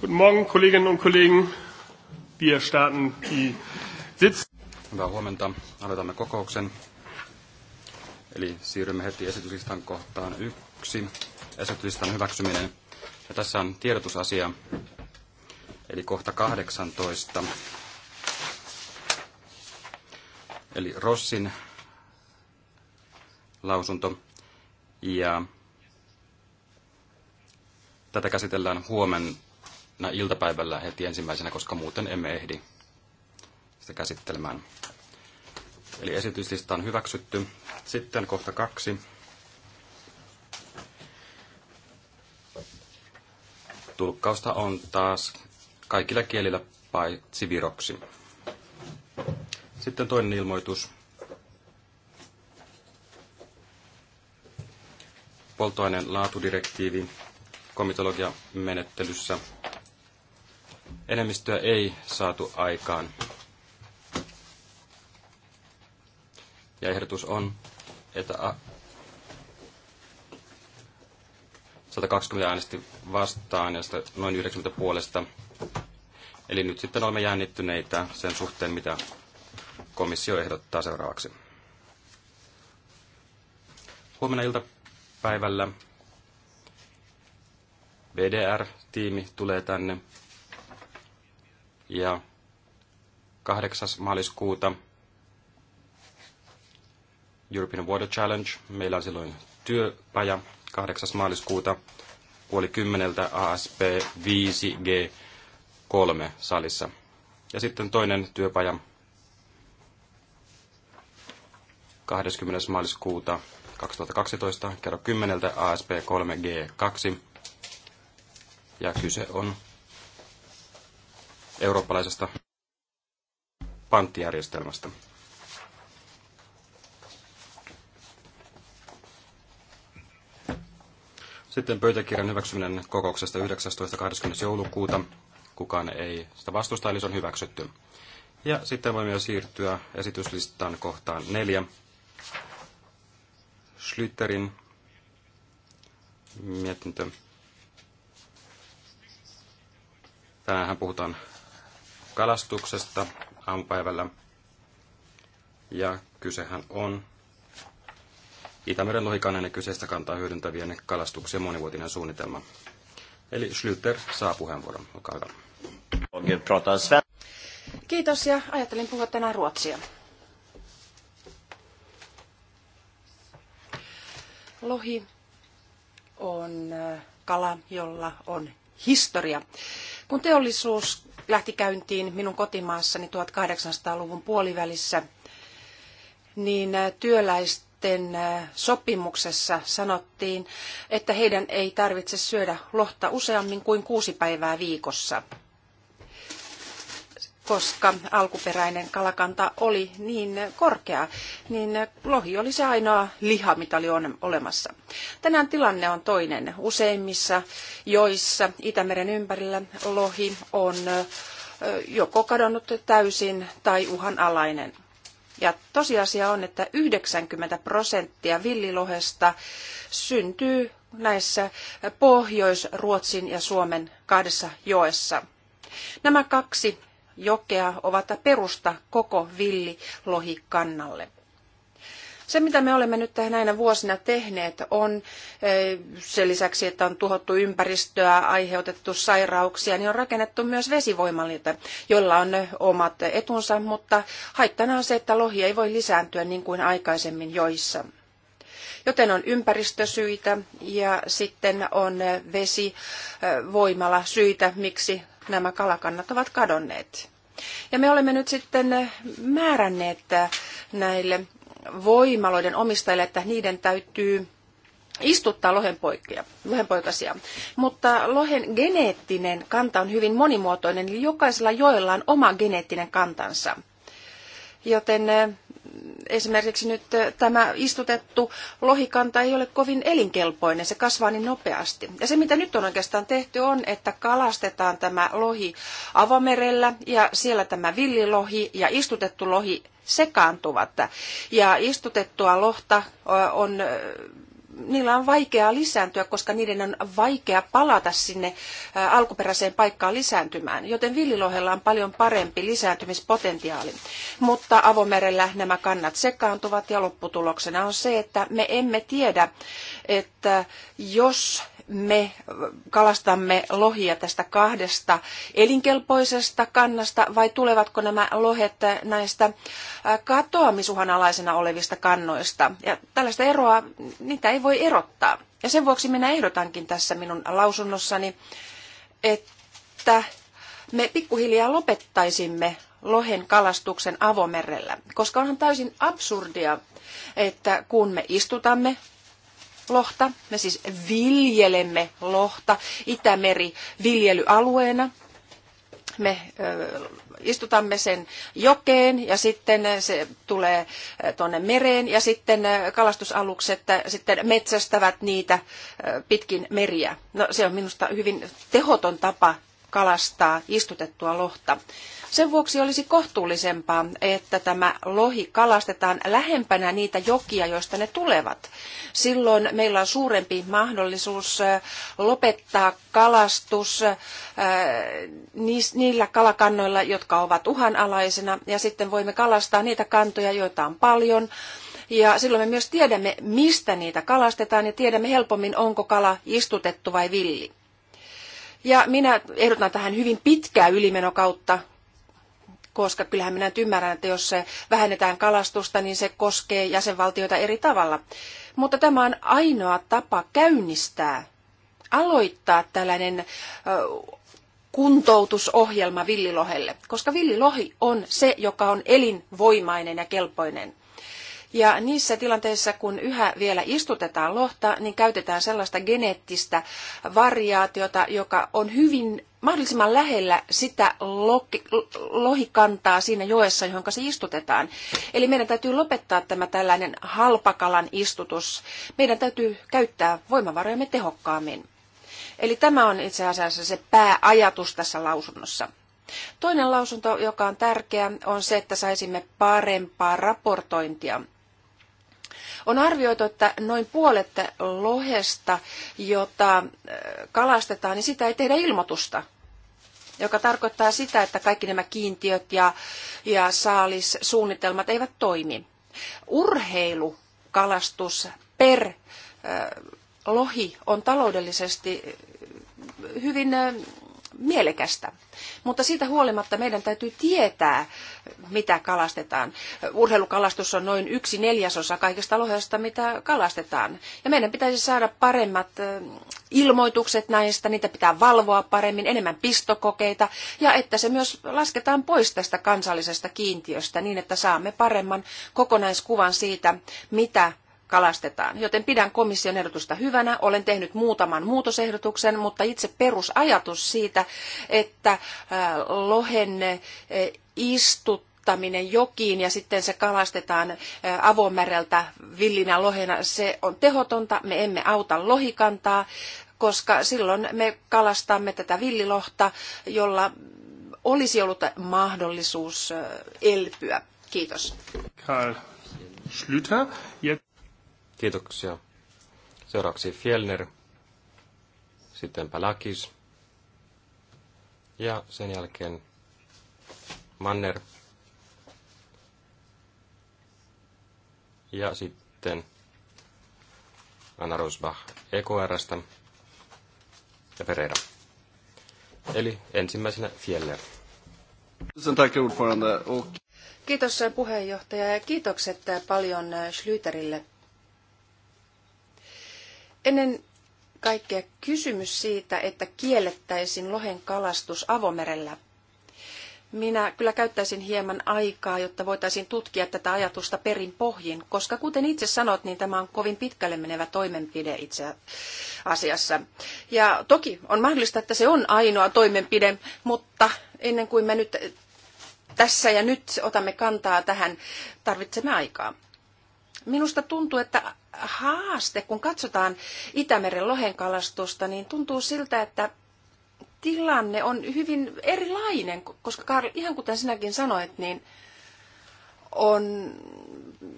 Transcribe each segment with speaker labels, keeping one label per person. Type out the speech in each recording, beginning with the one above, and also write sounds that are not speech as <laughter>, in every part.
Speaker 1: Guten Morgen, Kolleginnen und Kollegen. Wir starten die Sitz. Hyvää huomenta.
Speaker 2: Aloitamme kokouksen. Eli siirrymme heti esityslistan kohtaan yksi. Esityslistan hyväksyminen. Ja tässä on tiedotusasia. Eli kohta 18. Eli Rossin lausunto. Ja tätä käsitellään huomenna iltapäivällä heti ensimmäisenä, koska muuten emme ehdi sitä käsittelemään. Eli esityslista on hyväksytty. Sitten kohta kaksi. Tulkkausta on taas kaikilla kielillä paitsi viroksi. Sitten toinen ilmoitus. Polttoaineen laatudirektiivi komitologiamenettelyssä enemmistöä ei saatu aikaan. Ja ehdotus on, että 120 äänesti vastaan ja noin 90 puolesta. Eli nyt sitten olemme jännittyneitä sen suhteen, mitä komissio ehdottaa seuraavaksi. Huomenna iltapäivällä VDR-tiimi tulee tänne ja 8. maaliskuuta European Water Challenge. Meillä on silloin työpaja 8. maaliskuuta puoli kymmeneltä ASP 5G3 salissa. Ja sitten toinen työpaja 20. maaliskuuta 2012 kerro 10 ASP 3G2. Ja kyse on eurooppalaisesta panttijärjestelmästä. Sitten pöytäkirjan hyväksyminen kokouksesta 19.20. joulukuuta. Kukaan ei sitä vastusta, eli se on hyväksytty. Ja sitten voimme jo siirtyä esityslistan kohtaan neljä. Schlüterin mietintö. Tänään puhutaan kalastuksesta aamupäivällä. Ja kysehän on Itämeren lohikannan ja kyseistä kantaa hyödyntävien kalastuksen monivuotinen suunnitelma. Eli Schlüter saa puheenvuoron. Olkaa hyvä.
Speaker 3: Kiitos ja ajattelin puhua tänään ruotsia. Lohi on äh, kala, jolla on historia. Kun teollisuus lähti käyntiin minun kotimaassani 1800-luvun puolivälissä, niin äh, työläisten äh, sopimuksessa sanottiin, että heidän ei tarvitse syödä lohta useammin kuin kuusi päivää viikossa – koska alkuperäinen kalakanta oli niin korkea, niin lohi oli se ainoa liha, mitä oli olemassa. Tänään tilanne on toinen. Useimmissa joissa Itämeren ympärillä lohi on joko kadonnut täysin tai uhanalainen. Ja tosiasia on, että 90 prosenttia villilohesta syntyy näissä Pohjois-Ruotsin ja Suomen kahdessa joessa. Nämä kaksi jokea ovat perusta koko villilohikannalle. Se, mitä me olemme nyt näinä vuosina tehneet, on eh, sen lisäksi, että on tuhottu ympäristöä, aiheutettu sairauksia, niin on rakennettu myös vesivoimalinta, joilla on omat etunsa, mutta haittana on se, että lohi ei voi lisääntyä niin kuin aikaisemmin joissa. Joten on ympäristösyitä ja sitten on vesivoimala syitä, miksi nämä kalakannat ovat kadonneet. Ja me olemme nyt sitten määränneet näille voimaloiden omistajille, että niiden täytyy istuttaa lohenpoikia, lohenpoikasia. Mutta lohen geneettinen kanta on hyvin monimuotoinen, eli jokaisella joella on oma geneettinen kantansa. Joten eh, esimerkiksi nyt eh, tämä istutettu lohikanta ei ole kovin elinkelpoinen, se kasvaa niin nopeasti. Ja se mitä nyt on oikeastaan tehty on, että kalastetaan tämä lohi avomerellä ja siellä tämä villilohi ja istutettu lohi sekaantuvat. Ja istutettua lohta eh, on eh, niillä on vaikeaa lisääntyä, koska niiden on vaikea palata sinne alkuperäiseen paikkaan lisääntymään, joten villilohella on paljon parempi lisääntymispotentiaali. Mutta avomerellä nämä kannat sekaantuvat ja lopputuloksena on se, että me emme tiedä, että jos me kalastamme lohia tästä kahdesta elinkelpoisesta kannasta vai tulevatko nämä lohet näistä äh, katoamisuhanalaisena olevista kannoista. Ja tällaista eroa, niitä ei voi erottaa. Ja sen vuoksi minä ehdotankin tässä minun lausunnossani, että me pikkuhiljaa lopettaisimme lohen kalastuksen avomerellä, koska onhan täysin absurdia, että kun me istutamme lohta. Me siis viljelemme lohta Itämeri viljelyalueena. Me istutamme sen jokeen ja sitten se tulee tuonne mereen ja sitten kalastusalukset sitten metsästävät niitä pitkin meriä. No, se on minusta hyvin tehoton tapa kalastaa istutettua lohta. Sen vuoksi olisi kohtuullisempaa, että tämä lohi kalastetaan lähempänä niitä jokia, joista ne tulevat. Silloin meillä on suurempi mahdollisuus lopettaa kalastus niillä kalakannoilla, jotka ovat uhanalaisena, ja sitten voimme kalastaa niitä kantoja, joita on paljon, ja silloin me myös tiedämme, mistä niitä kalastetaan ja tiedämme helpommin, onko kala istutettu vai villi. Ja minä ehdotan tähän hyvin pitkää ylimenokautta, koska kyllähän minä nyt ymmärrän, että jos se vähennetään kalastusta, niin se koskee jäsenvaltioita eri tavalla. Mutta tämä on ainoa tapa käynnistää, aloittaa tällainen kuntoutusohjelma villilohelle, koska villilohi on se, joka on elinvoimainen ja kelpoinen. Ja niissä tilanteissa, kun yhä vielä istutetaan lohta, niin käytetään sellaista geneettistä variaatiota, joka on hyvin mahdollisimman lähellä sitä lohikantaa siinä joessa, johon se istutetaan. Eli meidän täytyy lopettaa tämä tällainen halpakalan istutus. Meidän täytyy käyttää voimavarojamme tehokkaammin. Eli tämä on itse asiassa se pääajatus tässä lausunnossa. Toinen lausunto, joka on tärkeä, on se, että saisimme parempaa raportointia. On arvioitu, että noin puolet lohesta, jota äh, kalastetaan, niin sitä ei tehdä ilmoitusta joka tarkoittaa sitä, että kaikki nämä kiintiöt ja, ja saalissuunnitelmat eivät toimi. Urheilukalastus per äh, lohi on taloudellisesti hyvin äh, mielekästä. Mutta siitä huolimatta meidän täytyy tietää, mitä kalastetaan. Urheilukalastus on noin yksi neljäsosa kaikesta lohesta, mitä kalastetaan. Ja meidän pitäisi saada paremmat ilmoitukset näistä, niitä pitää valvoa paremmin, enemmän pistokokeita, ja että se myös lasketaan pois tästä kansallisesta kiintiöstä niin, että saamme paremman kokonaiskuvan siitä, mitä kalastetaan. Joten pidän komission ehdotusta hyvänä. Olen tehnyt muutaman muutosehdotuksen, mutta itse perusajatus siitä, että äh, lohen äh, istuttaminen jokiin ja sitten se kalastetaan äh, avomäreltä villinä lohena, se on tehotonta. Me emme auta lohikantaa, koska silloin me kalastamme tätä villilohta, jolla olisi ollut mahdollisuus elpyä. Kiitos.
Speaker 1: Karl
Speaker 2: Schlüter. Kiitoksia. Seuraavaksi Fjellner, sitten Palakis ja sen jälkeen Manner ja sitten Anna Rosbach EKRstä ja Pereira. Eli ensimmäisenä Fjellner.
Speaker 3: Kiitos puheenjohtaja ja kiitokset paljon Schlüterille ennen kaikkea kysymys siitä, että kiellettäisiin lohen kalastus avomerellä. Minä kyllä käyttäisin hieman aikaa, jotta voitaisiin tutkia tätä ajatusta perin pohjin, koska kuten itse sanot, niin tämä on kovin pitkälle menevä toimenpide itse asiassa. Ja toki on mahdollista, että se on ainoa toimenpide, mutta ennen kuin me nyt tässä ja nyt otamme kantaa tähän, tarvitsemme aikaa. Minusta tuntuu, että haaste, kun katsotaan Itämeren lohenkalastusta, niin tuntuu siltä, että tilanne on hyvin erilainen, koska Karl, ihan kuten sinäkin sanoit, niin on,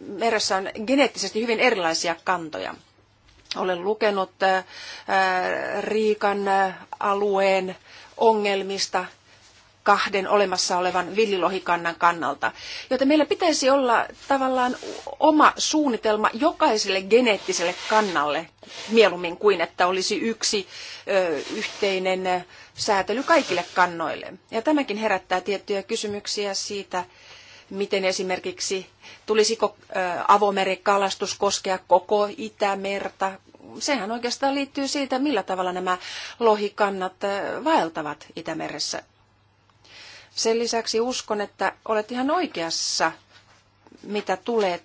Speaker 3: meressä on geneettisesti hyvin erilaisia kantoja. Olen lukenut ää, äh, äh, Riikan äh, alueen ongelmista kahden olemassa olevan villilohikannan kannalta. Joten meillä pitäisi olla tavallaan oma suunnitelma jokaiselle geneettiselle kannalle mieluummin kuin, että olisi yksi ö, yhteinen säätely kaikille kannoille. Ja tämäkin herättää tiettyjä kysymyksiä siitä, miten esimerkiksi tulisiko avomerikalastus koskea koko Itämerta. Sehän oikeastaan liittyy siitä, millä tavalla nämä lohikannat vaeltavat Itämeressä. Sen lisäksi uskon, että olet ihan oikeassa, mitä tulee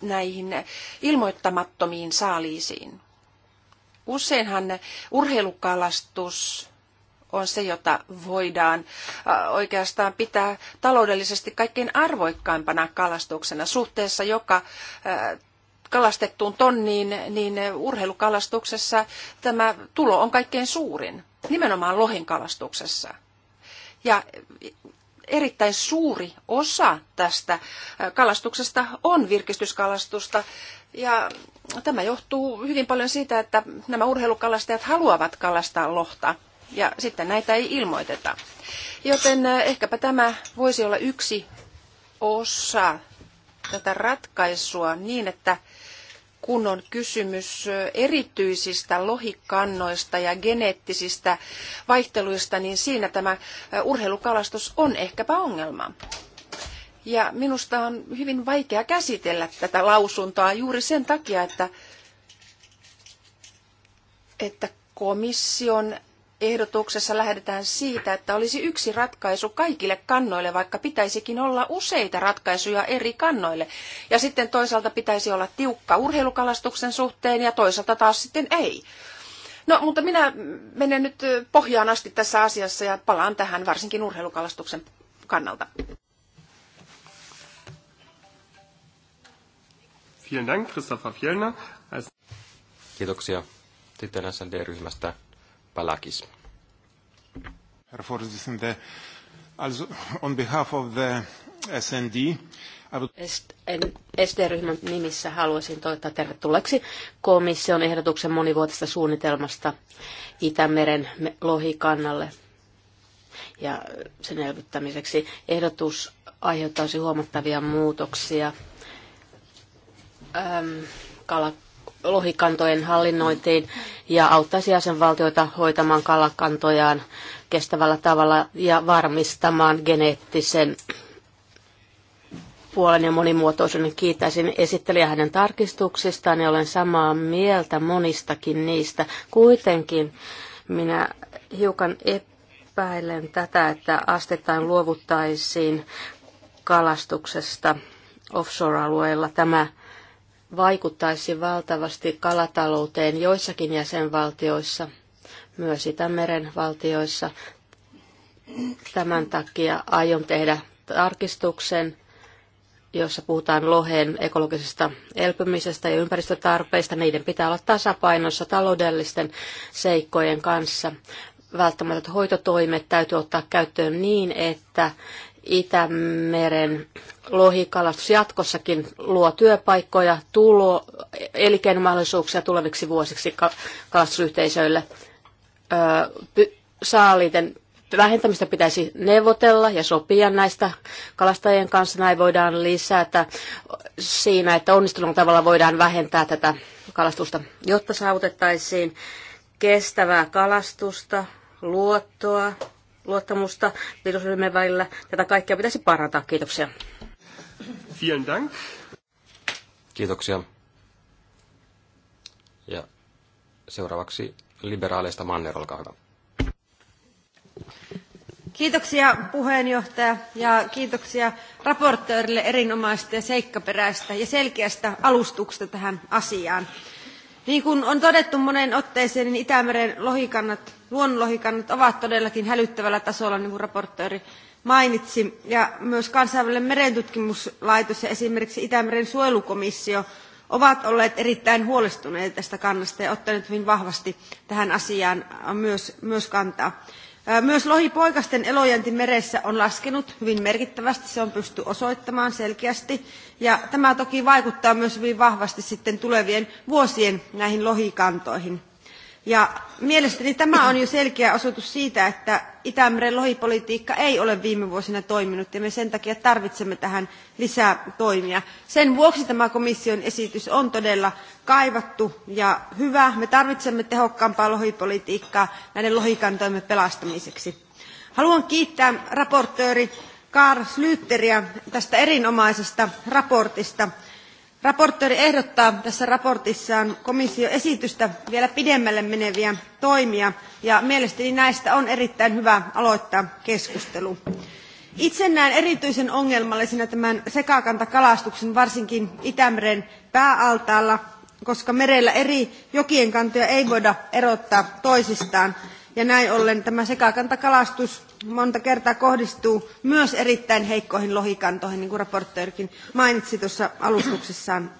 Speaker 3: näihin ilmoittamattomiin saaliisiin. Useinhan urheilukalastus on se, jota voidaan oikeastaan pitää taloudellisesti kaikkein arvoikkaimpana kalastuksena suhteessa joka kalastettuun tonniin, niin urheilukalastuksessa tämä tulo on kaikkein suurin, nimenomaan lohen kalastuksessa. Ja erittäin suuri osa tästä äh, kalastuksesta on virkistyskalastusta. Ja tämä johtuu hyvin paljon siitä, että nämä urheilukalastajat haluavat kalastaa lohta ja sitten näitä ei ilmoiteta. Joten äh, ehkäpä tämä voisi olla yksi osa tätä ratkaisua niin, että kun on kysymys erityisistä lohikannoista ja geneettisistä vaihteluista, niin siinä tämä urheilukalastus on ehkäpä ongelma. Ja minusta on hyvin vaikea käsitellä tätä lausuntoa juuri sen takia, että, että komission ehdotuksessa lähdetään siitä, että olisi yksi ratkaisu kaikille kannoille, vaikka pitäisikin olla useita ratkaisuja eri kannoille. Ja sitten toisaalta pitäisi olla tiukka urheilukalastuksen suhteen ja toisaalta taas sitten ei. No, mutta minä menen nyt pohjaan asti tässä asiassa ja palaan tähän varsinkin urheilukalastuksen kannalta.
Speaker 2: Vielen Dank, Christopher Fjellner. Kiitoksia sitten SND-ryhmästä Palakis.
Speaker 4: Also on behalf of the SND, SD-ryhmän nimissä haluaisin toivottaa tervetulleeksi komission ehdotuksen monivuotisesta suunnitelmasta Itämeren lohikannalle ja sen elvyttämiseksi. Ehdotus aiheuttaisi huomattavia muutoksia ähm, kalakannalle lohikantojen hallinnointiin ja auttaisi jäsenvaltioita hoitamaan kalakantojaan kestävällä tavalla ja varmistamaan geneettisen puolen ja monimuotoisuuden. Kiitäisin esittelijä hänen tarkistuksistaan ja olen samaa mieltä monistakin niistä. Kuitenkin minä hiukan epäilen tätä, että astettain luovuttaisiin kalastuksesta offshore-alueilla. Tämä vaikuttaisi valtavasti kalatalouteen joissakin jäsenvaltioissa, myös Itämeren valtioissa. Tämän takia aion tehdä tarkistuksen, jossa puhutaan lohen ekologisesta elpymisestä ja ympäristötarpeista. Niiden pitää olla tasapainossa taloudellisten seikkojen kanssa. Välttämättä hoitotoimet täytyy ottaa käyttöön niin, että Itämeren lohikalastus jatkossakin luo työpaikkoja, tulo, elinkeinomahdollisuuksia tuleviksi vuosiksi kalastusyhteisöille. Saaliten vähentämistä pitäisi neuvotella ja sopia näistä kalastajien kanssa. Näin voidaan lisätä siinä, että onnistunut tavalla voidaan vähentää tätä kalastusta, jotta saavutettaisiin kestävää kalastusta, luottoa, luottamusta virusryhmien välillä. Tätä kaikkea pitäisi parantaa. Kiitoksia. Vielen dank.
Speaker 2: Kiitoksia. Ja seuraavaksi liberaaleista Manner, olkaa hyvä.
Speaker 5: Kiitoksia puheenjohtaja ja kiitoksia raportöörille erinomaisesta ja seikkaperäistä ja selkeästä alustuksesta tähän asiaan. Niin kuin on todettu monen otteeseen, niin Itämeren lohikannat, luonnonlohikannat ovat todellakin hälyttävällä tasolla, niin kuin raportööri mainitsi. Ja myös kansainvälinen merentutkimuslaitos ja esimerkiksi Itämeren suojelukomissio ovat olleet erittäin huolestuneita tästä kannasta ja ottaneet hyvin vahvasti tähän asiaan myös, myös kantaa. Myös lohipoikasten elojänti meressä on laskenut hyvin merkittävästi, se on pysty osoittamaan selkeästi. Ja tämä toki vaikuttaa myös hyvin vahvasti sitten tulevien vuosien näihin lohikantoihin. Ja mielestäni tämä on jo selkeä osoitus siitä, että Itämeren lohipolitiikka ei ole viime vuosina toiminut ja me sen takia tarvitsemme tähän lisää toimia. Sen vuoksi tämä komission esitys on todella kaivattu ja hyvä. Me tarvitsemme tehokkaampaa lohipolitiikkaa näiden lohikantojemme pelastamiseksi. Haluan kiittää raportööri Karl Slyteriä tästä erinomaisesta raportista Raportööri ehdottaa tässä raportissaan komission esitystä vielä pidemmälle meneviä toimia, ja mielestäni näistä on erittäin hyvä aloittaa keskustelu. Itse näen erityisen ongelmallisena tämän sekakantakalastuksen varsinkin Itämeren pääaltaalla, koska merellä eri jokien kantoja ei voida erottaa toisistaan ja näin ollen tämä sekakantakalastus monta kertaa kohdistuu myös erittäin heikkoihin lohikantoihin, niin kuin raportöörikin mainitsi tuossa alustuksessaan.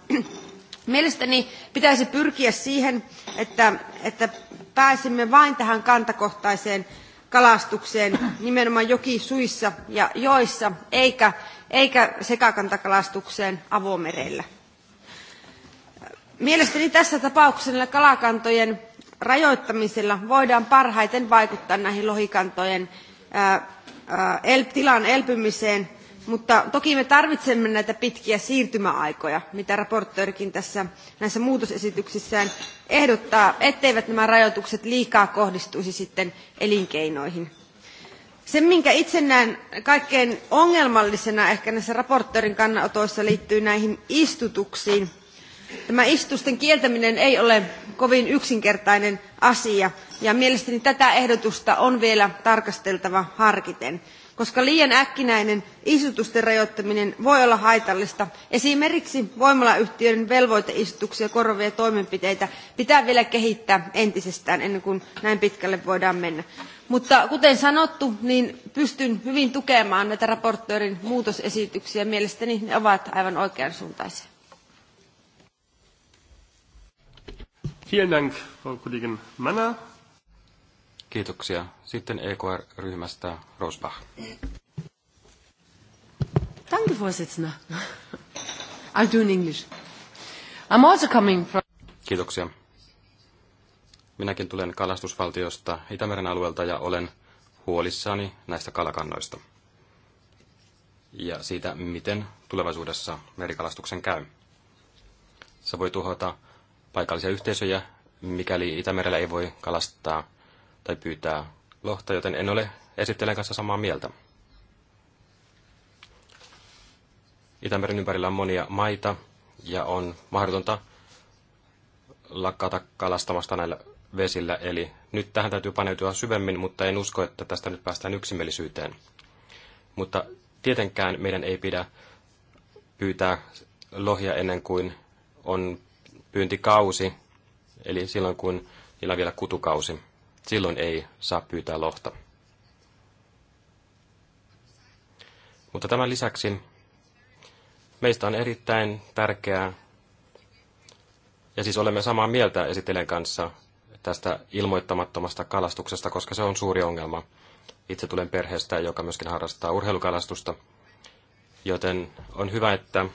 Speaker 5: Mielestäni pitäisi pyrkiä siihen, että, että pääsimme vain tähän kantakohtaiseen kalastukseen nimenomaan jokisuissa ja joissa, eikä, eikä sekakantakalastukseen avomerellä. Mielestäni tässä tapauksessa näillä kalakantojen rajoittamisella voidaan parhaiten vaikuttaa näihin lohikantojen tilan elpymiseen, mutta toki me tarvitsemme näitä pitkiä siirtymäaikoja, mitä raportöörikin tässä näissä muutosesityksissään ehdottaa, etteivät nämä rajoitukset liikaa kohdistuisi sitten elinkeinoihin. Se, minkä itse näen kaikkein ongelmallisena ehkä näissä raportöörin kannanotoissa liittyy näihin istutuksiin. Tämä istusten kieltäminen ei ole kovin yksinkertainen asia ja mielestäni tätä ehdotusta on vielä tarkasteltava harkiten, koska liian äkkinäinen istutusten rajoittaminen voi olla haitallista. Esimerkiksi voimalayhtiöiden velvoiteistutuksia korvia toimenpiteitä pitää vielä kehittää entisestään ennen kuin näin pitkälle voidaan mennä. Mutta kuten sanottu, niin pystyn hyvin tukemaan näitä raportöörin muutosesityksiä. Mielestäni ne ovat aivan oikeansuuntaisia.
Speaker 1: Vielen Dank, Frau Kollegin Manner.
Speaker 2: Kiitoksia. Sitten EKR-ryhmästä Rosbach.
Speaker 3: Danke, Vorsitzender. I do in English. I'm also coming from...
Speaker 2: Kiitoksia. Minäkin tulen kalastusvaltiosta Itämeren alueelta ja olen huolissani näistä kalakannoista ja siitä, miten tulevaisuudessa merikalastuksen käy. Se voi tuhota paikallisia yhteisöjä, mikäli Itämerellä ei voi kalastaa tai pyytää lohta, joten en ole esittelen kanssa samaa mieltä. Itämeren ympärillä on monia maita ja on mahdotonta lakata kalastamasta näillä vesillä, eli nyt tähän täytyy paneutua syvemmin, mutta en usko, että tästä nyt päästään yksimielisyyteen. Mutta tietenkään meidän ei pidä pyytää lohia ennen kuin on pyyntikausi, eli silloin kun niillä on vielä kutukausi, silloin ei saa pyytää lohta. Mutta tämän lisäksi meistä on erittäin tärkeää, ja siis olemme samaa mieltä esitellen kanssa tästä ilmoittamattomasta kalastuksesta, koska se on suuri ongelma. Itse tulen perheestä, joka myöskin harrastaa urheilukalastusta, joten on hyvä, että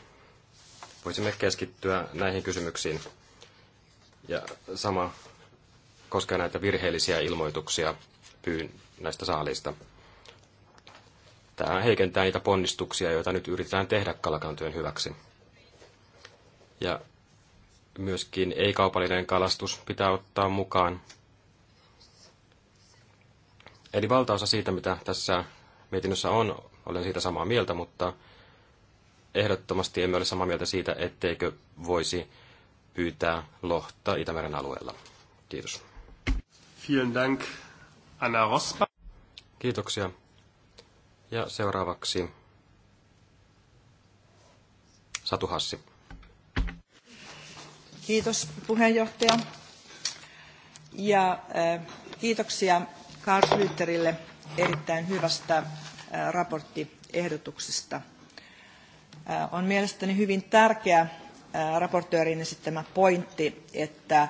Speaker 2: voisimme keskittyä näihin kysymyksiin. Ja sama koskee näitä virheellisiä ilmoituksia pyyn näistä saalista. Tämä heikentää niitä ponnistuksia, joita nyt yritetään tehdä kalakantojen hyväksi. Ja myöskin ei-kaupallinen kalastus pitää ottaa mukaan. Eli valtaosa siitä, mitä tässä mietinnössä on, olen siitä samaa mieltä, mutta ehdottomasti emme ole samaa mieltä siitä, etteikö voisi pyytää lohta Itämeren alueella. Kiitos. Vielen Dank, Anna Rospa. Kiitoksia. Ja seuraavaksi Satu Hassi.
Speaker 6: Kiitos puheenjohtaja. Ja äh, kiitoksia Karl Slyterille erittäin hyvästä äh, raporttiehdotuksesta – Äh, on mielestäni hyvin tärkeä äh, raportöörin esittämä pointti, että äh,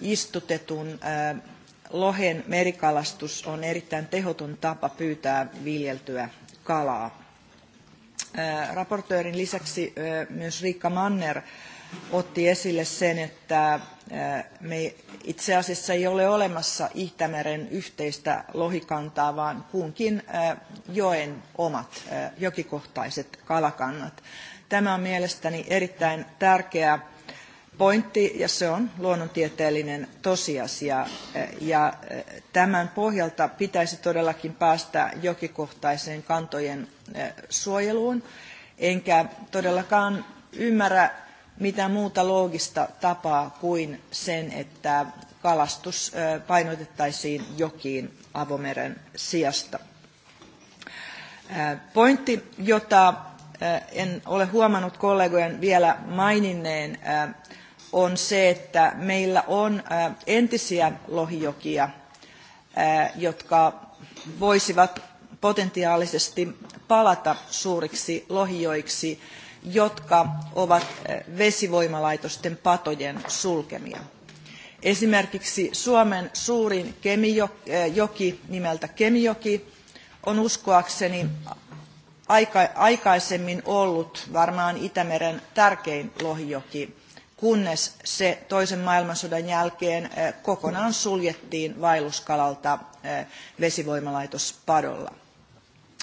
Speaker 6: istutetun lohen merikalastus on erittäin tehoton tapa pyytää viljeltyä kalaa. Raportöörin lisäksi myös Riikka Manner otti esille sen, että me itse asiassa ei ole olemassa Itämeren yhteistä lohikantaa, vaan kunkin joen omat jokikohtaiset kalakannat. Tämä on mielestäni erittäin tärkeä pointti ja se on luonnontieteellinen tosiasia. Ja tämän pohjalta pitäisi todellakin päästä jokikohtaiseen kantojen suojeluun. Enkä todellakaan ymmärrä mitään muuta loogista tapaa kuin sen, että kalastus painotettaisiin jokiin avomeren sijasta. Pointti, jota en ole huomannut kollegojen vielä maininneen, on se, että meillä on entisiä lohijokia, jotka voisivat potentiaalisesti palata suuriksi lohijoiksi jotka ovat eh, vesivoimalaitosten patojen sulkemia. Esimerkiksi Suomen suurin kemijoki eh, nimeltä Kemijoki on uskoakseni aika, aikaisemmin ollut varmaan Itämeren tärkein lohijoki, kunnes se toisen maailmansodan jälkeen eh, kokonaan suljettiin vaelluskalalta vesivoimalaitospadolla.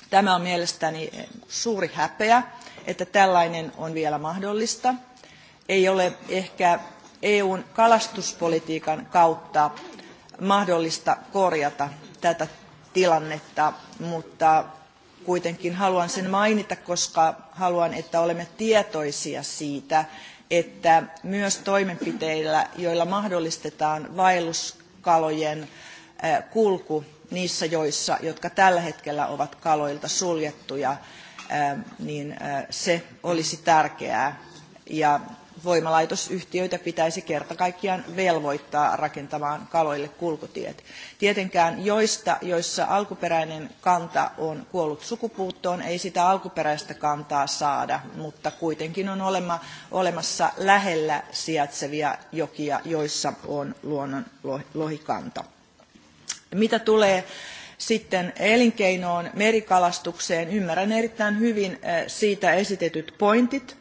Speaker 6: Tämä on mielestäni suuri häpeä, että tällainen on vielä mahdollista. Ei ole ehkä EUn kalastuspolitiikan kautta mahdollista korjata tätä tilannetta, mutta kuitenkin haluan sen mainita, koska haluan, että olemme tietoisia siitä, että myös toimenpiteillä, joilla mahdollistetaan vaelluskalojen kulku niissä joissa, jotka tällä hetkellä ovat kaloilta suljettuja, niin se olisi tärkeää. Ja voimalaitosyhtiöitä pitäisi kerta kaikkiaan velvoittaa rakentamaan kaloille kulkutiet. Tietenkään joista, joissa alkuperäinen kanta on kuollut sukupuuttoon, ei sitä alkuperäistä kantaa saada, mutta kuitenkin on olema, olemassa lähellä sijaitsevia jokia, joissa on luonnon lohikanta. Mitä tulee sitten elinkeinoon, merikalastukseen, ymmärrän erittäin hyvin eh, siitä esitetyt pointit,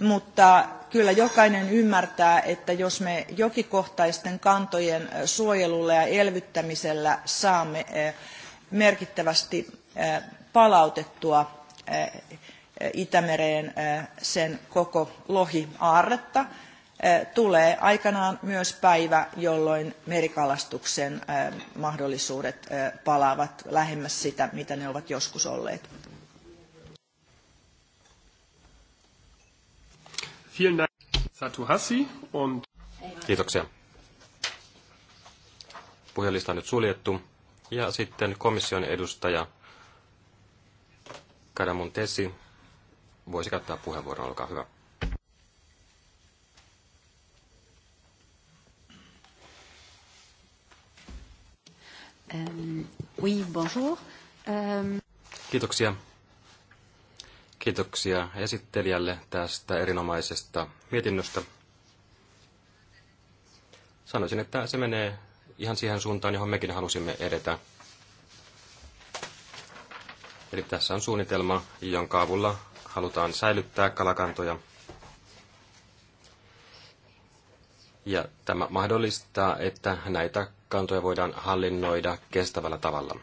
Speaker 6: mutta kyllä jokainen ymmärtää, että jos me jokikohtaisten kantojen eh, suojelulla ja elvyttämisellä saamme eh, merkittävästi palautettua Itämereen sen koko lohiaarretta, tulee aikanaan myös päivä, jolloin merikalastuksen mahdollisuudet palaavat lähemmäs sitä, mitä ne ovat joskus
Speaker 2: olleet. Kiitoksia. Puhelista on nyt suljettu. Ja sitten komission edustaja Kadamun Tesi voisi käyttää puheenvuoron, olkaa hyvä.
Speaker 4: Um, oui, bonjour. Um...
Speaker 2: Kiitoksia. Kiitoksia esittelijälle tästä erinomaisesta mietinnöstä. Sanoisin, että se menee ihan siihen suuntaan, johon mekin halusimme edetä. Eli tässä on suunnitelma, jonka avulla halutaan säilyttää kalakantoja – Ja tämä mahdollistaa, että näitä kantoja voidaan hallinnoida kestävällä tavalla.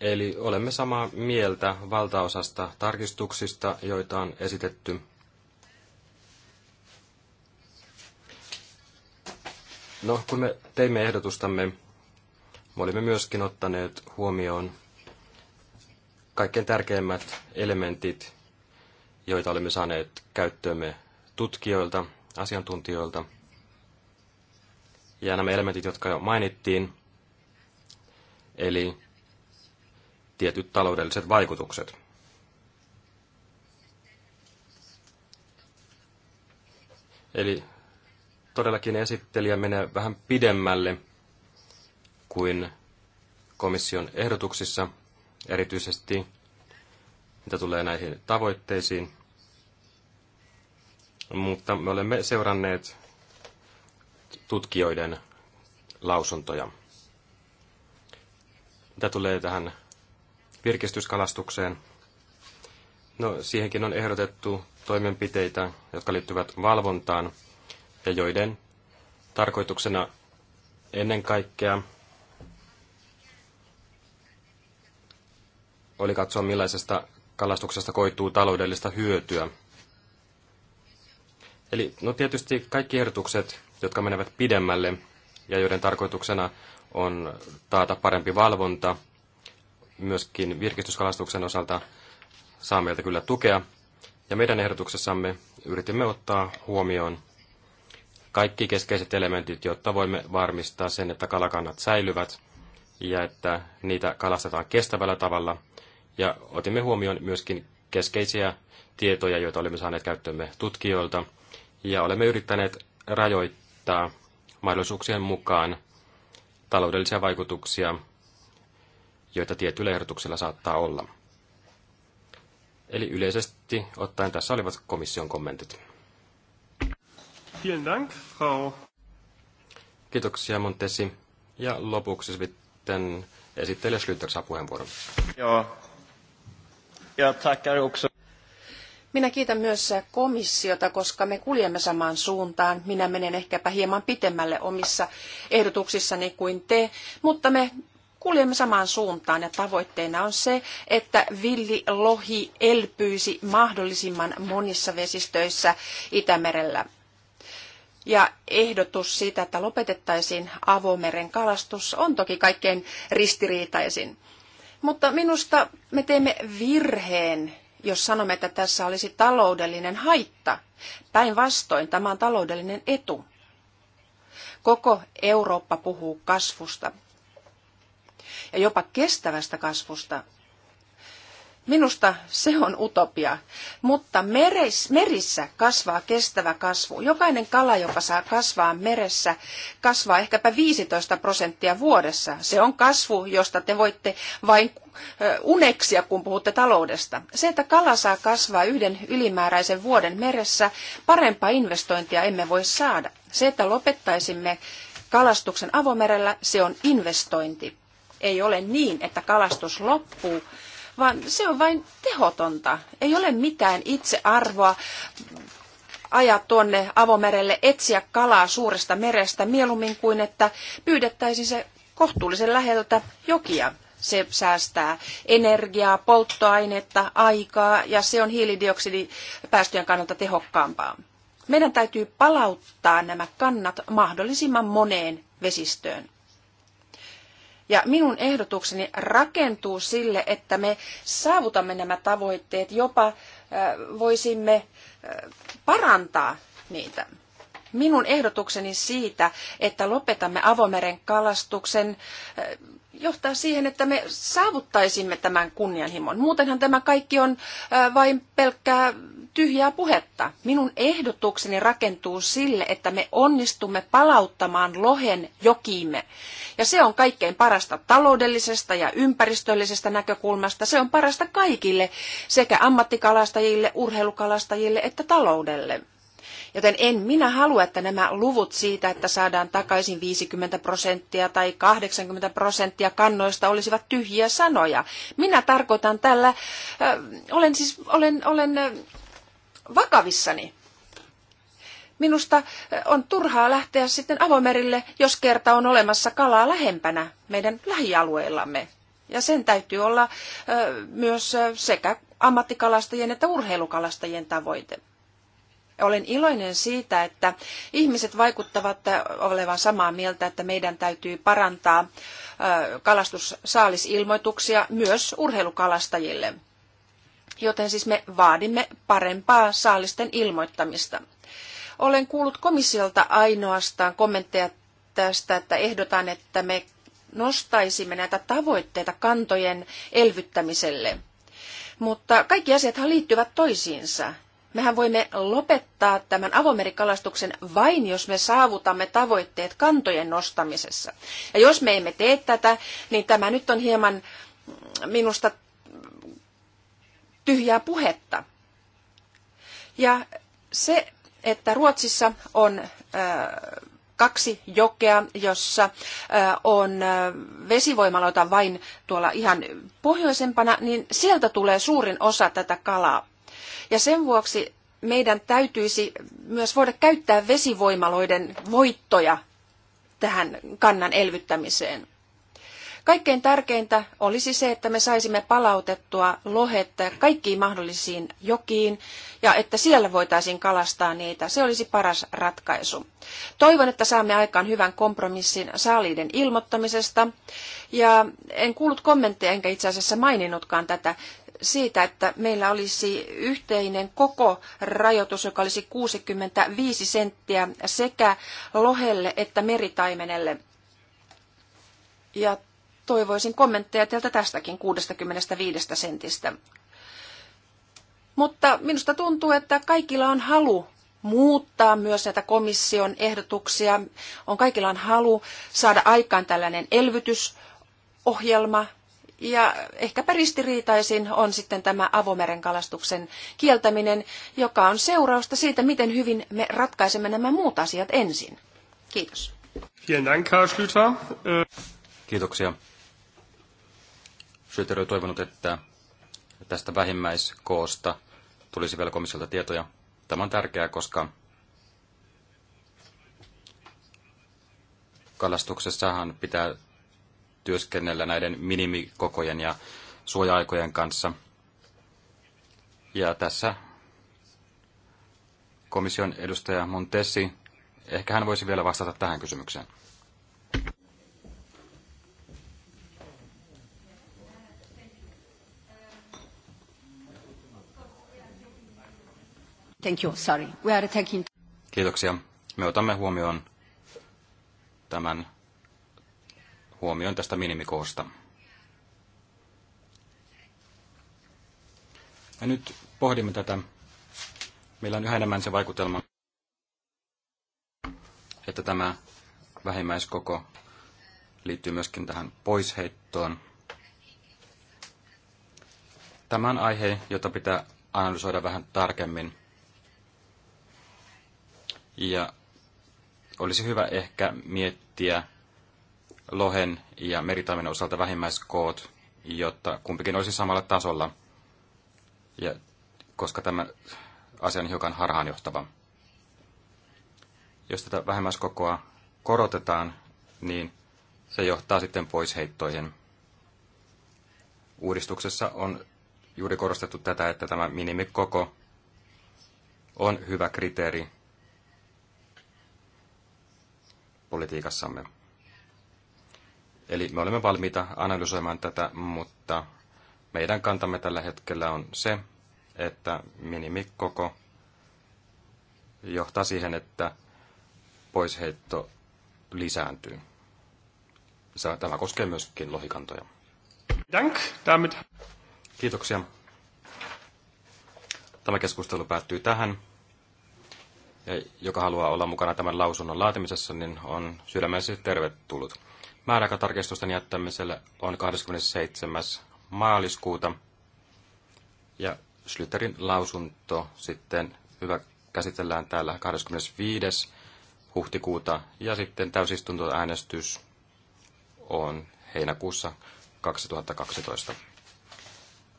Speaker 2: Eli olemme samaa mieltä valtaosasta tarkistuksista, joita on esitetty. No, kun me teimme ehdotustamme, me olimme myöskin ottaneet huomioon kaikkein tärkeimmät elementit, joita olemme saaneet käyttöömme tutkijoilta, asiantuntijoilta. Ja nämä elementit, jotka jo mainittiin, eli tietyt taloudelliset vaikutukset. Eli todellakin esittelijä menee vähän pidemmälle kuin komission ehdotuksissa, erityisesti mitä tulee näihin tavoitteisiin mutta me olemme seuranneet tutkijoiden lausuntoja. Mitä tulee tähän virkistyskalastukseen? No, siihenkin on ehdotettu toimenpiteitä, jotka liittyvät valvontaan ja joiden tarkoituksena ennen kaikkea oli katsoa, millaisesta kalastuksesta koituu taloudellista hyötyä – Eli no tietysti kaikki ehdotukset, jotka menevät pidemmälle ja joiden tarkoituksena on taata parempi valvonta, myöskin virkistyskalastuksen osalta saa meiltä kyllä tukea. Ja meidän ehdotuksessamme yritimme ottaa huomioon kaikki keskeiset elementit, jotta voimme varmistaa sen, että kalakannat säilyvät ja että niitä kalastetaan kestävällä tavalla. Ja otimme huomioon myöskin keskeisiä tietoja, joita olimme saaneet käyttöömme tutkijoilta – ja olemme yrittäneet rajoittaa mahdollisuuksien mukaan taloudellisia vaikutuksia, joita tietyillä ehdotuksilla saattaa olla. Eli yleisesti ottaen tässä olivat komission kommentit.
Speaker 1: Dank, Frau.
Speaker 2: Kiitoksia Montesi. Ja lopuksi sitten esittelijä Schlüter saa puheenvuoron. Joo. Ja tackar också.
Speaker 3: Minä kiitän myös komissiota, koska me kuljemme samaan suuntaan. Minä menen ehkäpä hieman pitemmälle omissa ehdotuksissani kuin te, mutta me kuljemme samaan suuntaan ja tavoitteena on se, että villi lohi elpyisi mahdollisimman monissa vesistöissä Itämerellä. Ja ehdotus siitä, että lopetettaisiin avomeren kalastus, on toki kaikkein ristiriitaisin. Mutta minusta me teemme virheen, jos sanomme, että tässä olisi taloudellinen haitta. Päinvastoin tämä on taloudellinen etu. Koko Eurooppa puhuu kasvusta ja jopa kestävästä kasvusta. Minusta se on utopia. Mutta meres, merissä kasvaa kestävä kasvu. Jokainen kala, joka saa kasvaa meressä, kasvaa ehkäpä 15 prosenttia vuodessa. Se on kasvu, josta te voitte vain uneksia, kun puhutte taloudesta. Se, että kala saa kasvaa yhden ylimääräisen vuoden meressä, parempaa investointia emme voi saada. Se, että lopettaisimme kalastuksen avomerellä, se on investointi. Ei ole niin, että kalastus loppuu vaan se on vain tehotonta. Ei ole mitään itsearvoa ajaa tuonne avomerelle, etsiä kalaa suuresta merestä mieluummin kuin että pyydettäisiin se kohtuullisen läheltä jokia. Se säästää energiaa, polttoainetta, aikaa ja se on hiilidioksidipäästöjen kannalta tehokkaampaa. Meidän täytyy palauttaa nämä kannat mahdollisimman moneen vesistöön. Ja minun ehdotukseni rakentuu sille, että me saavutamme nämä tavoitteet, jopa voisimme parantaa niitä. Minun ehdotukseni siitä, että lopetamme avomeren kalastuksen, johtaa siihen, että me saavuttaisimme tämän kunnianhimon. Muutenhan tämä kaikki on vain pelkkää tyhjää puhetta. Minun ehdotukseni rakentuu sille, että me onnistumme palauttamaan lohen jokiimme. Ja se on kaikkein parasta taloudellisesta ja ympäristöllisestä näkökulmasta. Se on parasta kaikille, sekä ammattikalastajille, urheilukalastajille että taloudelle. Joten en minä halua, että nämä luvut siitä, että saadaan takaisin 50 prosenttia tai 80 prosenttia kannoista olisivat tyhjiä sanoja. Minä tarkoitan tällä, äh, olen siis, olen, olen vakavissani. Minusta eh, on turhaa lähteä sitten avomerille, jos kerta on olemassa kalaa lähempänä meidän lähialueillamme. Ja sen täytyy olla eh, myös eh, sekä ammattikalastajien että urheilukalastajien tavoite. Olen iloinen siitä, että ihmiset vaikuttavat olevan samaa mieltä, että meidän täytyy parantaa kalastussaalisilmoituksia myös urheilukalastajille joten siis me vaadimme parempaa saalisten ilmoittamista. Olen kuullut komissiolta ainoastaan kommentteja tästä, että ehdotan, että me nostaisimme näitä tavoitteita kantojen elvyttämiselle. Mutta kaikki asiathan liittyvät toisiinsa. Mehän voimme lopettaa tämän avomerikalastuksen vain, jos me saavutamme tavoitteet kantojen nostamisessa. Ja jos me emme tee tätä, niin tämä nyt on hieman minusta tyhjää puhetta. Ja se, että Ruotsissa on äh, kaksi jokea, jossa äh, on äh, vesivoimaloita vain tuolla ihan pohjoisempana, niin sieltä tulee suurin osa tätä kalaa. Ja sen vuoksi meidän täytyisi myös voida käyttää vesivoimaloiden voittoja tähän kannan elvyttämiseen. Kaikkein tärkeintä olisi se, että me saisimme palautettua lohet kaikkiin mahdollisiin jokiin ja että siellä voitaisiin kalastaa niitä. Se olisi paras ratkaisu. Toivon, että saamme aikaan hyvän kompromissin saaliiden ilmoittamisesta. Ja en kuullut kommentteja, enkä itse asiassa maininnutkaan tätä siitä, että meillä olisi yhteinen koko rajoitus, joka olisi 65 senttiä sekä lohelle että meritaimenelle. Ja toivoisin kommentteja teiltä tästäkin 65 sentistä. Mutta minusta tuntuu, että kaikilla on halu muuttaa myös näitä komission ehdotuksia. On kaikilla on halu saada aikaan tällainen elvytysohjelma. Ja ehkä peristiriitaisin on sitten tämä avomeren kalastuksen kieltäminen, joka on seurausta siitä, miten hyvin me ratkaisemme nämä muut asiat ensin. Kiitos.
Speaker 1: Äh,
Speaker 2: Kiitoksia. Syter oli toivonut, että tästä vähimmäiskoosta tulisi vielä komissiolta tietoja. Tämä on tärkeää, koska kalastuksessahan pitää työskennellä näiden minimikokojen ja suoja-aikojen kanssa. Ja tässä komission edustaja Montesi, ehkä hän voisi vielä vastata tähän kysymykseen.
Speaker 4: Thank you, sorry. We are taking...
Speaker 2: Kiitoksia. Me otamme huomioon tämän huomioon tästä minimikoosta. Ja nyt pohdimme tätä. Meillä on yhä enemmän se vaikutelma, että tämä vähimmäiskoko liittyy myöskin tähän poisheittoon. Tämä on aihe, jota pitää analysoida vähän tarkemmin. Ja olisi hyvä ehkä miettiä lohen ja meritaimen osalta vähimmäiskoot, jotta kumpikin olisi samalla tasolla, ja koska tämä asia on hiukan harhaanjohtava. Jos tätä vähimmäiskokoa korotetaan, niin se johtaa sitten poisheittoihin. Uudistuksessa on juuri korostettu tätä, että tämä minimikoko on hyvä kriteeri politiikassamme. Eli me olemme valmiita analysoimaan tätä, mutta meidän kantamme tällä hetkellä on se, että minimikoko johtaa siihen, että poisheitto lisääntyy. Tämä koskee myöskin lohikantoja. Dank, damit. Kiitoksia. Tämä keskustelu päättyy tähän ja joka haluaa olla mukana tämän lausunnon laatimisessa, niin on sydämellisesti tervetullut. Määräaikatarkistusten jättämiselle on 27. maaliskuuta ja Slyterin lausunto sitten hyvä käsitellään täällä 25. huhtikuuta ja sitten täysistuntoäänestys on heinäkuussa 2012.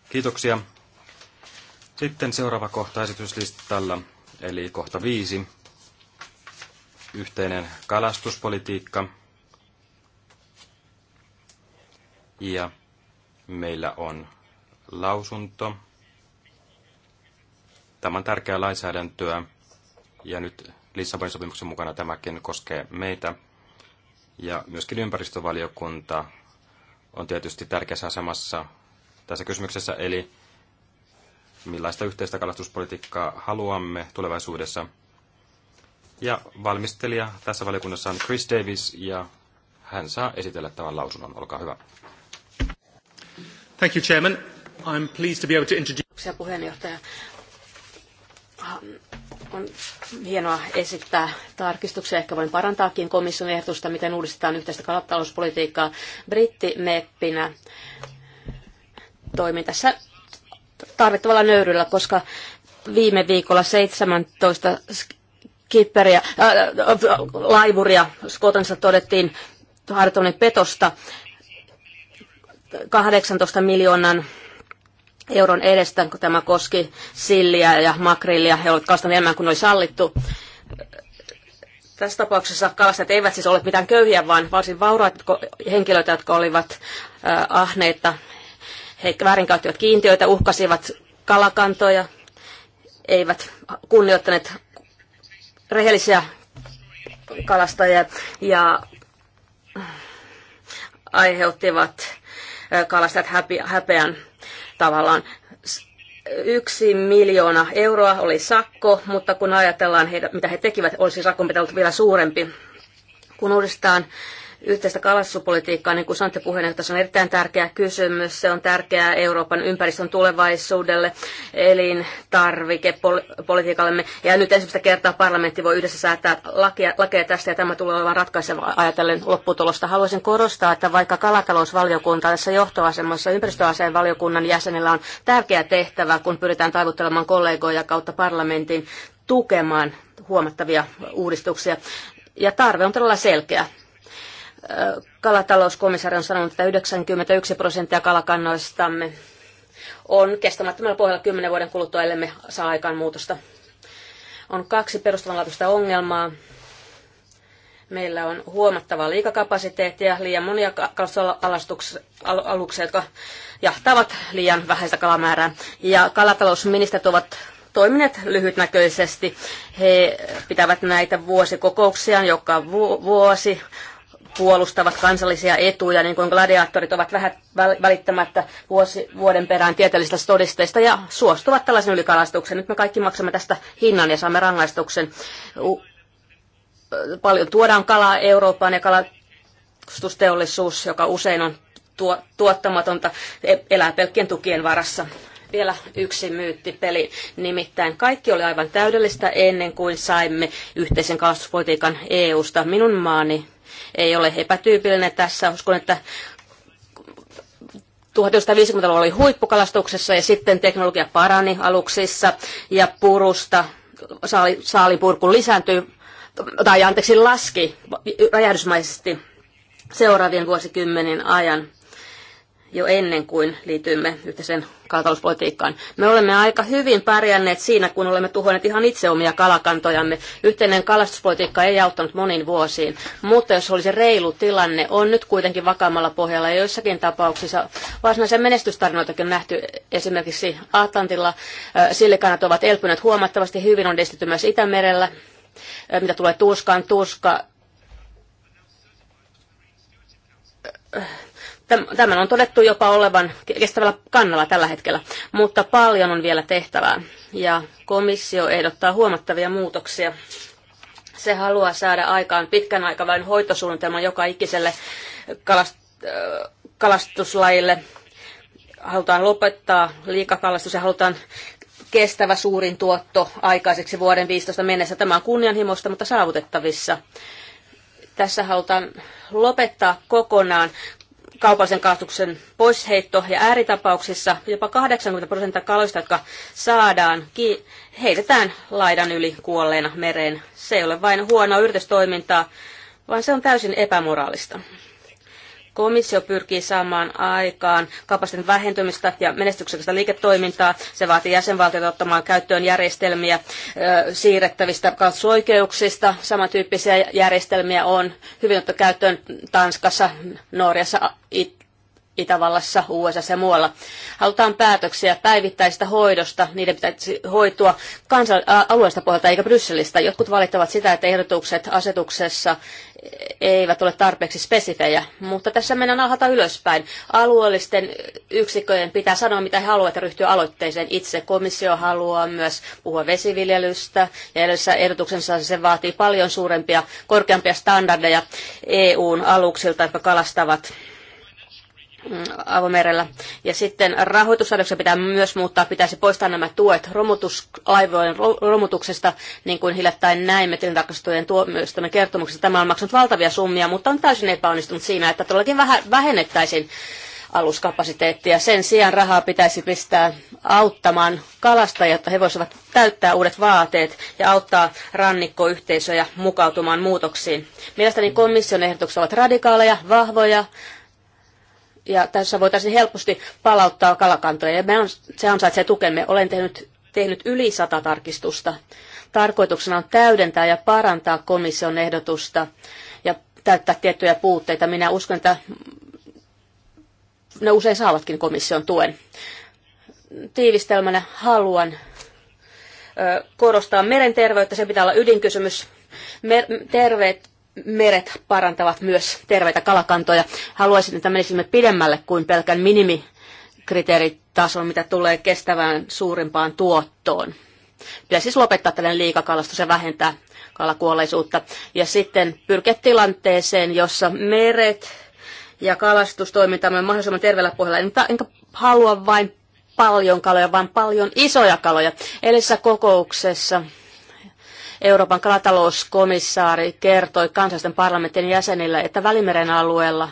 Speaker 2: Kiitoksia. Sitten seuraava kohta esityslistalla eli kohta viisi, yhteinen kalastuspolitiikka. Ja meillä on lausunto. Tämä on tärkeää lainsäädäntöä ja nyt Lissabonin sopimuksen mukana tämäkin koskee meitä. Ja myöskin ympäristövaliokunta on tietysti tärkeässä asemassa tässä kysymyksessä, eli millaista yhteistä kalastuspolitiikkaa haluamme tulevaisuudessa. Ja valmistelija tässä valiokunnassa on Chris Davis ja hän saa esitellä tämän lausunnon. Olkaa hyvä.
Speaker 1: Thank you, Chairman. I'm pleased to be able to introduce...
Speaker 4: puheenjohtaja. Ah, on hienoa esittää tarkistuksia. Ehkä voin parantaakin komission ehdotusta, miten uudistetaan yhteistä kalatalouspolitiikkaa brittimeppinä. Toimin tässä tarvittavalla nöyryllä, koska viime viikolla 17 kipperiä, äh, laivuria Skotansa todettiin harjoittaminen petosta 18 miljoonan euron edestä, kun tämä koski silliä ja makrillia, he olivat kastaneet enemmän kuin oli sallittu. Tässä tapauksessa kalastajat eivät siis ole mitään köyhiä, vaan varsin vauraat henkilöitä, jotka olivat äh, ahneita he väärinkäyttivät kiintiöitä, uhkasivat kalakantoja, eivät kunnioittaneet rehellisiä kalastajia ja aiheuttivat kalastajat häpeän tavallaan. Yksi miljoona euroa oli sakko, mutta kun ajatellaan, heitä, mitä he tekivät, olisi sakon pitänyt vielä suurempi. Kun uudestaan yhteistä kalastuspolitiikkaa, niin kuin sanoitte puheenjohtaja, se on erittäin tärkeä kysymys. Se on tärkeää Euroopan ympäristön tulevaisuudelle, elintarvikepolitiikallemme. Ja nyt ensimmäistä kertaa parlamentti voi yhdessä säätää lakia, lakeja tästä, ja tämä tulee olemaan ratkaiseva ajatellen lopputulosta. Haluaisin korostaa, että vaikka kalatalousvaliokunta tässä johtoasemassa ympäristöaseen valiokunnan jäsenillä on tärkeä tehtävä, kun pyritään taivuttelemaan kollegoja kautta parlamentin tukemaan huomattavia uudistuksia. Ja tarve on todella selkeä kalatalouskomissaari on sanonut, että 91 prosenttia kalakannoistamme on kestämättömällä pohjalla kymmenen vuoden kuluttua, ellei me saa aikaan muutosta. On kaksi perustavanlaatuista ongelmaa. Meillä on huomattavaa liikakapasiteettia, liian monia kalastuksia, jotka jahtavat liian vähäistä kalamäärää. Ja kalatalousministerit ovat toimineet lyhytnäköisesti. He pitävät näitä vuosikokouksiaan joka vuosi puolustavat kansallisia etuja, niin kuin gladiaattorit ovat vähän välittämättä vuosi, vuoden perään tieteellisistä todisteista ja suostuvat tällaisen ylikalastuksen. Nyt me kaikki maksamme tästä hinnan ja saamme rangaistuksen. Paljon tuodaan kalaa Eurooppaan ja kalastusteollisuus, joka usein on tuo, tuottamatonta, e- elää pelkkien tukien varassa vielä yksi myyttipeli. Nimittäin kaikki oli aivan täydellistä ennen kuin saimme yhteisen kalastuspolitiikan EU-sta. Minun maani ei ole epätyypillinen tässä. Uskon, että 1950-luvulla oli huippukalastuksessa ja sitten teknologia parani aluksissa ja purusta saali, saalipurku lisääntyi, tai anteeksi laski räjähdysmaisesti seuraavien vuosikymmenien ajan jo ennen kuin liityimme yhteisen kalatalouspolitiikkaan. Me olemme aika hyvin pärjänneet siinä, kun olemme tuhonneet ihan itse omia kalakantojamme. Yhteinen kalastuspolitiikka ei auttanut moniin vuosiin, mutta jos olisi reilu tilanne, on nyt kuitenkin vakaammalla pohjalla ja joissakin tapauksissa varsinaisia menestystarinoitakin on nähty esimerkiksi Atlantilla. Sillikanat ovat elpyneet huomattavasti, hyvin on edistetty myös Itämerellä, mitä tulee tuskaan, tuska, Tämän on todettu jopa olevan kestävällä kannalla tällä hetkellä, mutta paljon on vielä tehtävää ja komissio ehdottaa huomattavia muutoksia. Se haluaa saada aikaan pitkän aikavälin hoitosuunnitelman joka ikiselle kalast- äh, kalastuslajille. Halutaan lopettaa liikakalastus ja halutaan kestävä suurin tuotto aikaiseksi vuoden 15 mennessä. Tämä on kunnianhimoista, mutta saavutettavissa. Tässä halutaan lopettaa kokonaan kaupallisen kalastuksen poisheitto ja ääritapauksissa jopa 80 prosenttia kaloista, jotka saadaan, heitetään laidan yli kuolleena mereen. Se ei ole vain huonoa yritystoimintaa, vaan se on täysin epämoraalista. Komissio pyrkii saamaan aikaan kapasiteetin vähentymistä ja menestyksekästä liiketoimintaa. Se vaatii jäsenvaltioita ottamaan käyttöön järjestelmiä siirrettävistä katsoikeuksista. Samantyyppisiä järjestelmiä on hyvin otettu käyttöön Tanskassa, Norjassa, It- Itävallassa, USA ja muualla. Halutaan päätöksiä päivittäistä hoidosta, niiden pitäisi hoitua kansa- alueesta puolelta eikä Brysselistä. Jotkut valittavat sitä, että ehdotukset asetuksessa eivät ole tarpeeksi spesifejä, mutta tässä mennään alhaalta ylöspäin. Alueellisten yksikköjen pitää sanoa, mitä he haluavat ryhtyä aloitteeseen itse. Komissio haluaa myös puhua vesiviljelystä ja edellisessä ehdotuksensa se vaatii paljon suurempia, korkeampia standardeja EUn aluksilta, jotka kalastavat Mm, avomerellä. Ja sitten rahoitussäädöksiä pitää myös muuttaa, pitäisi poistaa nämä tuet romutuslaivojen romutuksesta, niin kuin hiljattain näimme tilintarkastajien tuomioistuimen kertomuksessa. Tämä on maksanut valtavia summia, mutta on täysin epäonnistunut siinä, että todellakin vähän vähennettäisiin aluskapasiteettia. Sen sijaan rahaa pitäisi pistää auttamaan kalastajia, jotta he voisivat täyttää uudet vaateet ja auttaa rannikkoyhteisöjä mukautumaan muutoksiin. Mielestäni komission ehdotukset ovat radikaaleja, vahvoja, ja tässä voitaisiin helposti palauttaa kalakantoja. Ja se ansaitsee tukemme. Olen tehnyt, tehnyt yli sata tarkistusta. Tarkoituksena on täydentää ja parantaa komission ehdotusta ja täyttää tiettyjä puutteita. Minä uskon, että ne usein saavatkin komission tuen. Tiivistelmänä haluan korostaa meren terveyttä. Se pitää olla ydinkysymys. Mer- terveet meret parantavat myös terveitä kalakantoja. Haluaisin, että menisimme pidemmälle kuin pelkän minimikriteeritason, mitä tulee kestävään suurimpaan tuottoon. Pitäisi siis lopettaa tällainen liikakalastus ja vähentää kalakuolleisuutta. Ja sitten pyrkiä tilanteeseen, jossa meret ja kalastustoiminta on mahdollisimman terveellä pohjalla. En enkä halua vain paljon kaloja, vaan paljon isoja kaloja. Edellisessä kokouksessa Euroopan kalatalouskomissaari kertoi kansallisten parlamentin jäsenille, että Välimeren alueella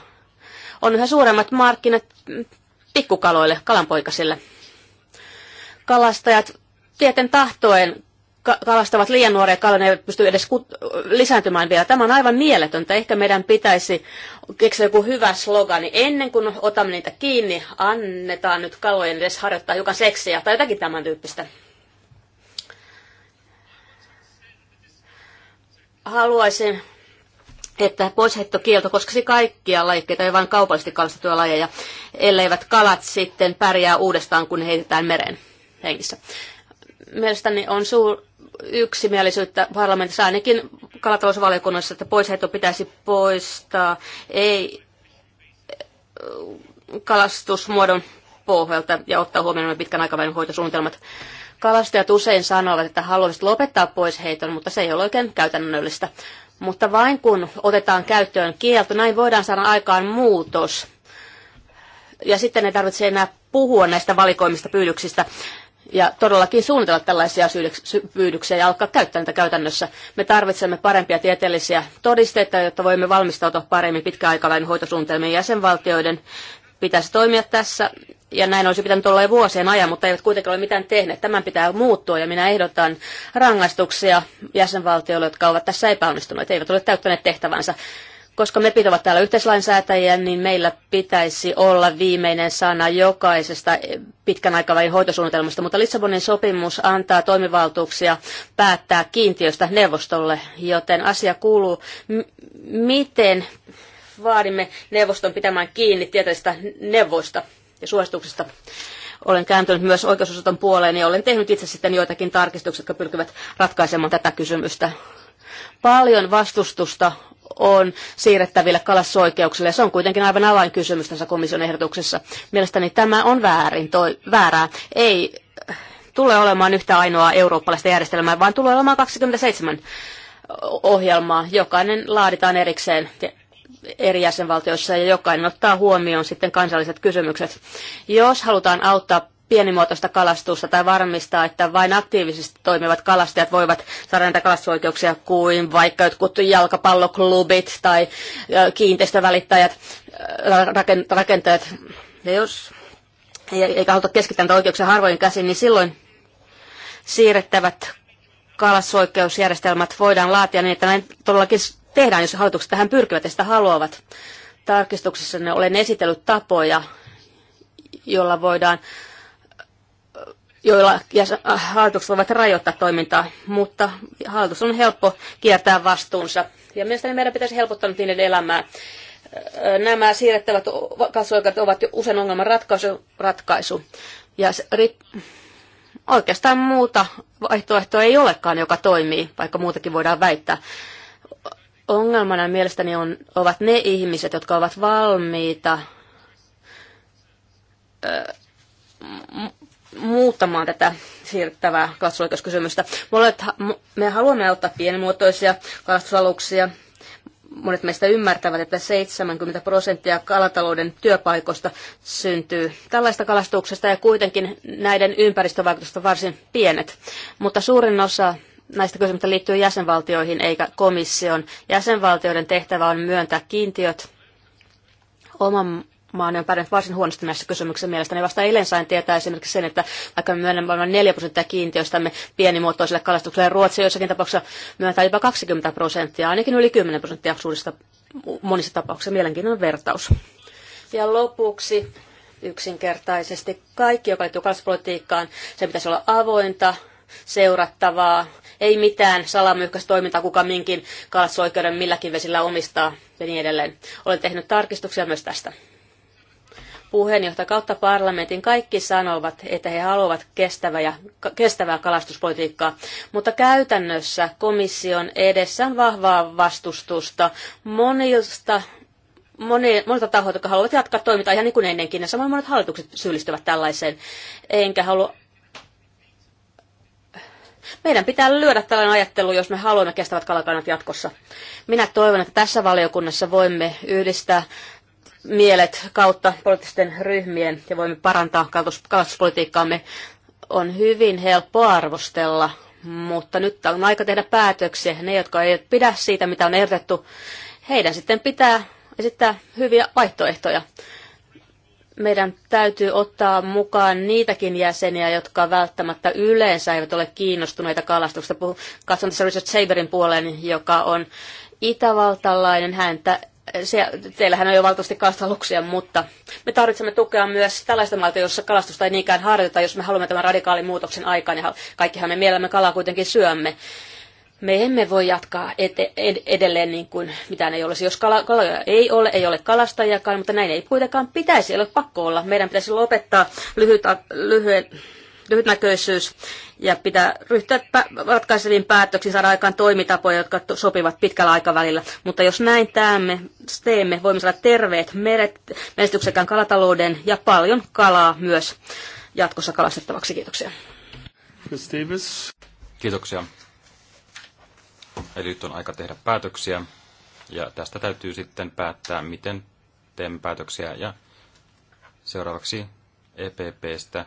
Speaker 4: on yhä suuremmat markkinat pikkukaloille, kalanpoikasille. Kalastajat tieten tahtoen kalastavat liian nuoria kaloja, ne eivät pysty edes lisääntymään vielä. Tämä on aivan mieletöntä. Ehkä meidän pitäisi keksiä joku hyvä slogani. Ennen kuin otamme niitä kiinni, annetaan nyt kalojen edes harjoittaa hiukan seksiä tai jotakin tämän tyyppistä. Haluaisin, että poisheittokielto koskisi kaikkia lajikkeita, ei vain kaupallisesti kalastettuja lajeja, elleivät kalat sitten pärjää uudestaan, kun heitetään mereen hengissä. Mielestäni on suur, yksimielisyyttä parlamentissa, ainakin kalatalousvaliokunnassa, että poisheitto pitäisi poistaa, ei kalastusmuodon pohjalta ja ottaa huomioon pitkän aikavälin hoitosuunnitelmat. Kalastajat usein sanovat, että haluaisivat lopettaa pois heiton, mutta se ei ole oikein käytännöllistä. Mutta vain kun otetaan käyttöön kielto, näin voidaan saada aikaan muutos. Ja sitten ei tarvitse enää puhua näistä valikoimista pyydyksistä ja todellakin suunnitella tällaisia pyydyksiä ja alkaa käyttää niitä käytännössä. Me tarvitsemme parempia tieteellisiä todisteita, jotta voimme valmistautua paremmin pitkäaikalainen hoitosuunnitelmien jäsenvaltioiden pitäisi toimia tässä ja näin olisi pitänyt olla jo vuosien ajan, mutta eivät kuitenkaan ole mitään tehneet. Tämän pitää muuttua ja minä ehdotan rangaistuksia jäsenvaltioille, jotka ovat tässä epäonnistuneet, eivät ole täyttäneet tehtävänsä. Koska me pitävät täällä yhteislainsäätäjiä, niin meillä pitäisi olla viimeinen sana jokaisesta pitkän aikavälin hoitosuunnitelmasta, mutta Lissabonin sopimus antaa toimivaltuuksia päättää kiintiöstä neuvostolle, joten asia kuuluu, miten vaadimme neuvoston pitämään kiinni tieteellisistä neuvoista ja suosituksista. Olen kääntynyt myös oikeusosaston puoleen ja olen tehnyt itse sitten joitakin tarkistuksia, jotka pyrkivät ratkaisemaan tätä kysymystä. Paljon vastustusta on siirrettäville kalassoikeuksille. Ja se on kuitenkin aivan avainkysymys tässä komission ehdotuksessa. Mielestäni tämä on väärin, toi, väärää. Ei tule olemaan yhtä ainoa eurooppalaista järjestelmää, vaan tulee olemaan 27 ohjelmaa. Jokainen laaditaan erikseen eri jäsenvaltioissa ja jokainen ottaa huomioon sitten kansalliset kysymykset. Jos halutaan auttaa pienimuotoista kalastusta tai varmistaa, että vain aktiivisesti toimivat kalastajat voivat saada näitä kalastusoikeuksia kuin vaikka jotkut jalkapalloklubit tai kiinteistövälittäjät, rakentajat. Ja jos eikä haluta keskittää näitä oikeuksia harvoin käsiin, niin silloin siirrettävät kalastusoikeusjärjestelmät voidaan laatia niin, että näin todellakin tehdään, jos hallitukset tähän pyrkivät ja sitä haluavat. Tarkistuksessa olen esitellyt tapoja, joilla voidaan joilla äh, hallitukset voivat rajoittaa toimintaa, mutta hallitus on helppo kiertää vastuunsa. Ja mielestäni meidän pitäisi helpottaa nyt niiden elämää. Äh, nämä siirrettävät kasvoikat ovat jo usein ongelman ratkaisu. ratkaisu. Ja ri, oikeastaan muuta vaihtoehtoa ei olekaan, joka toimii, vaikka muutakin voidaan väittää. Ongelmana mielestäni on, ovat ne ihmiset, jotka ovat valmiita ö, muuttamaan tätä siirtävää katsoikeuskysymystä. me haluamme auttaa pienimuotoisia kalastusaluksia. Monet meistä ymmärtävät, että 70 prosenttia kalatalouden työpaikoista syntyy tällaista kalastuksesta ja kuitenkin näiden ympäristövaikutusta varsin pienet. Mutta suurin osa näistä kysymyksistä liittyy jäsenvaltioihin eikä komission. Jäsenvaltioiden tehtävä on myöntää kiintiöt. Oman maani on pärjännyt varsin huonosti näissä kysymyksissä mielestäni. Vasta eilen sain tietää esimerkiksi sen, että vaikka me myönnämme vain 4 prosenttia kiintiöistämme pienimuotoiselle kalastukselle, Ruotsi joissakin tapauksessa myöntää jopa 20 prosenttia, ainakin yli 10 prosenttia suurista monissa tapauksissa. Mielenkiintoinen vertaus. Ja lopuksi yksinkertaisesti kaikki, joka liittyy kalastuspolitiikkaan, se pitäisi olla avointa, seurattavaa, ei mitään salamyhkäistä toimintaa, kuka minkin kalastusoikeuden milläkin vesillä omistaa ja niin edelleen. Olen tehnyt tarkistuksia myös tästä. Puheenjohtaja kautta parlamentin kaikki sanovat, että he haluavat kestävää, ja, kestävää kalastuspolitiikkaa, mutta käytännössä komission edessä on vahvaa vastustusta monilta moni, monilta tahoilta, jotka haluavat jatkaa toimintaa ihan niin kuin ennenkin, ja samoin monet hallitukset syyllistyvät tällaiseen. Enkä halua meidän pitää lyödä tällainen ajattelu, jos me haluamme kestävät kalakannat jatkossa. Minä toivon, että tässä valiokunnassa voimme yhdistää mielet kautta poliittisten ryhmien ja voimme parantaa kalastuspolitiikkaamme. On hyvin helppo arvostella, mutta nyt on aika tehdä päätöksiä. Ne, jotka eivät pidä siitä, mitä on ehdotettu, heidän sitten pitää esittää hyviä vaihtoehtoja meidän täytyy ottaa mukaan niitäkin jäseniä, jotka välttämättä yleensä eivät ole kiinnostuneita kalastuksesta. Katson tässä Richard Saberin puolen, joka on itävaltalainen. Häntä, se, teillähän on jo valtavasti kalastaluksia, mutta me tarvitsemme tukea myös tällaista maalta, jossa kalastusta ei niinkään harjoita, jos me haluamme tämän radikaalin muutoksen aikaan. Ja niin kaikkihan me mielemme kalaa kuitenkin syömme me emme voi jatkaa ete, ed, edelleen niin kuin mitään ei olisi. Jos kaloja ei ole, ei ole kalastajakaan, mutta näin ei kuitenkaan pitäisi, ei ole pakko olla. Meidän pitäisi lopettaa lyhyt, lyhyen, lyhytnäköisyys ja pitää ryhtyä ratkaiseviin päätöksiin, saada aikaan toimitapoja, jotka sopivat pitkällä aikavälillä. Mutta jos näin täämme, teemme voimme saada terveet meret, menestyksekään kalatalouden ja paljon kalaa myös jatkossa kalastettavaksi. Kiitoksia.
Speaker 2: Kiitoksia eli nyt on aika tehdä päätöksiä, ja tästä täytyy sitten päättää, miten teemme päätöksiä. Ja seuraavaksi EPPstä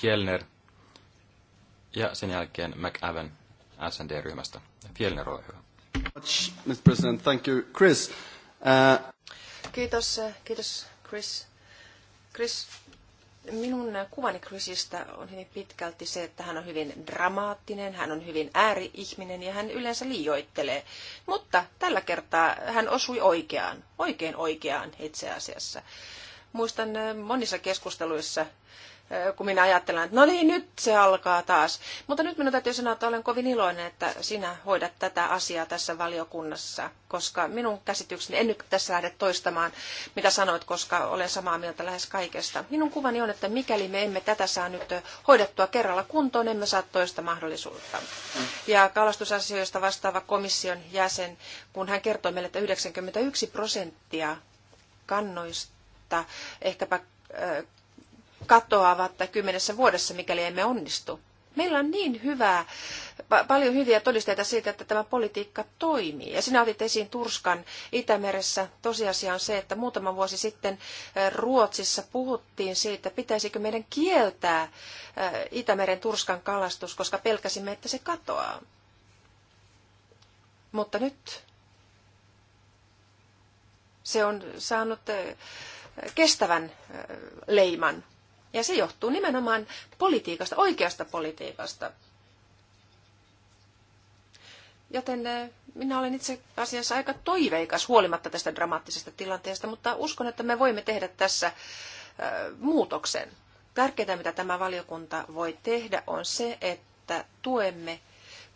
Speaker 2: Fjellner ja sen jälkeen McAven SND-ryhmästä. Fjellner, ole hyvä. Mr. President, thank you. Chris.
Speaker 1: Uh...
Speaker 3: Kiitos, eh, kiitos Chris. Chris, Minun kuvani Chrisistä on hyvin pitkälti se, että hän on hyvin dramaattinen, hän on hyvin ääriihminen ja hän yleensä liioittelee. Mutta tällä kertaa hän osui oikeaan, oikein oikeaan itse asiassa. Muistan eh, monissa keskusteluissa kun minä ajattelen, että no niin, nyt se alkaa taas. Mutta nyt minun täytyy sanoa, että olen kovin iloinen, että sinä hoidat tätä asiaa tässä valiokunnassa, koska minun käsitykseni, en nyt tässä lähde toistamaan, mitä sanoit, koska olen samaa mieltä lähes kaikesta. Minun kuvani on, että mikäli me emme tätä saa nyt hoidettua kerralla kuntoon, emme saa toista mahdollisuutta. Ja kalastusasioista vastaava komission jäsen, kun hän kertoi meille, että 91 prosenttia kannoista, ehkäpä katoavat kymmenessä vuodessa, mikäli emme onnistu. Meillä on niin hyvää, paljon hyviä todisteita siitä, että tämä politiikka toimii. Ja sinä otit esiin Turskan Itämeressä. Tosiasia on se, että muutama vuosi sitten Ruotsissa puhuttiin siitä, pitäisikö meidän kieltää Itämeren Turskan kalastus, koska pelkäsimme, että se katoaa. Mutta nyt se on saanut kestävän leiman ja se johtuu nimenomaan politiikasta, oikeasta politiikasta. Joten eh, minä olen itse asiassa aika toiveikas huolimatta tästä dramaattisesta tilanteesta, mutta uskon, että me voimme tehdä tässä eh, muutoksen. Tärkeintä, mitä tämä valiokunta voi tehdä, on se, että tuemme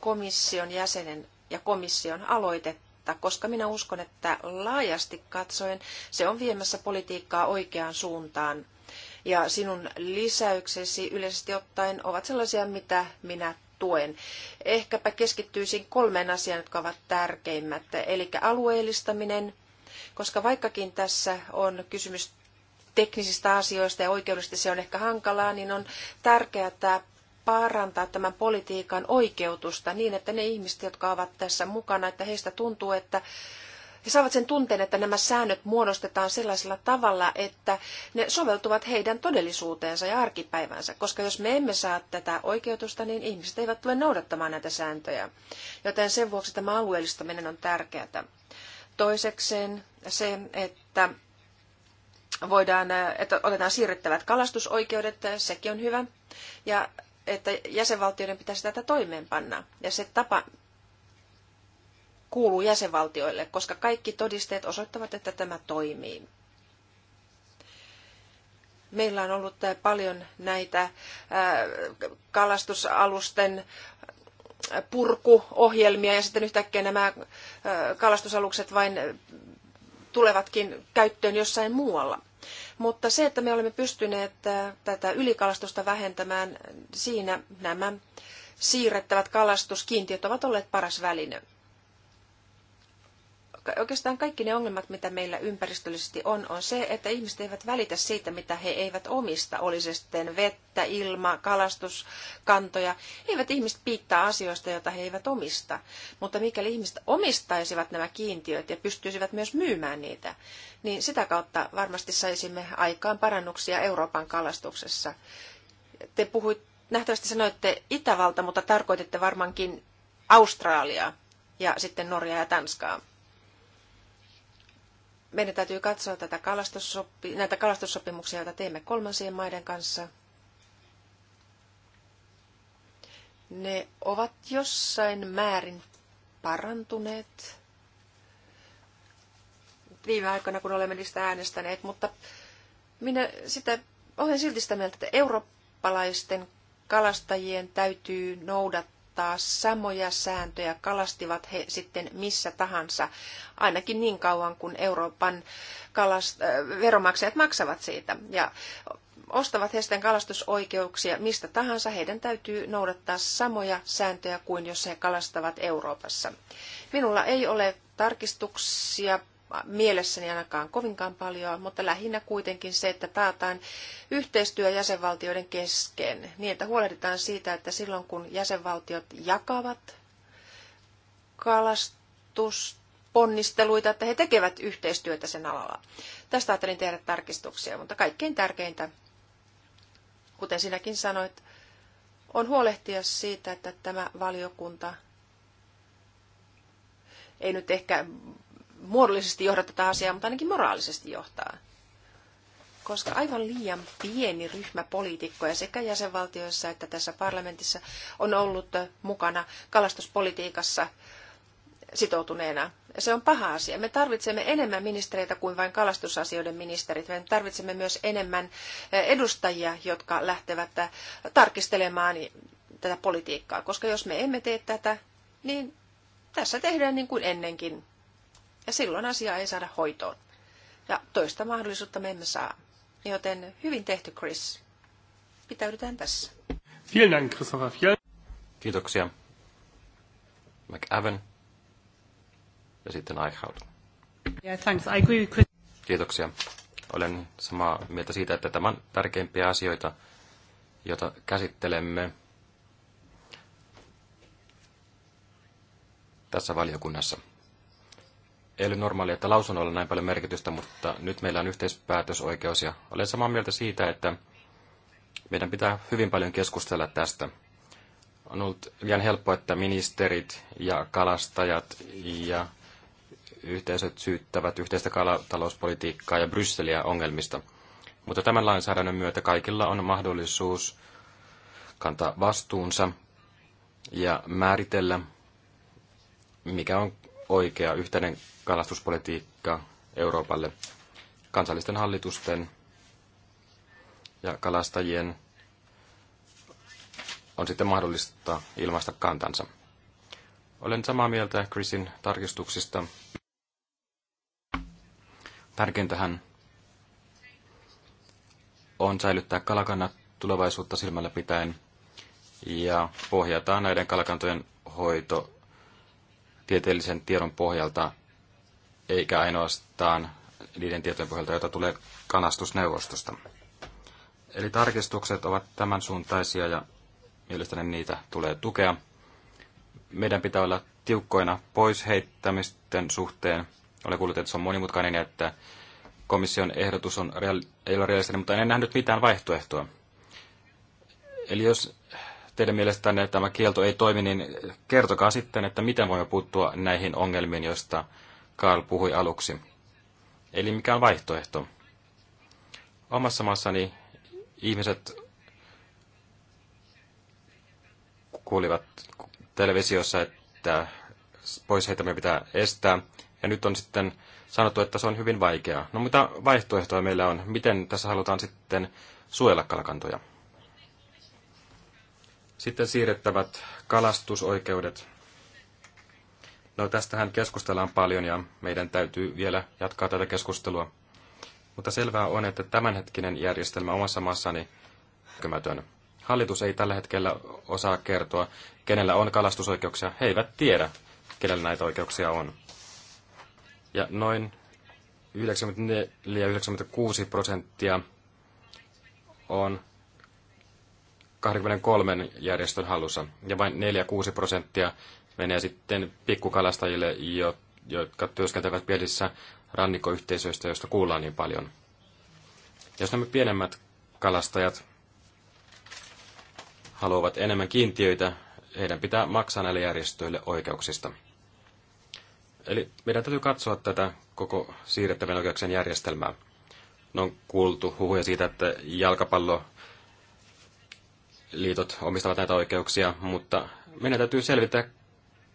Speaker 3: komission jäsenen ja komission aloitetta, koska minä uskon, että laajasti katsoen se on viemässä politiikkaa oikeaan suuntaan – ja sinun lisäyksesi yleisesti ottaen ovat sellaisia, mitä minä tuen. Ehkäpä keskittyisin kolmeen asiaan, jotka ovat tärkeimmät, eli alueellistaminen, koska vaikkakin tässä on kysymys teknisistä asioista ja oikeudellisesti se on ehkä hankalaa, niin on tärkeää parantaa tämän politiikan oikeutusta niin, että ne ihmiset, jotka ovat tässä mukana, että heistä tuntuu, että he saavat sen tunteen, että nämä säännöt muodostetaan sellaisella tavalla, että ne soveltuvat heidän todellisuuteensa ja arkipäivänsä, koska jos me emme saa tätä oikeutusta, niin ihmiset eivät tule noudattamaan näitä sääntöjä. Joten sen vuoksi tämä alueellistaminen on tärkeää. Toisekseen se, että voidaan, että otetaan siirrettävät kalastusoikeudet, sekin on hyvä, ja että jäsenvaltioiden pitäisi tätä toimeenpanna. Ja se tapa, kuuluu jäsenvaltioille, koska kaikki todisteet osoittavat, että tämä toimii. Meillä on ollut äh, paljon näitä äh, kalastusalusten äh, purkuohjelmia ja sitten yhtäkkiä nämä kalastusalukset vain tulevatkin käyttöön jossain muualla. Mutta se, että me olemme pystyneet tätä ylikalastusta vähentämään, siinä nämä siirrettävät kalastuskiintiöt ovat olleet paras väline oikeastaan kaikki ne ongelmat, mitä meillä ympäristöllisesti on, on se, että ihmiset eivät välitä siitä, mitä he eivät omista. Oli se sitten vettä, ilma, kalastuskantoja. Eivät ihmiset piittaa asioista, joita he eivät omista. Mutta mikäli ihmiset omistaisivat nämä kiintiöt ja pystyisivät myös myymään niitä, niin sitä kautta varmasti saisimme aikaan parannuksia Euroopan kalastuksessa. Te puhuit, nähtävästi sanoitte Itävalta, mutta tarkoititte varmaankin Australiaa ja sitten Norjaa ja Tanskaa meidän täytyy katsoa tätä kalastussopi- näitä kalastussopimuksia, joita teemme kolmansien maiden kanssa. Ne ovat jossain määrin parantuneet viime aikoina, kun olemme niistä äänestäneet, mutta minä sitä, olen silti sitä mieltä, että eurooppalaisten kalastajien täytyy noudattaa noudattaa samoja sääntöjä, kalastivat he sitten missä tahansa, ainakin niin kauan kuin Euroopan kalast- äh, veromaksajat maksavat siitä. Ja ostavat he sitten kalastusoikeuksia mistä tahansa, heidän täytyy noudattaa samoja sääntöjä kuin jos he kalastavat Euroopassa. Minulla ei ole tarkistuksia mielessäni ainakaan kovinkaan paljon, mutta lähinnä kuitenkin se, että taataan yhteistyö jäsenvaltioiden kesken, niin että huolehditaan siitä, että silloin kun jäsenvaltiot jakavat kalastusponnisteluita, että he tekevät yhteistyötä sen alalla. Tästä ajattelin tehdä tarkistuksia, mutta kaikkein tärkeintä, kuten sinäkin sanoit, on huolehtia siitä, että tämä valiokunta ei nyt ehkä muodollisesti johda tätä asiaa, mutta ainakin moraalisesti johtaa. Koska aivan liian pieni ryhmä poliitikkoja sekä jäsenvaltioissa että tässä parlamentissa on ollut mukana kalastuspolitiikassa sitoutuneena. Se on paha asia. Me tarvitsemme enemmän ministereitä kuin vain kalastusasioiden ministerit. Me tarvitsemme myös enemmän edustajia, jotka lähtevät tarkistelemaan tätä politiikkaa, koska jos me emme tee tätä, niin tässä tehdään niin kuin ennenkin. Ja silloin asiaa ei saada hoitoon. Ja toista mahdollisuutta me emme saa. Joten hyvin tehty, Chris. Pitäydytään tässä.
Speaker 2: Vielen Dank, Christopher. Kiitoksia. McAven ja sitten Eichhout.
Speaker 1: Yeah, thanks. I agree with Chris.
Speaker 2: Kiitoksia. Olen samaa mieltä siitä, että tämä on tärkeimpiä asioita, joita käsittelemme tässä valiokunnassa ei ole normaalia, että lausunnoilla on näin paljon merkitystä, mutta nyt meillä on yhteispäätösoikeus ja olen samaa mieltä siitä, että meidän pitää hyvin paljon keskustella tästä. On ollut liian helppo, että ministerit ja kalastajat ja yhteisöt syyttävät yhteistä kalatalouspolitiikkaa ja Brysseliä ongelmista. Mutta tämän lainsäädännön myötä kaikilla on mahdollisuus kantaa vastuunsa ja määritellä, mikä on oikea yhteinen kalastuspolitiikka Euroopalle kansallisten hallitusten ja kalastajien on sitten mahdollista ilmaista kantansa. Olen samaa mieltä Chrisin tarkistuksista. Tärkeintähän on säilyttää kalakannat tulevaisuutta silmällä pitäen ja pohjataan näiden kalakantojen hoito tieteellisen tiedon pohjalta, eikä ainoastaan niiden tietojen pohjalta, joita tulee kanastusneuvostosta. Eli tarkistukset ovat tämän suuntaisia ja mielestäni niitä tulee tukea. Meidän pitää olla tiukkoina pois heittämisten suhteen. Olen kuullut, että se on monimutkainen ja että komission ehdotus on reaali- ei ole realistinen, mutta en nähnyt mitään vaihtoehtoa. Eli jos teidän mielestänne tämä kielto ei toimi, niin kertokaa sitten, että miten voimme puuttua näihin ongelmiin, joista Karl puhui aluksi. Eli mikä on vaihtoehto? Omassa maassani ihmiset kuulivat televisiossa, että pois pitää estää. Ja nyt on sitten sanottu, että se on hyvin vaikeaa. No mitä vaihtoehtoja meillä on? Miten tässä halutaan sitten suojella kalakantoja? Sitten siirrettävät kalastusoikeudet. No tästähän keskustellaan paljon ja meidän täytyy vielä jatkaa tätä keskustelua. Mutta selvää on, että tämänhetkinen järjestelmä omassa maassani kymätön. Hallitus ei tällä hetkellä osaa kertoa, kenellä on kalastusoikeuksia. He eivät tiedä, kenellä näitä oikeuksia on. Ja noin 94-96 prosenttia on 23 järjestön hallussa, ja vain 4-6 prosenttia menee sitten pikkukalastajille, jotka työskentelevät pienissä rannikkoyhteisöistä, joista kuullaan niin paljon. Jos nämä pienemmät kalastajat haluavat enemmän kiintiöitä, heidän pitää maksaa näille järjestöille oikeuksista. Eli meidän täytyy katsoa tätä koko siirrettävän oikeuksien järjestelmää. No on kuultu huhuja siitä, että jalkapallo liitot omistavat näitä oikeuksia, mutta meidän täytyy selvittää,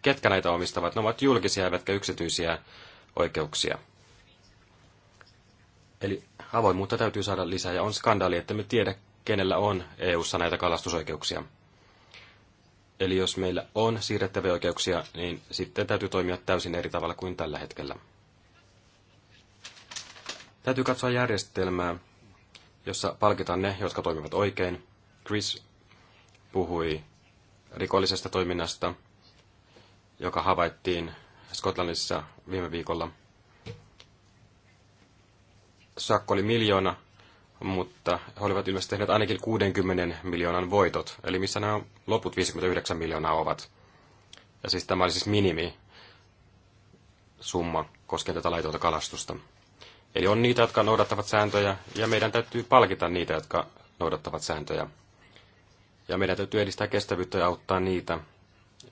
Speaker 2: ketkä näitä omistavat. Ne ovat julkisia eivätkä yksityisiä oikeuksia. Eli avoimuutta täytyy saada lisää ja on skandaali, että me tiedä, kenellä on EU-ssa näitä kalastusoikeuksia. Eli jos meillä on siirrettäviä oikeuksia, niin sitten täytyy toimia täysin eri tavalla kuin tällä hetkellä. Täytyy katsoa järjestelmää, jossa palkitaan ne, jotka toimivat oikein. Chris puhui rikollisesta toiminnasta, joka havaittiin Skotlannissa viime viikolla. Sakko oli miljoona, mutta he olivat ilmeisesti tehneet ainakin 60 miljoonan voitot, eli missä nämä loput 59 miljoonaa ovat. Ja siis tämä oli siis minimi summa koskien tätä laitonta kalastusta. Eli on niitä, jotka noudattavat sääntöjä, ja meidän täytyy palkita niitä, jotka noudattavat sääntöjä. Ja meidän täytyy edistää kestävyyttä ja auttaa niitä,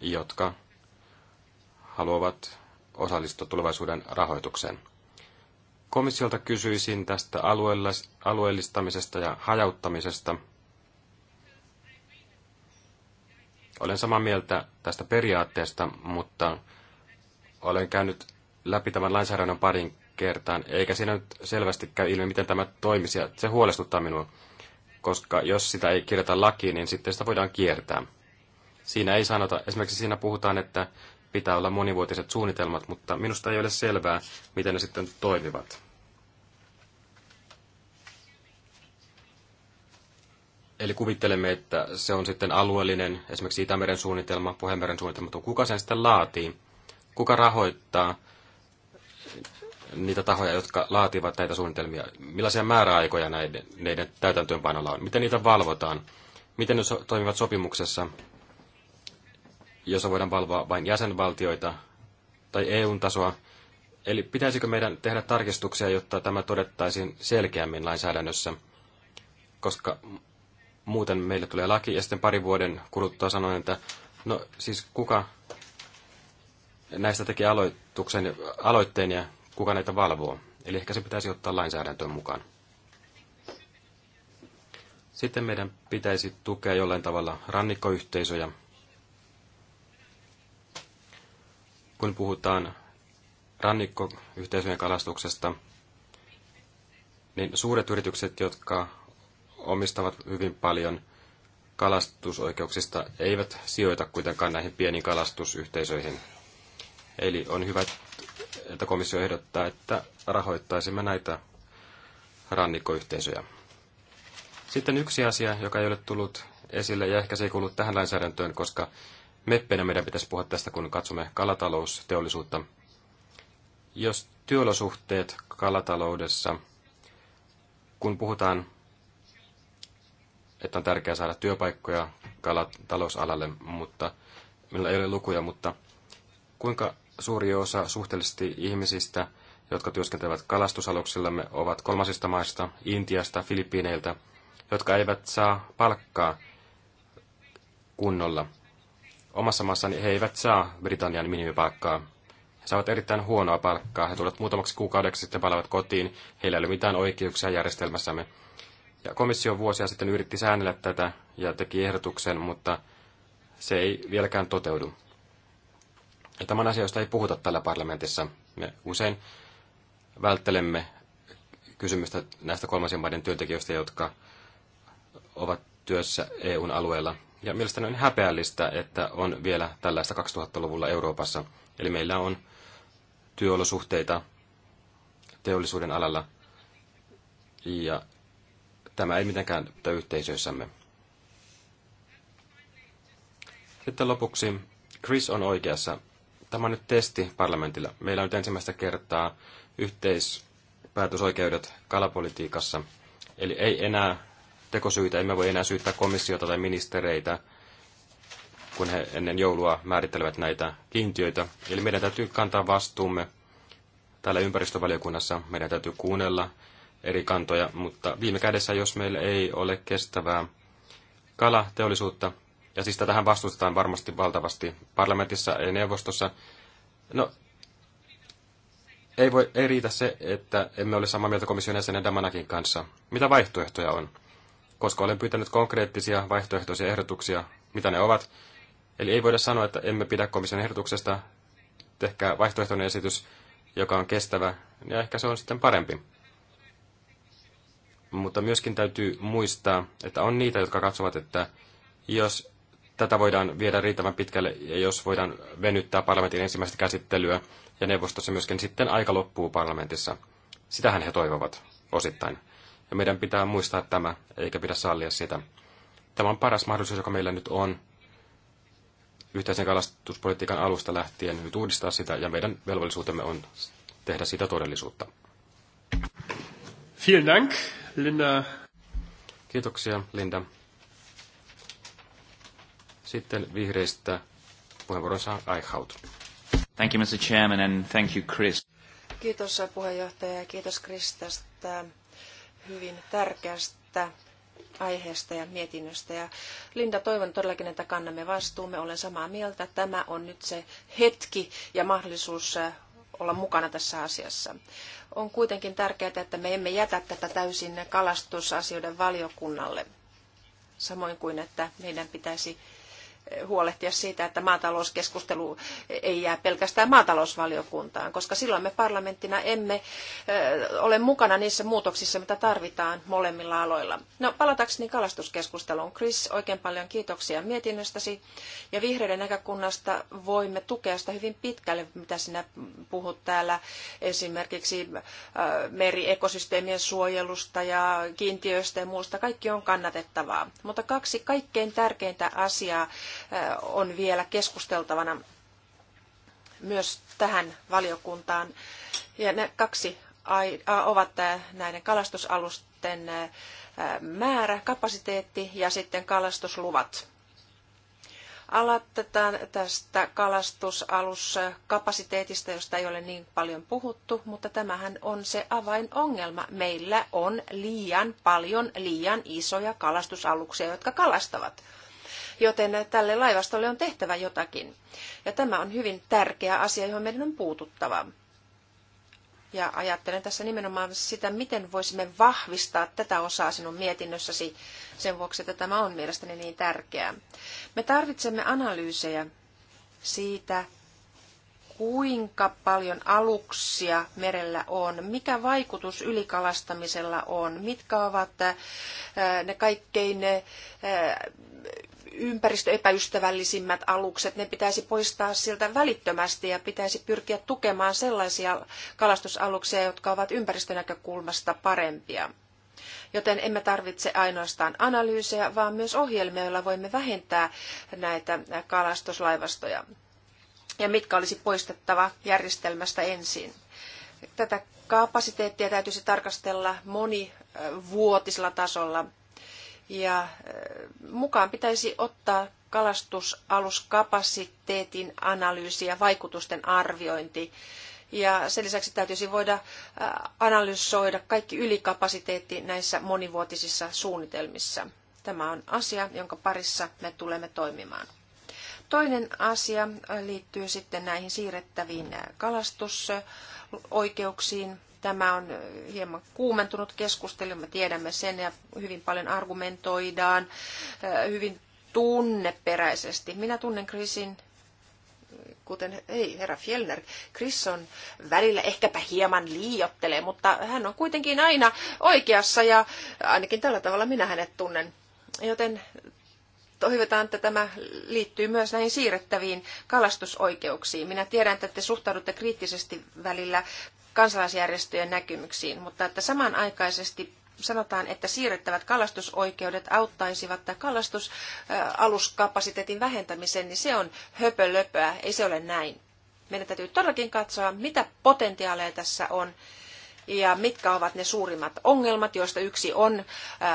Speaker 2: jotka haluavat osallistua tulevaisuuden rahoitukseen. Komissiolta kysyisin tästä alueellistamisesta ja hajauttamisesta. Olen samaa mieltä tästä periaatteesta, mutta olen käynyt läpi tämän lainsäädännön parin kertaan, eikä siinä nyt selvästi käy ilmi, miten tämä toimisi, ja se huolestuttaa minua koska jos sitä ei kirjata lakiin, niin sitten sitä voidaan kiertää. Siinä ei sanota, esimerkiksi siinä puhutaan, että pitää olla monivuotiset suunnitelmat, mutta minusta ei ole selvää, miten ne sitten toimivat. Eli kuvittelemme, että se on sitten alueellinen, esimerkiksi Itämeren suunnitelma, Pohjanmeren suunnitelma, mutta kuka sen sitten laatii? Kuka rahoittaa niitä tahoja, jotka laativat näitä suunnitelmia, millaisia määräaikoja näiden, näiden täytäntöönpanolla on, miten niitä valvotaan, miten ne so- toimivat sopimuksessa, jossa voidaan valvoa vain jäsenvaltioita tai eu tasoa. Eli pitäisikö meidän tehdä tarkistuksia, jotta tämä todettaisiin selkeämmin lainsäädännössä, koska muuten meille tulee laki ja sitten pari vuoden kuluttua sanoin, että no siis kuka näistä teki aloituksen, aloitteen ja kuka näitä valvoo. Eli ehkä se pitäisi ottaa lainsäädäntöön mukaan. Sitten meidän pitäisi tukea jollain tavalla rannikkoyhteisöjä. Kun puhutaan rannikkoyhteisöjen kalastuksesta, niin suuret yritykset, jotka omistavat hyvin paljon kalastusoikeuksista, eivät sijoita kuitenkaan näihin pieniin kalastusyhteisöihin. Eli on hyvä että komissio ehdottaa, että rahoittaisimme näitä rannikkoyhteisöjä. Sitten yksi asia, joka ei ole tullut esille, ja ehkä se ei kuulu tähän lainsäädäntöön, koska meppeinä meidän pitäisi puhua tästä, kun katsomme kalatalousteollisuutta. Jos työolosuhteet kalataloudessa, kun puhutaan, että on tärkeää saada työpaikkoja kalatalousalalle, mutta millä ei ole lukuja, mutta kuinka suuri osa suhteellisesti ihmisistä, jotka työskentelevät kalastusaluksillamme, ovat kolmasista maista, Intiasta, Filippiineiltä, jotka eivät saa palkkaa kunnolla. Omassa maassani he eivät saa Britannian minimipalkkaa. He saavat erittäin huonoa palkkaa. He tulevat muutamaksi kuukaudeksi sitten palavat kotiin. Heillä ei ole mitään oikeuksia järjestelmässämme. Ja komissio vuosia sitten yritti säännellä tätä ja teki ehdotuksen, mutta se ei vieläkään toteudu tämän asioista ei puhuta tällä parlamentissa. Me usein välttelemme kysymystä näistä kolmansien maiden työntekijöistä, jotka ovat työssä EUn alueella. Ja mielestäni on häpeällistä, että on vielä tällaista 2000-luvulla Euroopassa. Eli meillä on työolosuhteita teollisuuden alalla, ja tämä ei mitenkään yhteisöissämme. Sitten lopuksi Chris on oikeassa Tämä on nyt testi parlamentilla. Meillä on nyt ensimmäistä kertaa yhteispäätösoikeudet kalapolitiikassa. Eli ei enää tekosyitä, emme voi enää syyttää komissiota tai ministereitä, kun he ennen joulua määrittelevät näitä kiintiöitä. Eli meidän täytyy kantaa vastuumme täällä ympäristövaliokunnassa. Meidän täytyy kuunnella eri kantoja, mutta viime kädessä, jos meillä ei ole kestävää kalateollisuutta, ja siis tätähän vastustetaan varmasti valtavasti parlamentissa ja neuvostossa. No, ei, voi, ei riitä se, että emme ole samaa mieltä komission jäsenen Damanakin kanssa. Mitä vaihtoehtoja on? Koska olen pyytänyt konkreettisia vaihtoehtoisia ehdotuksia, mitä ne ovat. Eli ei voida sanoa, että emme pidä komission ehdotuksesta, tehkää vaihtoehtoinen esitys, joka on kestävä, ja ehkä se on sitten parempi. Mutta myöskin täytyy muistaa, että on niitä, jotka katsovat, että jos tätä voidaan viedä riittävän pitkälle, ja jos voidaan venyttää parlamentin ensimmäistä käsittelyä ja neuvostossa myöskin sitten aika loppuu parlamentissa. Sitähän he toivovat osittain. Ja meidän pitää muistaa tämä, eikä pidä sallia sitä. Tämä on paras mahdollisuus, joka meillä nyt on yhteisen kalastuspolitiikan alusta lähtien nyt uudistaa sitä, ja meidän velvollisuutemme on tehdä sitä todellisuutta. Vielen Dank, Linda. Kiitoksia, Linda. Sitten vihreistä puheenvuoron saa Eichhout. Thank you, Mr. Chairman, and thank you, Chris.
Speaker 3: Kiitos puheenjohtaja ja kiitos Chris tästä hyvin tärkeästä aiheesta ja mietinnöstä. Ja Linda, toivon todellakin, että kannamme vastuumme. Olen samaa mieltä. Tämä on nyt se hetki ja mahdollisuus olla mukana tässä asiassa. On kuitenkin tärkeää, että me emme jätä tätä täysin kalastusasioiden valiokunnalle. Samoin kuin, että meidän pitäisi huolehtia siitä, että maatalouskeskustelu ei jää pelkästään maatalousvaliokuntaan, koska silloin me parlamenttina emme ole mukana niissä muutoksissa, mitä tarvitaan molemmilla aloilla. No, palatakseni kalastuskeskusteluun. Chris, oikein paljon kiitoksia mietinnöstäsi ja vihreiden näkökunnasta voimme tukea sitä hyvin pitkälle, mitä sinä puhut täällä esimerkiksi meriekosysteemien suojelusta ja kiintiöistä ja muusta. Kaikki on kannatettavaa. Mutta kaksi kaikkein tärkeintä asiaa on vielä keskusteltavana myös tähän valiokuntaan. Ja ne kaksi ovat näiden kalastusalusten määrä, kapasiteetti ja sitten kalastusluvat. Aloitetaan tästä kalastusaluskapasiteetista, josta ei ole niin paljon puhuttu, mutta tämähän on se avainongelma. Meillä on liian paljon liian isoja kalastusaluksia, jotka kalastavat joten tälle laivastolle on tehtävä jotakin. Ja tämä on hyvin tärkeä asia, johon meidän on puututtava. Ja ajattelen tässä nimenomaan sitä, miten voisimme vahvistaa tätä osaa sinun mietinnössäsi sen vuoksi, että tämä on mielestäni niin tärkeää. Me tarvitsemme analyysejä siitä, kuinka paljon aluksia merellä on, mikä vaikutus ylikalastamisella on, mitkä ovat äh, ne kaikkein äh, ympäristöepäystävällisimmät alukset, ne pitäisi poistaa sieltä välittömästi ja pitäisi pyrkiä tukemaan sellaisia kalastusaluksia, jotka ovat ympäristönäkökulmasta parempia. Joten emme tarvitse ainoastaan analyysejä, vaan myös ohjelmia, joilla voimme vähentää näitä kalastuslaivastoja ja mitkä olisi poistettava järjestelmästä ensin. Tätä kapasiteettia täytyisi tarkastella monivuotisella tasolla ja äh, mukaan pitäisi ottaa kalastusaluskapasiteetin analyysi ja vaikutusten arviointi. Ja sen lisäksi täytyisi voida äh, analysoida kaikki ylikapasiteetti näissä monivuotisissa suunnitelmissa. Tämä on asia, jonka parissa me tulemme toimimaan. Toinen asia liittyy sitten näihin siirrettäviin äh, kalastusoikeuksiin. Tämä on hieman kuumentunut keskustelu, me tiedämme sen ja hyvin paljon argumentoidaan hyvin tunneperäisesti. Minä tunnen Krisin kuten, ei herra Fjellner, Chris on välillä ehkäpä hieman liiottelee, mutta hän on kuitenkin aina oikeassa ja ainakin tällä tavalla minä hänet tunnen. Joten toivotaan, että tämä liittyy myös näihin siirrettäviin kalastusoikeuksiin. Minä tiedän, että te suhtaudutte kriittisesti välillä kansalaisjärjestöjen näkymyksiin, mutta että samanaikaisesti sanotaan, että siirrettävät kalastusoikeudet auttaisivat tämä kalastusaluskapasiteetin vähentämisen, niin se on höpölöpöä, ei se ole näin. Meidän täytyy todellakin katsoa, mitä potentiaaleja tässä on ja mitkä ovat ne suurimmat ongelmat, joista yksi on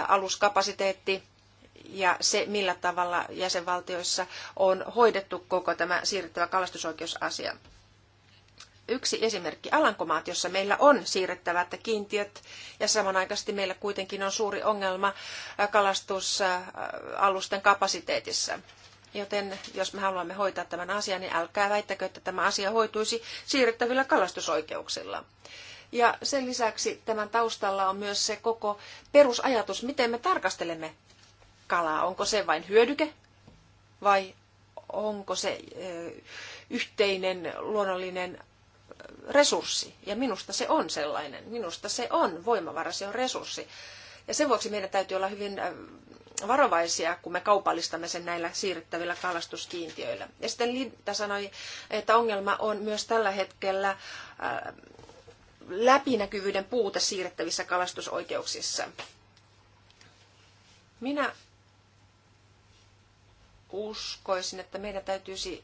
Speaker 3: aluskapasiteetti ja se, millä tavalla jäsenvaltioissa on hoidettu koko tämä siirrettävä kalastusoikeusasia yksi esimerkki. Alankomaat, jossa meillä on siirrettävät kiintiöt ja samanaikaisesti meillä kuitenkin on suuri ongelma kalastusalusten kapasiteetissa. Joten jos me haluamme hoitaa tämän asian, niin älkää väittäkö, että tämä asia hoituisi siirrettävillä kalastusoikeuksilla. Ja sen lisäksi tämän taustalla on myös se koko perusajatus, miten me tarkastelemme kalaa. Onko se vain hyödyke vai onko se yhteinen luonnollinen resurssi, ja minusta se on sellainen. Minusta se on voimavara, se on resurssi. Ja sen vuoksi meidän täytyy olla hyvin äh, varovaisia, kun me kaupallistamme sen näillä siirrettävillä kalastuskiintiöillä. Ja sitten Linda sanoi, että ongelma on myös tällä hetkellä äh, läpinäkyvyyden puute siirrettävissä kalastusoikeuksissa. Minä uskoisin, että meidän täytyisi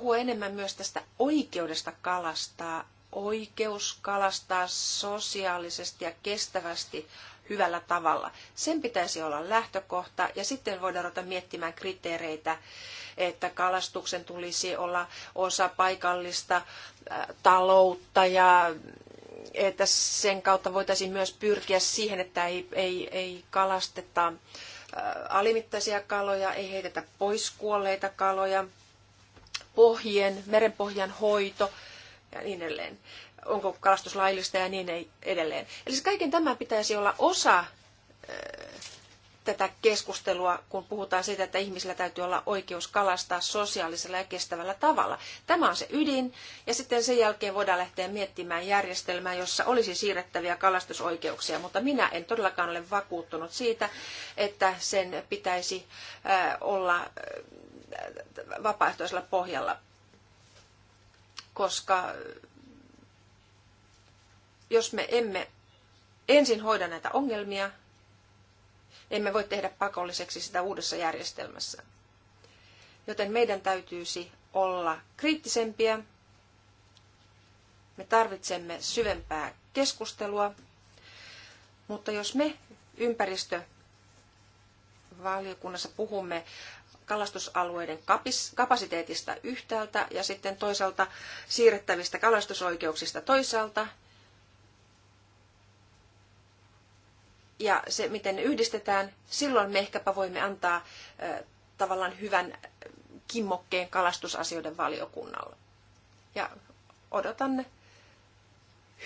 Speaker 3: puhua enemmän myös tästä oikeudesta kalastaa, oikeus kalastaa sosiaalisesti ja kestävästi hyvällä tavalla. Sen pitäisi olla lähtökohta ja sitten voidaan ruveta miettimään kriteereitä, että kalastuksen tulisi olla osa paikallista taloutta ja että sen kautta voitaisiin myös pyrkiä siihen, että ei, ei, ei kalasteta alimittaisia kaloja, ei heitetä pois kuolleita kaloja, pohjien, merenpohjan hoito ja niin edelleen. Onko kalastus laillista ja niin edelleen. Eli kaiken tämä pitäisi olla osa tätä keskustelua, kun puhutaan siitä, että ihmisillä täytyy olla oikeus kalastaa sosiaalisella ja kestävällä tavalla. Tämä on se ydin, ja sitten sen jälkeen voidaan lähteä miettimään järjestelmää, jossa olisi siirrettäviä kalastusoikeuksia, mutta minä en todellakaan ole vakuuttunut siitä, että sen pitäisi olla vapaaehtoisella pohjalla, koska jos me emme ensin hoida näitä ongelmia, emme voi tehdä pakolliseksi sitä uudessa järjestelmässä. Joten meidän täytyisi olla kriittisempiä. Me tarvitsemme syvempää keskustelua. Mutta jos me ympäristövaliokunnassa puhumme kalastusalueiden kapasiteetista yhtäältä ja sitten toisaalta siirrettävistä kalastusoikeuksista toisaalta. Ja se, miten ne yhdistetään, silloin me ehkäpä voimme antaa tavallaan hyvän kimmokkeen kalastusasioiden valiokunnalle. Ja odotan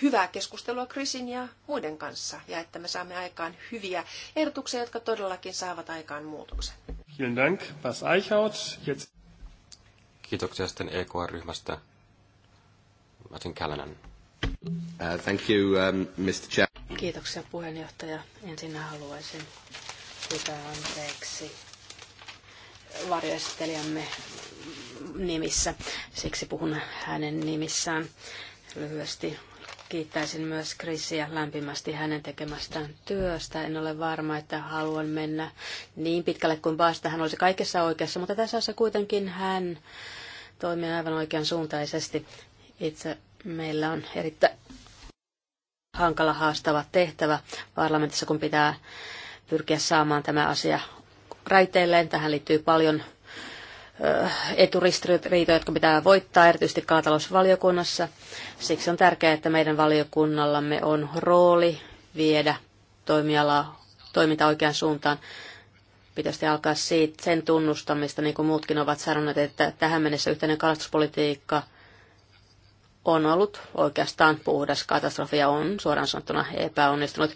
Speaker 3: hyvää keskustelua Krisin ja muiden kanssa ja että me saamme aikaan hyviä ehdotuksia, jotka todellakin saavat aikaan muutoksen.
Speaker 1: Vielen Dank, Bas Eichhaut. Jetzt.
Speaker 2: Kiitoksia sitten EKR-ryhmästä. Martin Callanan. Uh, thank
Speaker 1: you, um, Mr. Chair.
Speaker 4: Kiitoksia puheenjohtaja. Ensin haluaisin pyytää anteeksi varjoesittelijämme nimissä. Siksi puhun hänen nimissään lyhyesti. Kiittäisin myös Krisiä lämpimästi hänen tekemästään työstä. En ole varma, että haluan mennä niin pitkälle kuin päästä. Hän olisi kaikessa oikeassa, mutta tässä asiassa kuitenkin hän toimii aivan oikean suuntaisesti. Itse meillä on erittäin hankala haastava tehtävä parlamentissa, kun pitää pyrkiä saamaan tämä asia raiteilleen. Tähän liittyy paljon eturistiriitoja, jotka pitää voittaa erityisesti kaatalousvaliokunnassa. Siksi on tärkeää, että meidän valiokunnallamme on rooli viedä toimialaa, toiminta oikeaan suuntaan. Pitäisi alkaa siitä sen tunnustamista, niin kuin muutkin ovat sanoneet, että tähän mennessä yhteinen kalastuspolitiikka – on ollut oikeastaan puhdas katastrofi ja on suoraan sanottuna epäonnistunut.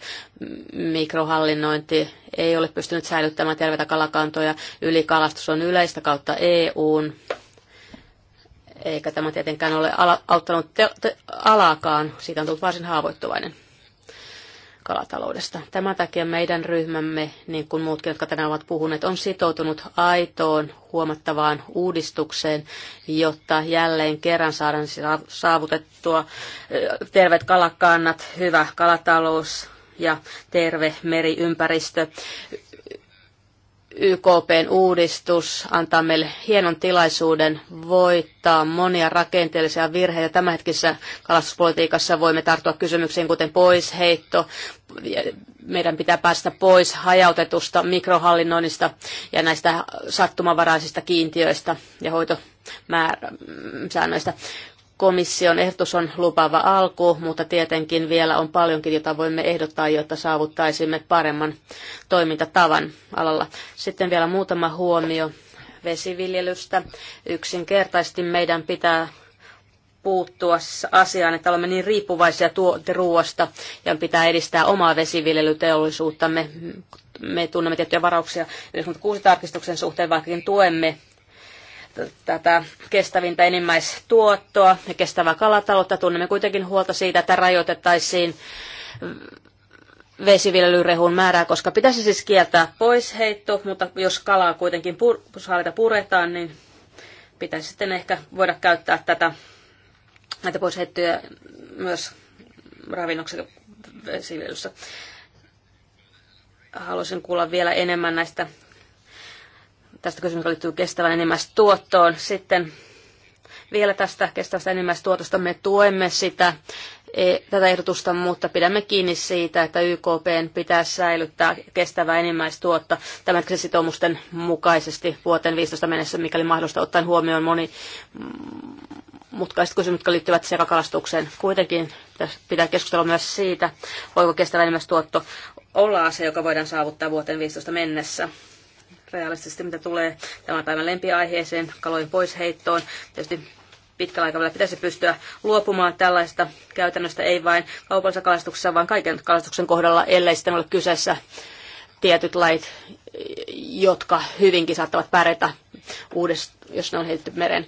Speaker 4: Mikrohallinnointi ei ole pystynyt säilyttämään terveitä kalakantoja. Ylikalastus on yleistä kautta EUn. Eikä tämä tietenkään ole auttanut te, te, Siitä on tullut varsin haavoittuvainen kalataloudesta. Tämän takia meidän ryhmämme, niin kuin muutkin, jotka tänään ovat puhuneet, on sitoutunut aitoon huomattavaan uudistukseen, jotta jälleen kerran saadaan saavutettua eh, terveet kalakannat, hyvä kalatalous ja terve meriympäristö. YKPn uudistus antaa meille hienon tilaisuuden voittaa monia rakenteellisia virheitä. Tämänhetkisessä kalastuspolitiikassa voimme tarttua kysymyksiin kuten poisheitto. Meidän pitää päästä pois hajautetusta mikrohallinnoinnista ja näistä sattumavaraisista kiintiöistä ja hoitosäännöistä. Komission ehdotus on lupava alku, mutta tietenkin vielä on paljonkin, jota voimme ehdottaa, jotta saavuttaisimme paremman toimintatavan alalla. Sitten vielä muutama huomio vesiviljelystä. Yksinkertaisesti meidän pitää puuttua asiaan, että olemme niin riippuvaisia ruoasta ja pitää edistää omaa vesiviljelyteollisuuttamme. Me tunnemme tiettyjä varauksia kuusi tarkistuksen suhteen, vaikkakin tuemme tätä kestävintä enimmäistuottoa ja kestävää kalataloutta. Tunnemme kuitenkin huolta siitä, että rajoitettaisiin vesiviljelyrehun määrää, koska pitäisi siis kieltää poisheitto, mutta jos kalaa kuitenkin pur- saalita puretaan, niin pitäisi sitten ehkä voida käyttää tätä, näitä poisheittoja myös ravinnoksen vesiviljelyssä. Haluaisin kuulla vielä enemmän näistä Tästä kysymys liittyy kestävän enimmäistuottoon. Sitten vielä tästä kestävästä enimmäistuotosta me tuemme sitä, e, tätä ehdotusta, mutta pidämme kiinni siitä, että YKPn pitää säilyttää kestävää enimmäistuotta tämän sitoumusten mukaisesti vuoteen 15 mennessä, mikäli mahdollista ottaen huomioon moni mutkaiset kysymykset, jotka liittyvät sekakalastukseen. Kuitenkin pitää keskustella myös siitä, voiko kestävä enimmäistuotto olla asia, joka voidaan saavuttaa vuoteen 15 mennessä realistisesti, mitä tulee tämän päivän lempiaiheeseen, kalojen poisheittoon. Tietysti pitkällä aikavälillä pitäisi pystyä luopumaan tällaista käytännöstä, ei vain kaupallisessa kalastuksessa, vaan kaiken kalastuksen kohdalla, ellei sitten ole kyseessä tietyt lait, jotka hyvinkin saattavat pärjätä uudestaan, jos ne on heitetty mereen.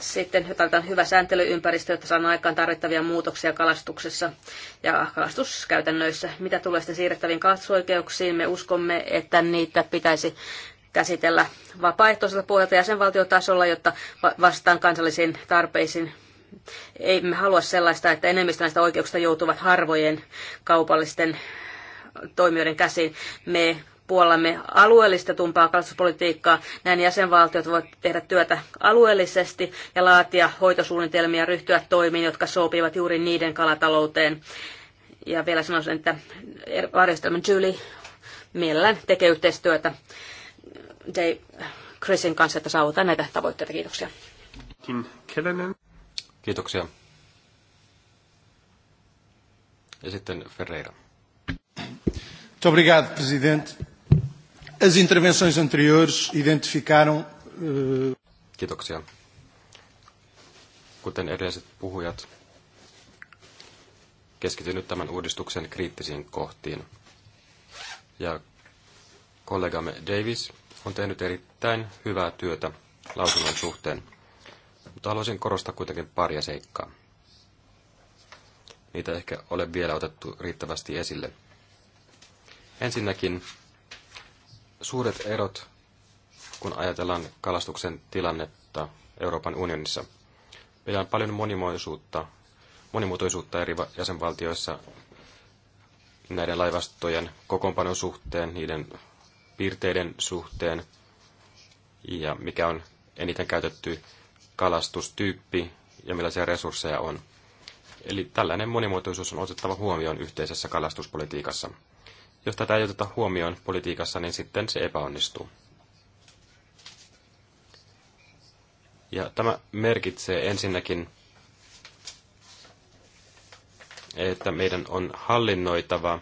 Speaker 4: Sitten tarvitaan hyvä sääntelyympäristö, jotta saadaan aikaan tarvittavia muutoksia kalastuksessa ja kalastuskäytännöissä. Mitä tulee sitten siirrettäviin kalastusoikeuksiin, me uskomme, että niitä pitäisi käsitellä vapaaehtoiselta pohjalta jäsenvaltiotasolla, jotta vastaan kansallisiin tarpeisiin. Ei me halua sellaista, että enemmistö näistä oikeuksista joutuvat harvojen kaupallisten toimijoiden käsiin. Me puolellamme alueellistetumpaa kalastuspolitiikkaa. Näin jäsenvaltiot voivat tehdä työtä alueellisesti ja laatia hoitosuunnitelmia ja ryhtyä toimiin, jotka sopivat juuri niiden kalatalouteen. Ja vielä sanoisin, että er- varjostelman Julie mielellään tekee yhteistyötä Dave Chrisin kanssa, että saavutaan näitä tavoitteita. Kiitoksia.
Speaker 2: Kiitoksia. Ja sitten Ferreira.
Speaker 1: Muito obrigado, Presidente. As intervenções anteriores identificaram... Eh,
Speaker 2: Kiitoksia. Kuten edelliset puhujat, keskityn nyt tämän uudistuksen kriittisiin kohtiin. Ja kollegamme Davis on tehnyt erittäin hyvää työtä lausunnon suhteen, mutta haluaisin korostaa kuitenkin paria seikkaa. Niitä ehkä ole vielä otettu riittävästi esille. Ensinnäkin suuret erot, kun ajatellaan kalastuksen tilannetta Euroopan unionissa. Meillä on paljon monimuotoisuutta, monimuotoisuutta eri jäsenvaltioissa näiden laivastojen kokoonpanon suhteen, niiden piirteiden suhteen ja mikä on eniten käytetty kalastustyyppi ja millaisia resursseja on. Eli tällainen monimuotoisuus on otettava huomioon yhteisessä kalastuspolitiikassa. Jos tätä ei oteta huomioon politiikassa, niin sitten se epäonnistuu. Ja tämä merkitsee ensinnäkin, että meidän on hallinnoitava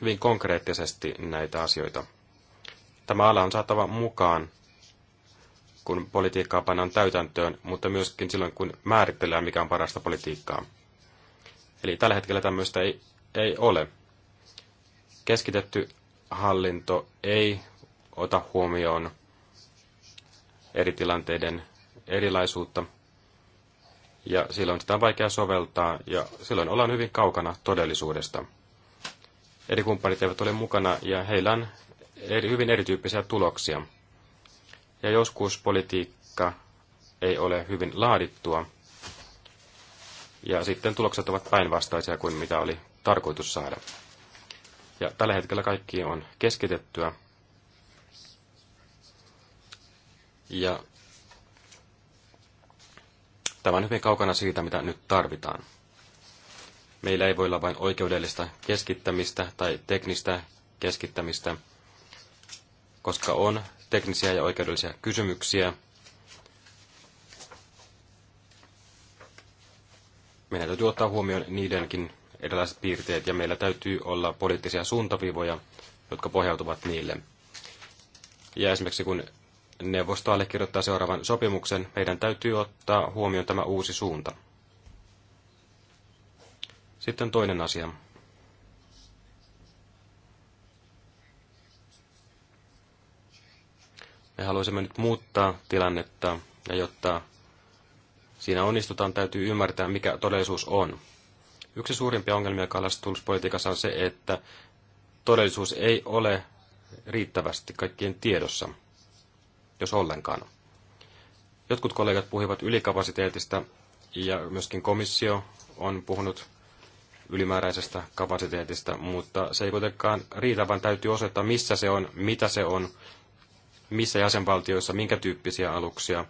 Speaker 2: hyvin konkreettisesti näitä asioita. Tämä ala on saatava mukaan, kun politiikkaa pannaan täytäntöön, mutta myöskin silloin, kun määritellään, mikä on parasta politiikkaa. Eli tällä hetkellä tämmöistä ei, ei ole. Keskitetty hallinto ei ota huomioon eri tilanteiden erilaisuutta, ja silloin sitä on vaikea soveltaa, ja silloin ollaan hyvin kaukana todellisuudesta. Eri kumppanit eivät ole mukana, ja heillä on eri, hyvin erityyppisiä tuloksia. Ja joskus politiikka ei ole hyvin laadittua, ja sitten tulokset ovat päinvastaisia kuin mitä oli tarkoitus saada. Ja tällä hetkellä kaikki on keskitettyä. Ja tämä on hyvin kaukana siitä, mitä nyt tarvitaan. Meillä ei voi olla vain oikeudellista keskittämistä tai teknistä keskittämistä, koska on teknisiä ja oikeudellisia kysymyksiä. Meidän täytyy ottaa huomioon niidenkin erilaiset piirteet ja meillä täytyy olla poliittisia suuntavivoja, jotka pohjautuvat niille. Ja esimerkiksi kun neuvosto allekirjoittaa seuraavan sopimuksen, meidän täytyy ottaa huomioon tämä uusi suunta. Sitten toinen asia. Me haluaisimme nyt muuttaa tilannetta ja jotta siinä onnistutaan, täytyy ymmärtää, mikä todellisuus on. Yksi suurimpia ongelmia kalastuspolitiikassa on se, että todellisuus ei ole riittävästi kaikkien tiedossa, jos ollenkaan. Jotkut kollegat puhuivat ylikapasiteetista ja myöskin komissio on puhunut ylimääräisestä kapasiteetista, mutta se ei kuitenkaan riitä, vaan täytyy osoittaa, missä se on, mitä se on, missä jäsenvaltioissa, minkä tyyppisiä aluksia,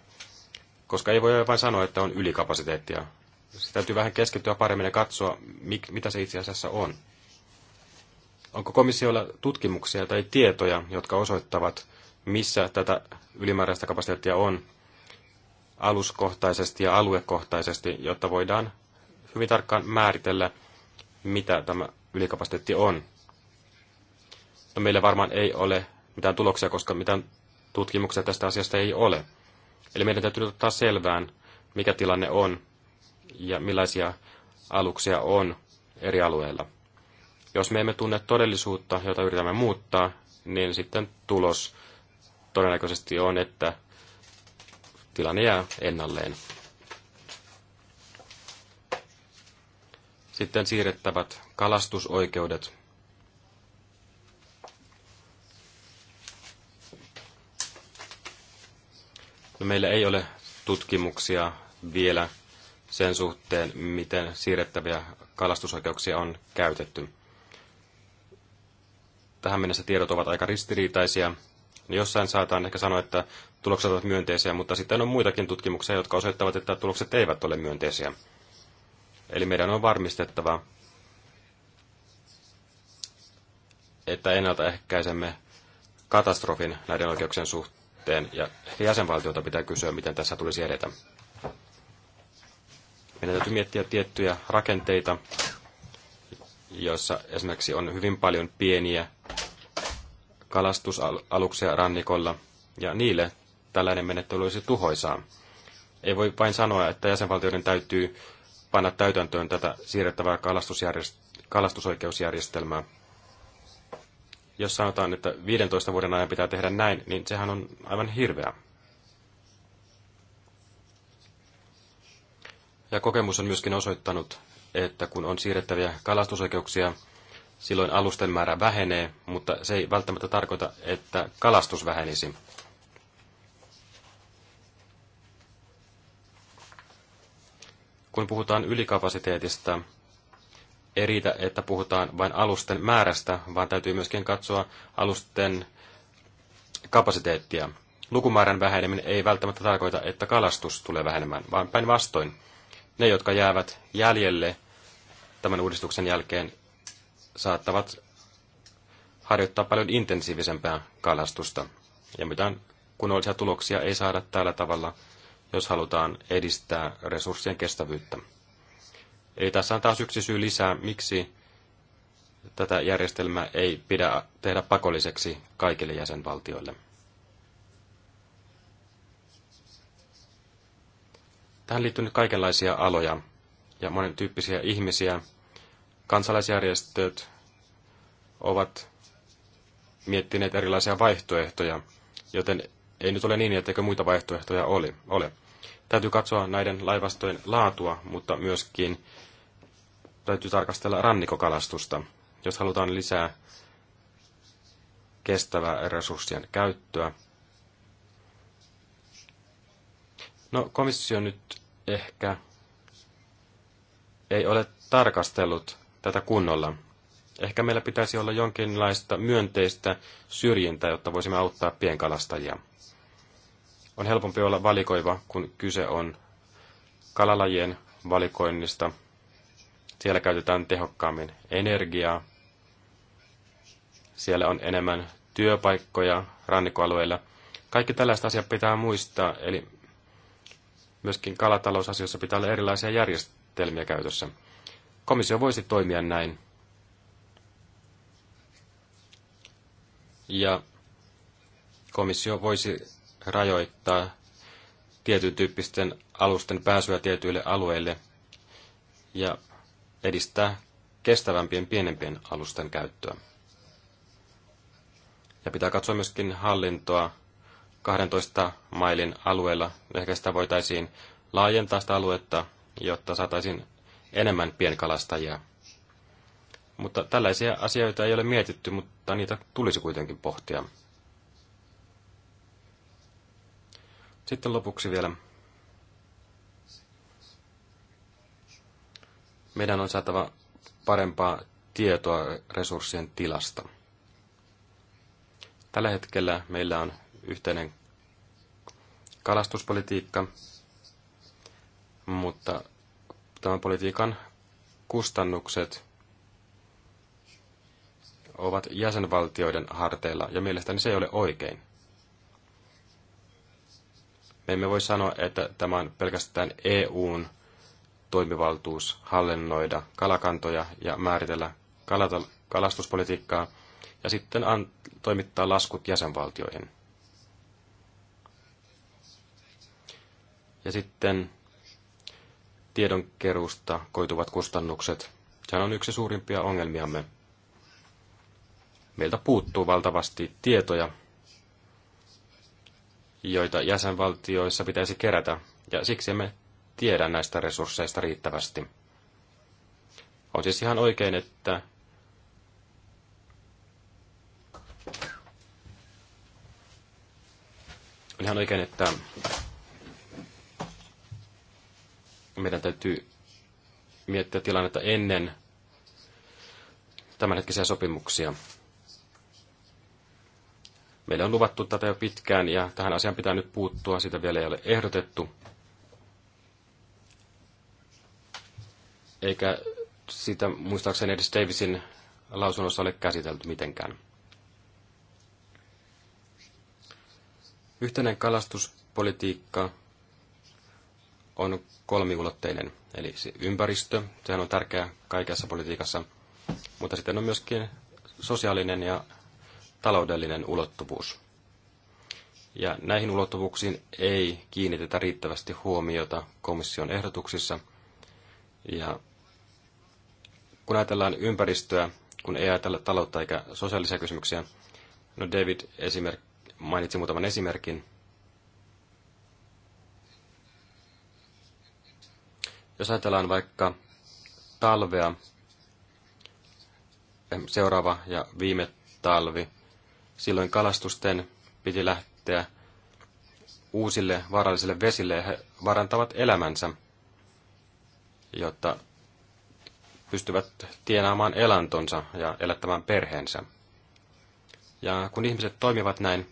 Speaker 2: koska ei voi vain sanoa, että on ylikapasiteettia se siis täytyy vähän keskittyä paremmin ja katsoa, mik, mitä se itse asiassa on. Onko komissiolla tutkimuksia tai tietoja, jotka osoittavat, missä tätä ylimääräistä kapasiteettia on aluskohtaisesti ja aluekohtaisesti, jotta voidaan hyvin tarkkaan määritellä, mitä tämä ylikapasiteetti on. No, meillä varmaan ei ole mitään tuloksia, koska mitään tutkimuksia tästä asiasta ei ole. Eli meidän täytyy ottaa selvään, mikä tilanne on ja millaisia aluksia on eri alueilla. Jos me emme tunne todellisuutta, jota yritämme muuttaa, niin sitten tulos todennäköisesti on, että tilanne jää ennalleen. Sitten siirrettävät kalastusoikeudet. No, meillä ei ole tutkimuksia vielä sen suhteen, miten siirrettäviä kalastusoikeuksia on käytetty. Tähän mennessä tiedot ovat aika ristiriitaisia. No, jossain saataan ehkä sanoa, että tulokset ovat myönteisiä, mutta sitten on muitakin tutkimuksia, jotka osoittavat, että tulokset eivät ole myönteisiä. Eli meidän on varmistettava, että ennaltaehkäisemme katastrofin näiden oikeuksien suhteen, ja jäsenvaltiota pitää kysyä, miten tässä tulisi edetä. Meidän täytyy miettiä tiettyjä rakenteita, joissa esimerkiksi on hyvin paljon pieniä kalastusaluksia rannikolla, ja niille tällainen menettely olisi tuhoisaa. Ei voi vain sanoa, että jäsenvaltioiden täytyy panna täytäntöön tätä siirrettävää kalastusoikeusjärjestelmää. Jos sanotaan, että 15 vuoden ajan pitää tehdä näin, niin sehän on aivan hirveä. Ja kokemus on myöskin osoittanut, että kun on siirrettäviä kalastusoikeuksia, silloin alusten määrä vähenee, mutta se ei välttämättä tarkoita, että kalastus vähenisi. Kun puhutaan ylikapasiteetista, ei riitä, että puhutaan vain alusten määrästä, vaan täytyy myöskin katsoa alusten kapasiteettia. Lukumäärän väheneminen ei välttämättä tarkoita, että kalastus tulee vähenemään, vaan päinvastoin ne, jotka jäävät jäljelle tämän uudistuksen jälkeen, saattavat harjoittaa paljon intensiivisempää kalastusta. Ja mitään kunnollisia tuloksia ei saada tällä tavalla, jos halutaan edistää resurssien kestävyyttä. Eli tässä on taas yksi syy lisää, miksi tätä järjestelmää ei pidä tehdä pakolliseksi kaikille jäsenvaltioille. Tähän liittyy nyt kaikenlaisia aloja ja monen tyyppisiä ihmisiä. Kansalaisjärjestöt ovat miettineet erilaisia vaihtoehtoja, joten ei nyt ole niin, etteikö muita vaihtoehtoja oli, ole. Täytyy katsoa näiden laivastojen laatua, mutta myöskin täytyy tarkastella rannikokalastusta, jos halutaan lisää kestävää resurssien käyttöä. No komissio nyt ehkä ei ole tarkastellut tätä kunnolla. Ehkä meillä pitäisi olla jonkinlaista myönteistä syrjintää, jotta voisimme auttaa pienkalastajia. On helpompi olla valikoiva, kun kyse on kalalajien valikoinnista. Siellä käytetään tehokkaammin energiaa. Siellä on enemmän työpaikkoja rannikkoalueilla. Kaikki tällaista asiaa pitää muistaa, eli Myöskin kalatalousasioissa pitää olla erilaisia järjestelmiä käytössä. Komissio voisi toimia näin. Ja komissio voisi rajoittaa tietyn tyyppisten alusten pääsyä tietyille alueille ja edistää kestävämpien pienempien alusten käyttöä. Ja pitää katsoa myöskin hallintoa 12 mailin alueella. Ehkä sitä voitaisiin laajentaa sitä aluetta, jotta saataisiin enemmän pienkalastajia. Mutta tällaisia asioita ei ole mietitty, mutta niitä tulisi kuitenkin pohtia. Sitten lopuksi vielä. Meidän on saatava parempaa tietoa resurssien tilasta. Tällä hetkellä meillä on yhteinen kalastuspolitiikka, mutta tämän politiikan kustannukset ovat jäsenvaltioiden harteilla, ja mielestäni se ei ole oikein. Me emme voi sanoa, että tämä on pelkästään EUn toimivaltuus hallinnoida kalakantoja ja määritellä kalastuspolitiikkaa, ja sitten an- toimittaa laskut jäsenvaltioihin. Ja sitten tiedonkeruusta koituvat kustannukset. Sehän on yksi suurimpia ongelmiamme. Meiltä puuttuu valtavasti tietoja, joita jäsenvaltioissa pitäisi kerätä, ja siksi emme tiedä näistä resursseista riittävästi. On siis ihan oikein, että on ihan oikein, että meidän täytyy miettiä tilannetta ennen tämänhetkisiä sopimuksia. Meille on luvattu tätä jo pitkään ja tähän asiaan pitää nyt puuttua, sitä vielä ei ole ehdotettu. Eikä sitä muistaakseni edes Davisin lausunnossa ole käsitelty mitenkään. Yhteinen kalastuspolitiikka on kolmiulotteinen. Eli ympäristö, sehän on tärkeä kaikessa politiikassa, mutta sitten on myöskin sosiaalinen ja taloudellinen ulottuvuus. Ja näihin ulottuvuuksiin ei kiinnitetä riittävästi huomiota komission ehdotuksissa. Ja kun ajatellaan ympäristöä, kun ei ajatella taloutta eikä sosiaalisia kysymyksiä, no David esimerk- mainitsi muutaman esimerkin, Jos ajatellaan vaikka talvea, seuraava ja viime talvi, silloin kalastusten piti lähteä uusille vaarallisille vesille ja he varantavat elämänsä, jotta pystyvät tienaamaan elantonsa ja elättämään perheensä. Ja kun ihmiset toimivat näin,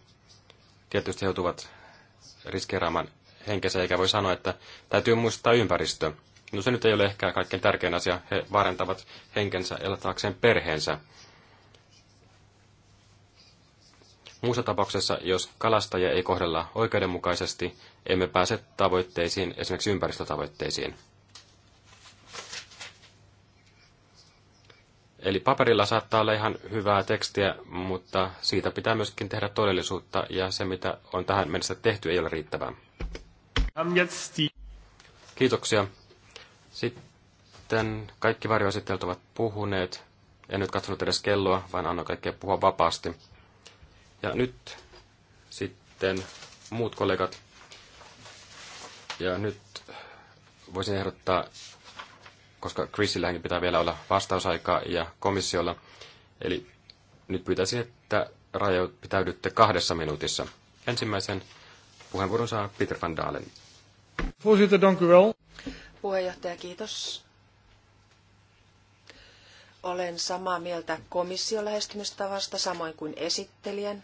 Speaker 2: tietysti he joutuvat riskeeraamaan henkensä, eikä voi sanoa, että täytyy muistaa ympäristö. No se nyt ei ole ehkä kaikkein tärkein asia. He vaarantavat henkensä elätäkseen perheensä. Muussa tapauksessa, jos kalastajia ei kohdella oikeudenmukaisesti, emme pääse tavoitteisiin, esimerkiksi ympäristötavoitteisiin. Eli paperilla saattaa olla ihan hyvää tekstiä, mutta siitä pitää myöskin tehdä todellisuutta, ja se mitä on tähän mennessä tehty ei ole riittävää. Kiitoksia.
Speaker 1: Sitten
Speaker 2: kaikki varjoesittelijät ovat puhuneet. En nyt katsonut edes kelloa, vaan annoin kaikkea puhua vapaasti. Ja nyt sitten muut kollegat. Ja nyt voisin ehdottaa, koska Chrisilläkin pitää vielä olla vastausaikaa ja komissiolla. Eli nyt pyytäisin, että rajoit pitäydytte kahdessa minuutissa. Ensimmäisen puheenvuoron saa Peter van Dalen.
Speaker 1: Voorzitter, dank u wel.
Speaker 3: Puheenjohtaja, kiitos. Olen samaa mieltä komission lähestymistavasta, samoin kuin esittelijän.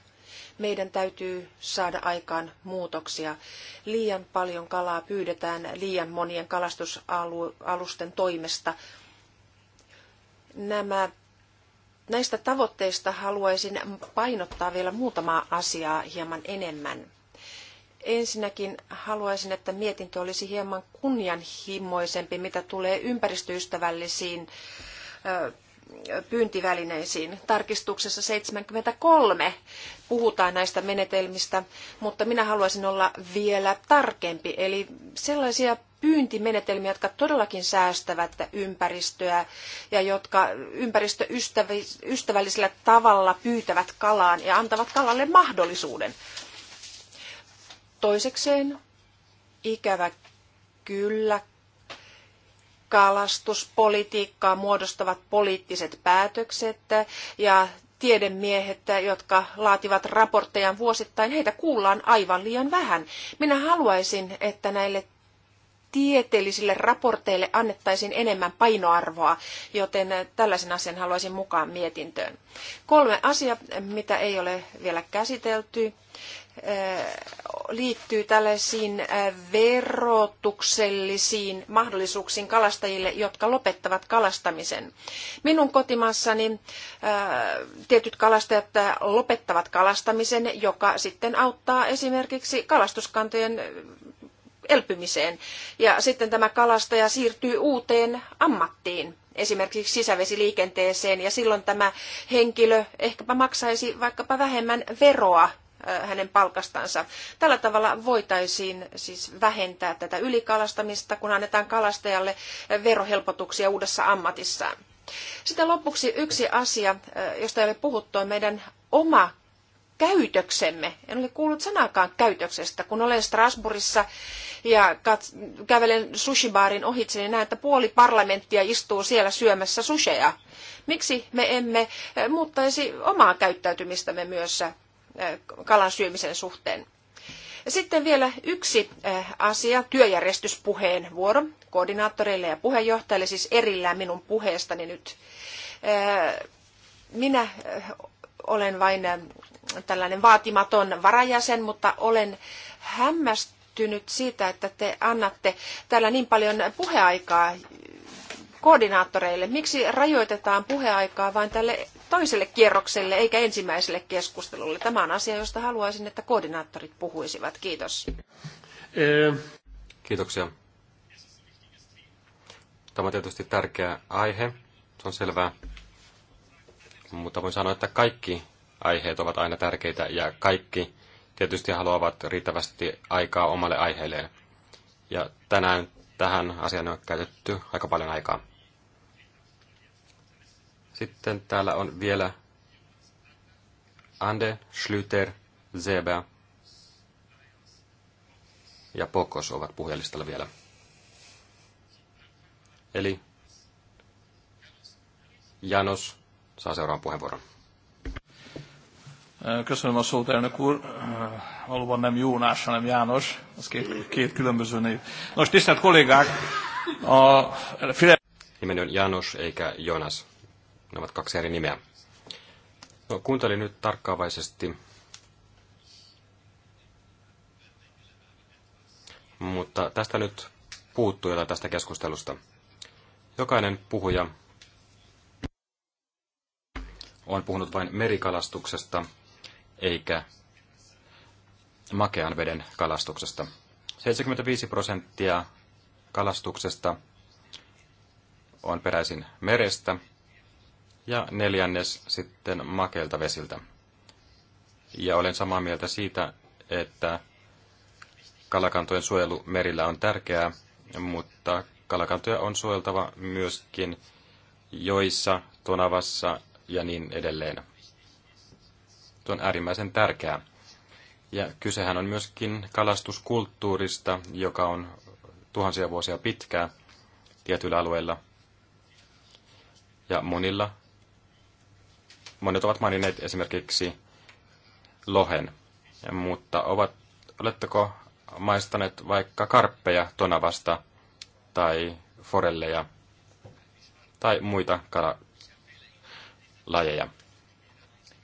Speaker 3: Meidän täytyy saada aikaan muutoksia. Liian paljon kalaa pyydetään liian monien kalastusalusten toimesta. Nämä Näistä tavoitteista haluaisin painottaa vielä muutamaa asiaa hieman enemmän. Ensinnäkin haluaisin, että mietintö olisi hieman kunnianhimoisempi, mitä tulee ympäristöystävällisiin pyyntivälineisiin. Tarkistuksessa 73 puhutaan näistä menetelmistä, mutta minä haluaisin olla vielä tarkempi. Eli sellaisia pyyntimenetelmiä, jotka todellakin säästävät ympäristöä ja jotka ympäristöystävällisellä tavalla pyytävät kalaan ja antavat kalalle mahdollisuuden. Toisekseen ikävä kyllä kalastuspolitiikkaa muodostavat poliittiset päätökset ja tiedemiehet, jotka laativat raporttejaan vuosittain, heitä kuullaan aivan liian vähän. Minä haluaisin, että näille tieteellisille raporteille annettaisiin enemmän painoarvoa, joten tällaisen asian haluaisin mukaan mietintöön. Kolme asiaa, mitä ei ole vielä käsitelty. Eh, liittyy tällaisiin eh, verotuksellisiin mahdollisuuksiin kalastajille, jotka lopettavat kalastamisen. Minun kotimaassani eh, tietyt kalastajat lopettavat kalastamisen, joka sitten auttaa esimerkiksi kalastuskantojen elpymiseen. Ja sitten tämä kalastaja siirtyy uuteen ammattiin esimerkiksi sisävesiliikenteeseen ja silloin tämä henkilö ehkäpä maksaisi vaikkapa vähemmän veroa hänen palkastansa. Tällä tavalla voitaisiin siis vähentää tätä ylikalastamista, kun annetaan kalastajalle verohelpotuksia uudessa ammatissaan. Sitten lopuksi yksi asia, josta ei ole puhuttu, on meidän oma käytöksemme. En ole kuullut sanaakaan käytöksestä. Kun olen Strasbourgissa ja kat- kävelen sushibaarin ohitse, niin näen, että puoli parlamenttia istuu siellä syömässä susheja. Miksi me emme muuttaisi omaa käyttäytymistämme myös Äh, kalan syömisen suhteen. Ja sitten vielä yksi äh, asia, työjärjestyspuheen vuoro koordinaattoreille ja puheenjohtajille, siis erillään minun puheestani nyt. Äh, minä olen vain tällainen vaatimaton varajäsen, mutta olen hämmästynyt siitä, että te annatte täällä niin paljon puheaikaa koordinaattoreille. Miksi rajoitetaan puheaikaa vain tälle toiselle kierrokselle eikä ensimmäiselle keskustelulle. Tämä on asia, josta haluaisin, että koordinaattorit puhuisivat. Kiitos.
Speaker 2: Eh. Kiitoksia. Tämä on tietysti tärkeä aihe, se on selvää. Mutta voin sanoa, että kaikki aiheet ovat aina tärkeitä ja kaikki tietysti haluavat riittävästi aikaa omalle aiheelleen. Ja tänään tähän asiaan on käytetty aika paljon aikaa. Sitten täällä on vielä Ande, Schlüter, Zeber ja Pokos ovat puhelistalla vielä. Eli Janos saa seuraavan puheenvuoron. Köszönöm a szót, elnök
Speaker 6: úr. Valóban nem Jónás, hanem János. Az két, két különböző név. Nos, tisztelt
Speaker 2: kollégák, a... Nimeni on János eikä Jonas. Ne ovat kaksi eri nimeä. No, kuuntelin nyt tarkkaavaisesti, mutta tästä nyt puuttuu jotain tästä keskustelusta. Jokainen puhuja on puhunut vain merikalastuksesta eikä makean veden kalastuksesta. 75 prosenttia kalastuksesta on peräisin merestä ja neljännes sitten makeilta vesiltä. Ja olen samaa mieltä siitä, että kalakantojen suojelu merillä on tärkeää, mutta kalakantoja on suojeltava myöskin joissa, tonavassa ja niin edelleen. Tuo on äärimmäisen tärkeää. Ja kysehän on myöskin kalastuskulttuurista, joka on tuhansia vuosia pitkää tietyillä alueilla. Ja monilla Monet ovat maininneet esimerkiksi lohen, mutta ovat, oletteko maistaneet vaikka karppeja tonavasta tai forelleja tai muita kalalajeja?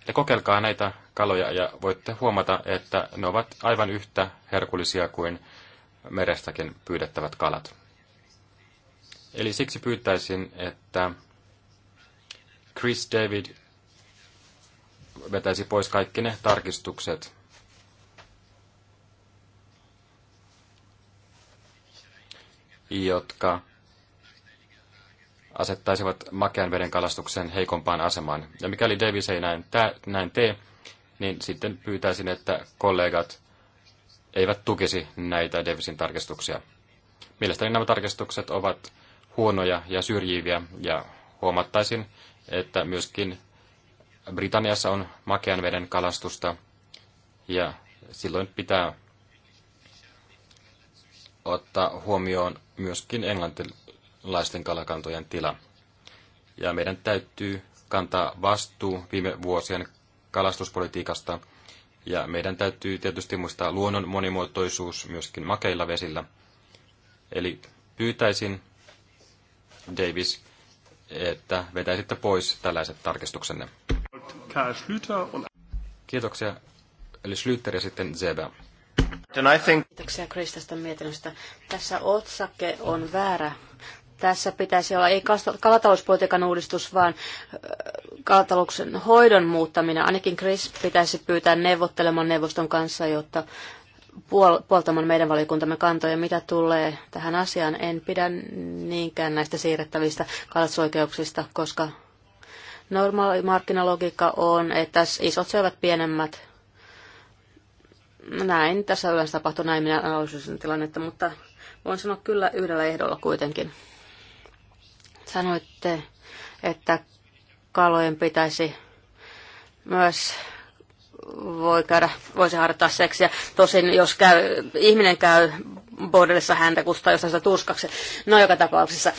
Speaker 2: Ja kokeilkaa näitä kaloja ja voitte huomata, että ne ovat aivan yhtä herkullisia kuin merestäkin pyydettävät kalat. Eli siksi pyytäisin, että Chris David vetäisi pois kaikki ne tarkistukset, jotka asettaisivat makean veden kalastuksen heikompaan asemaan. Ja mikäli Davis ei näin, tä, näin tee, niin sitten pyytäisin, että kollegat eivät tukisi näitä Davisin tarkistuksia. Mielestäni nämä tarkistukset ovat huonoja ja syrjiviä, ja huomattaisin, että myöskin Britanniassa on makean veden kalastusta ja silloin pitää ottaa huomioon myöskin englantilaisten kalakantojen tila. Ja meidän täytyy kantaa vastuu viime vuosien kalastuspolitiikasta ja meidän täytyy tietysti muistaa luonnon monimuotoisuus myöskin makeilla vesillä. Eli pyytäisin Davis, että vetäisitte pois tällaiset tarkistuksenne.
Speaker 1: Karl Schlüter. Und...
Speaker 2: Kiitoksia. Eli Schlüter ja sitten Zebä. Think...
Speaker 4: Kiitoksia Chris tästä mietinnöstä. Tässä otsake on väärä. Tässä pitäisi olla ei kalatalouspolitiikan uudistus, vaan kalatalouksen hoidon muuttaminen. Ainakin Chris pitäisi pyytää neuvottelemaan neuvoston kanssa, jotta puol- puoltamaan meidän valiokuntamme kantoja, mitä tulee tähän asiaan. En pidä niinkään näistä siirrettävistä kalatsoikeuksista, koska Normaali markkinalogiikka on, että isot syövät pienemmät. Näin, tässä yleensä tapahtuu näin minä analysoisin tilannetta, mutta voin sanoa kyllä yhdellä ehdolla kuitenkin. Sanoitte, että kalojen pitäisi myös voi käydä, voisi harjoittaa seksiä. Tosin jos käy, ihminen käy Bordellissa häntä kustaa jostain sitä tuskaksi. No joka tapauksessa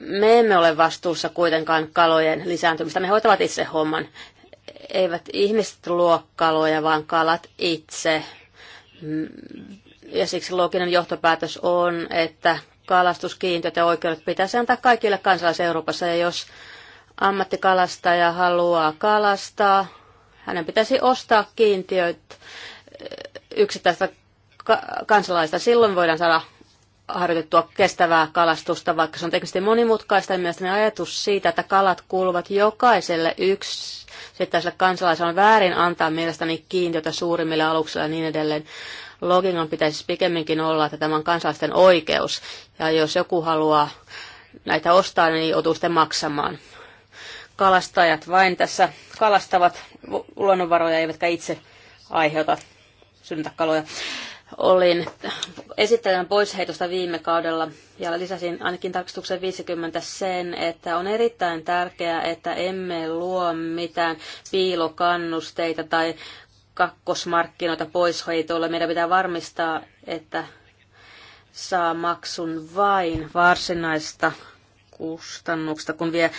Speaker 4: me emme ole vastuussa kuitenkaan kalojen lisääntymistä. Ne hoitavat itse homman. Eivät ihmiset luo kaloja, vaan kalat itse. Ja siksi looginen johtopäätös on, että kalastuskiintiöt ja oikeudet pitäisi antaa kaikille kansalaisille Euroopassa. Ja jos ammattikalastaja haluaa kalastaa, hänen pitäisi ostaa kiintiöt yksittäistä kansalaista. Silloin voidaan saada harjoitettua kestävää kalastusta, vaikka se on teknisesti monimutkaista. Ja mielestäni ajatus siitä, että kalat kuuluvat jokaiselle yksittäiselle kansalaiselle on väärin antaa mielestäni kiintiötä suurimmille aluksille ja niin edelleen. Logingon pitäisi pikemminkin olla, että tämä on kansalaisten oikeus. Ja jos joku haluaa näitä ostaa, niin joutuu sitten maksamaan. Kalastajat vain tässä kalastavat luonnonvaroja, eivätkä itse aiheuta syntäkaloja. kaloja olin esittäjän poisheitosta viime kaudella ja lisäsin ainakin tarkistuksen 50 sen, että on erittäin tärkeää, että emme luo mitään piilokannusteita tai kakkosmarkkinoita poisheitolle. Meidän pitää varmistaa, että saa maksun vain varsinaista kustannuksesta, kun vie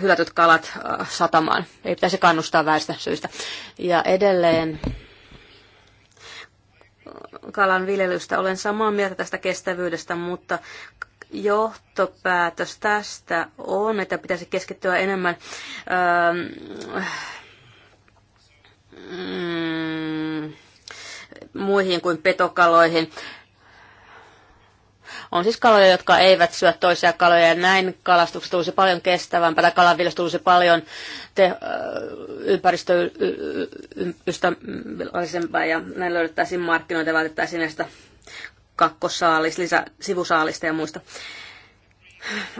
Speaker 4: hylätyt kalat satamaan. Ei pitäisi kannustaa väistä syistä. Ja edelleen kalan viljelystä. Olen samaa mieltä tästä kestävyydestä, mutta johtopäätös tästä on, että pitäisi keskittyä enemmän öö,
Speaker 1: mm,
Speaker 4: muihin kuin petokaloihin. On siis kaloja, jotka eivät syö toisia kaloja ja näin kalastuksesta tulisi paljon kestävämpää tai kalanviljasta tulisi paljon te, ympäristöystävällisempää ja näin löydettäisiin markkinoita ja vältettäisiin näistä kakkosaalista, lisä, sivusaalista ja muista.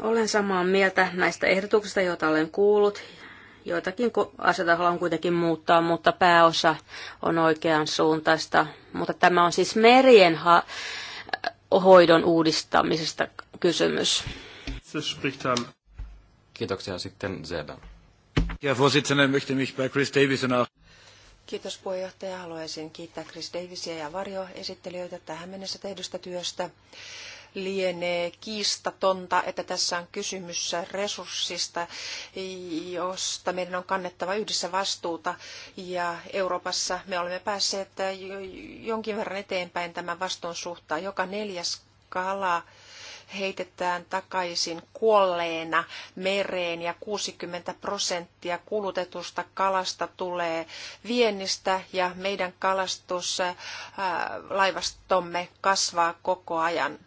Speaker 4: Olen samaa mieltä näistä ehdotuksista, joita olen kuullut. Joitakin asioita haluan kuitenkin muuttaa, mutta pääosa on oikean suuntaista. Mutta tämä on siis merien ha- hoidon
Speaker 2: uudistamisesta kysymys. Kiitoksia sitten Zeda. Chris
Speaker 3: Kiitos puheenjohtaja. Haluaisin kiittää Chris Davisia ja varjoesittelijöitä tähän mennessä tehdystä työstä lienee kiistatonta, että tässä on kysymys resurssista, josta meidän on kannettava yhdessä vastuuta. Ja Euroopassa me olemme päässeet jonkin verran eteenpäin tämän vastuun suhtaan. Joka neljäs kala heitetään takaisin kuolleena mereen ja 60 prosenttia kulutetusta kalasta tulee viennistä ja meidän kalastuslaivastomme kasvaa koko ajan.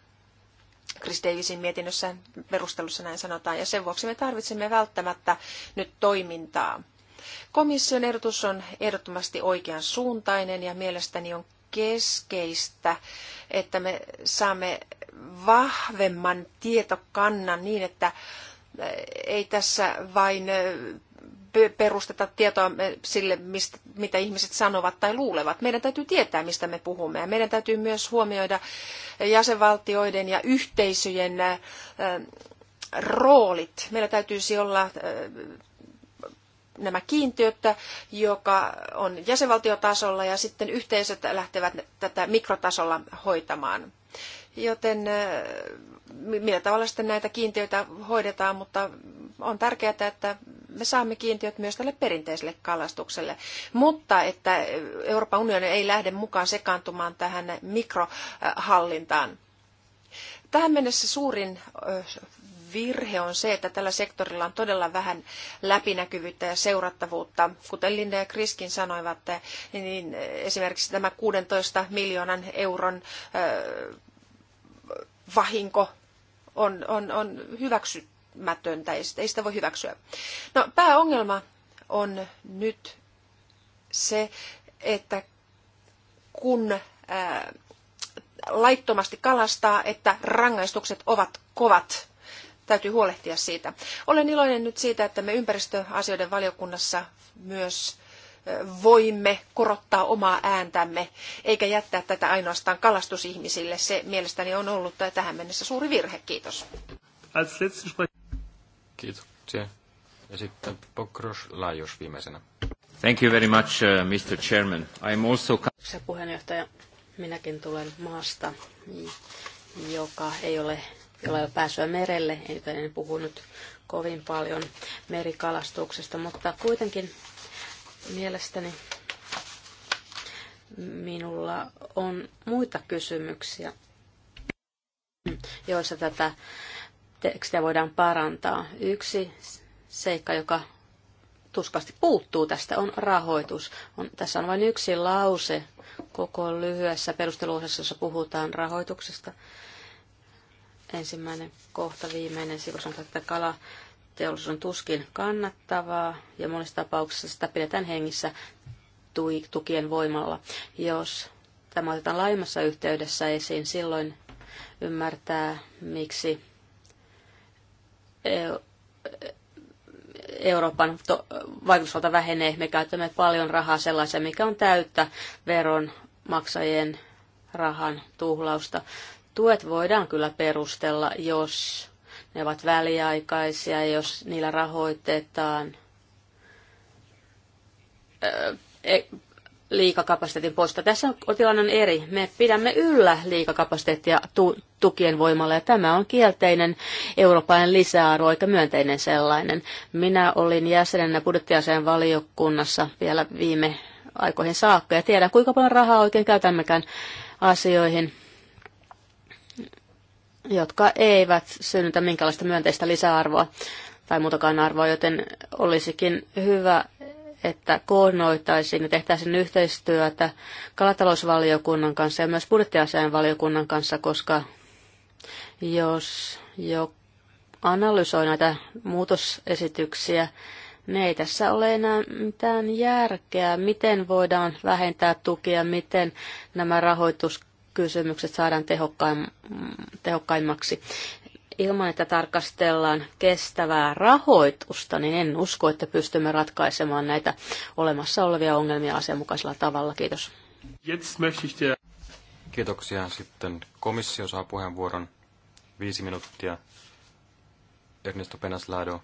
Speaker 3: Chris Davisin mietinnössä perustelussa näin sanotaan, ja sen vuoksi me tarvitsemme välttämättä nyt toimintaa. Komission ehdotus on ehdottomasti oikean suuntainen ja mielestäni on keskeistä, että me saamme vahvemman tietokannan niin, että ei tässä vain perusteta tietoa sille, mistä, mitä ihmiset sanovat tai luulevat. Meidän täytyy tietää, mistä me puhumme. Ja meidän täytyy myös huomioida jäsenvaltioiden ja yhteisöjen roolit. Meillä täytyisi olla nämä kiintiöt, joka on jäsenvaltiotasolla ja sitten yhteisöt lähtevät tätä mikrotasolla hoitamaan. Joten äh, millä tavalla sitten näitä kiintiöitä hoidetaan, mutta on tärkeää, että me saamme kiintiöt myös tälle perinteiselle kalastukselle. Mutta että Euroopan unioni ei lähde mukaan sekaantumaan tähän mikrohallintaan. Tähän mennessä suurin virhe on se, että tällä sektorilla on todella vähän läpinäkyvyyttä ja seurattavuutta. Kuten Linda ja Kriskin sanoivat, niin esimerkiksi tämä 16 miljoonan euron vahinko on, on, on hyväksymätöntä, ei, ei sitä voi hyväksyä. No, pääongelma on nyt se, että kun ää, laittomasti kalastaa, että rangaistukset ovat kovat. Täytyy huolehtia siitä. Olen iloinen nyt siitä, että me ympäristöasioiden valiokunnassa myös voimme korottaa omaa ääntämme, eikä jättää tätä ainoastaan kalastusihmisille. Se mielestäni on ollut tähän mennessä suuri virhe. Kiitos.
Speaker 2: Kiitoksia. Ja sitten Pokros Lajos viimeisenä. Thank you very much, uh, Mr. Chairman. I'm also... Kiitoksia
Speaker 4: puheenjohtaja. Minäkin tulen maasta, joka ei ole, jolla ei ole pääsyä merelle, joten en puhu nyt kovin paljon merikalastuksesta, mutta kuitenkin Mielestäni minulla on muita kysymyksiä, joissa tätä tekstiä voidaan parantaa. Yksi seikka, joka tuskasti puuttuu tästä, on rahoitus. On, tässä on vain yksi lause koko lyhyessä perusteluosassa, jossa puhutaan rahoituksesta. Ensimmäinen kohta, viimeinen sivu sanotaan, että kala teollisuus on tuskin kannattavaa ja monissa tapauksissa sitä pidetään hengissä tukien voimalla. Jos tämä otetaan laajemmassa yhteydessä esiin, silloin ymmärtää, miksi e- Euroopan vaikutusvalta vähenee. Me käytämme paljon rahaa sellaiseen, mikä on täyttä veronmaksajien rahan tuhlausta. Tuet voidaan kyllä perustella, jos ne ovat väliaikaisia, jos niillä rahoitetaan e, liikakapasiteetin poista. Tässä on tilanne eri. Me pidämme yllä liikakapasiteettia tu- tukien voimalla ja tämä on kielteinen eurooppalainen lisäarvo eikä myönteinen sellainen. Minä olin jäsenenä budjettiaseen valiokunnassa vielä viime aikoihin saakka ja tiedän kuinka paljon rahaa oikein käytämmekään asioihin jotka eivät synnytä minkälaista myönteistä lisäarvoa tai muutakaan arvoa, joten olisikin hyvä, että koordinoitaisiin ja tehtäisiin yhteistyötä kalatalousvaliokunnan kanssa ja myös budjettiasian valiokunnan kanssa, koska jos jo analysoi näitä muutosesityksiä, ne ei tässä ole enää mitään järkeä. Miten voidaan vähentää tukia, miten nämä rahoitus kysymykset saadaan tehokkaim, tehokkaimmaksi. Ilman, että tarkastellaan kestävää rahoitusta, niin en usko, että pystymme ratkaisemaan näitä olemassa olevia ongelmia asianmukaisella tavalla. Kiitos.
Speaker 2: Kiitoksia. Sitten komissio saa puheenvuoron. Viisi minuuttia. Ernesto Penaslado,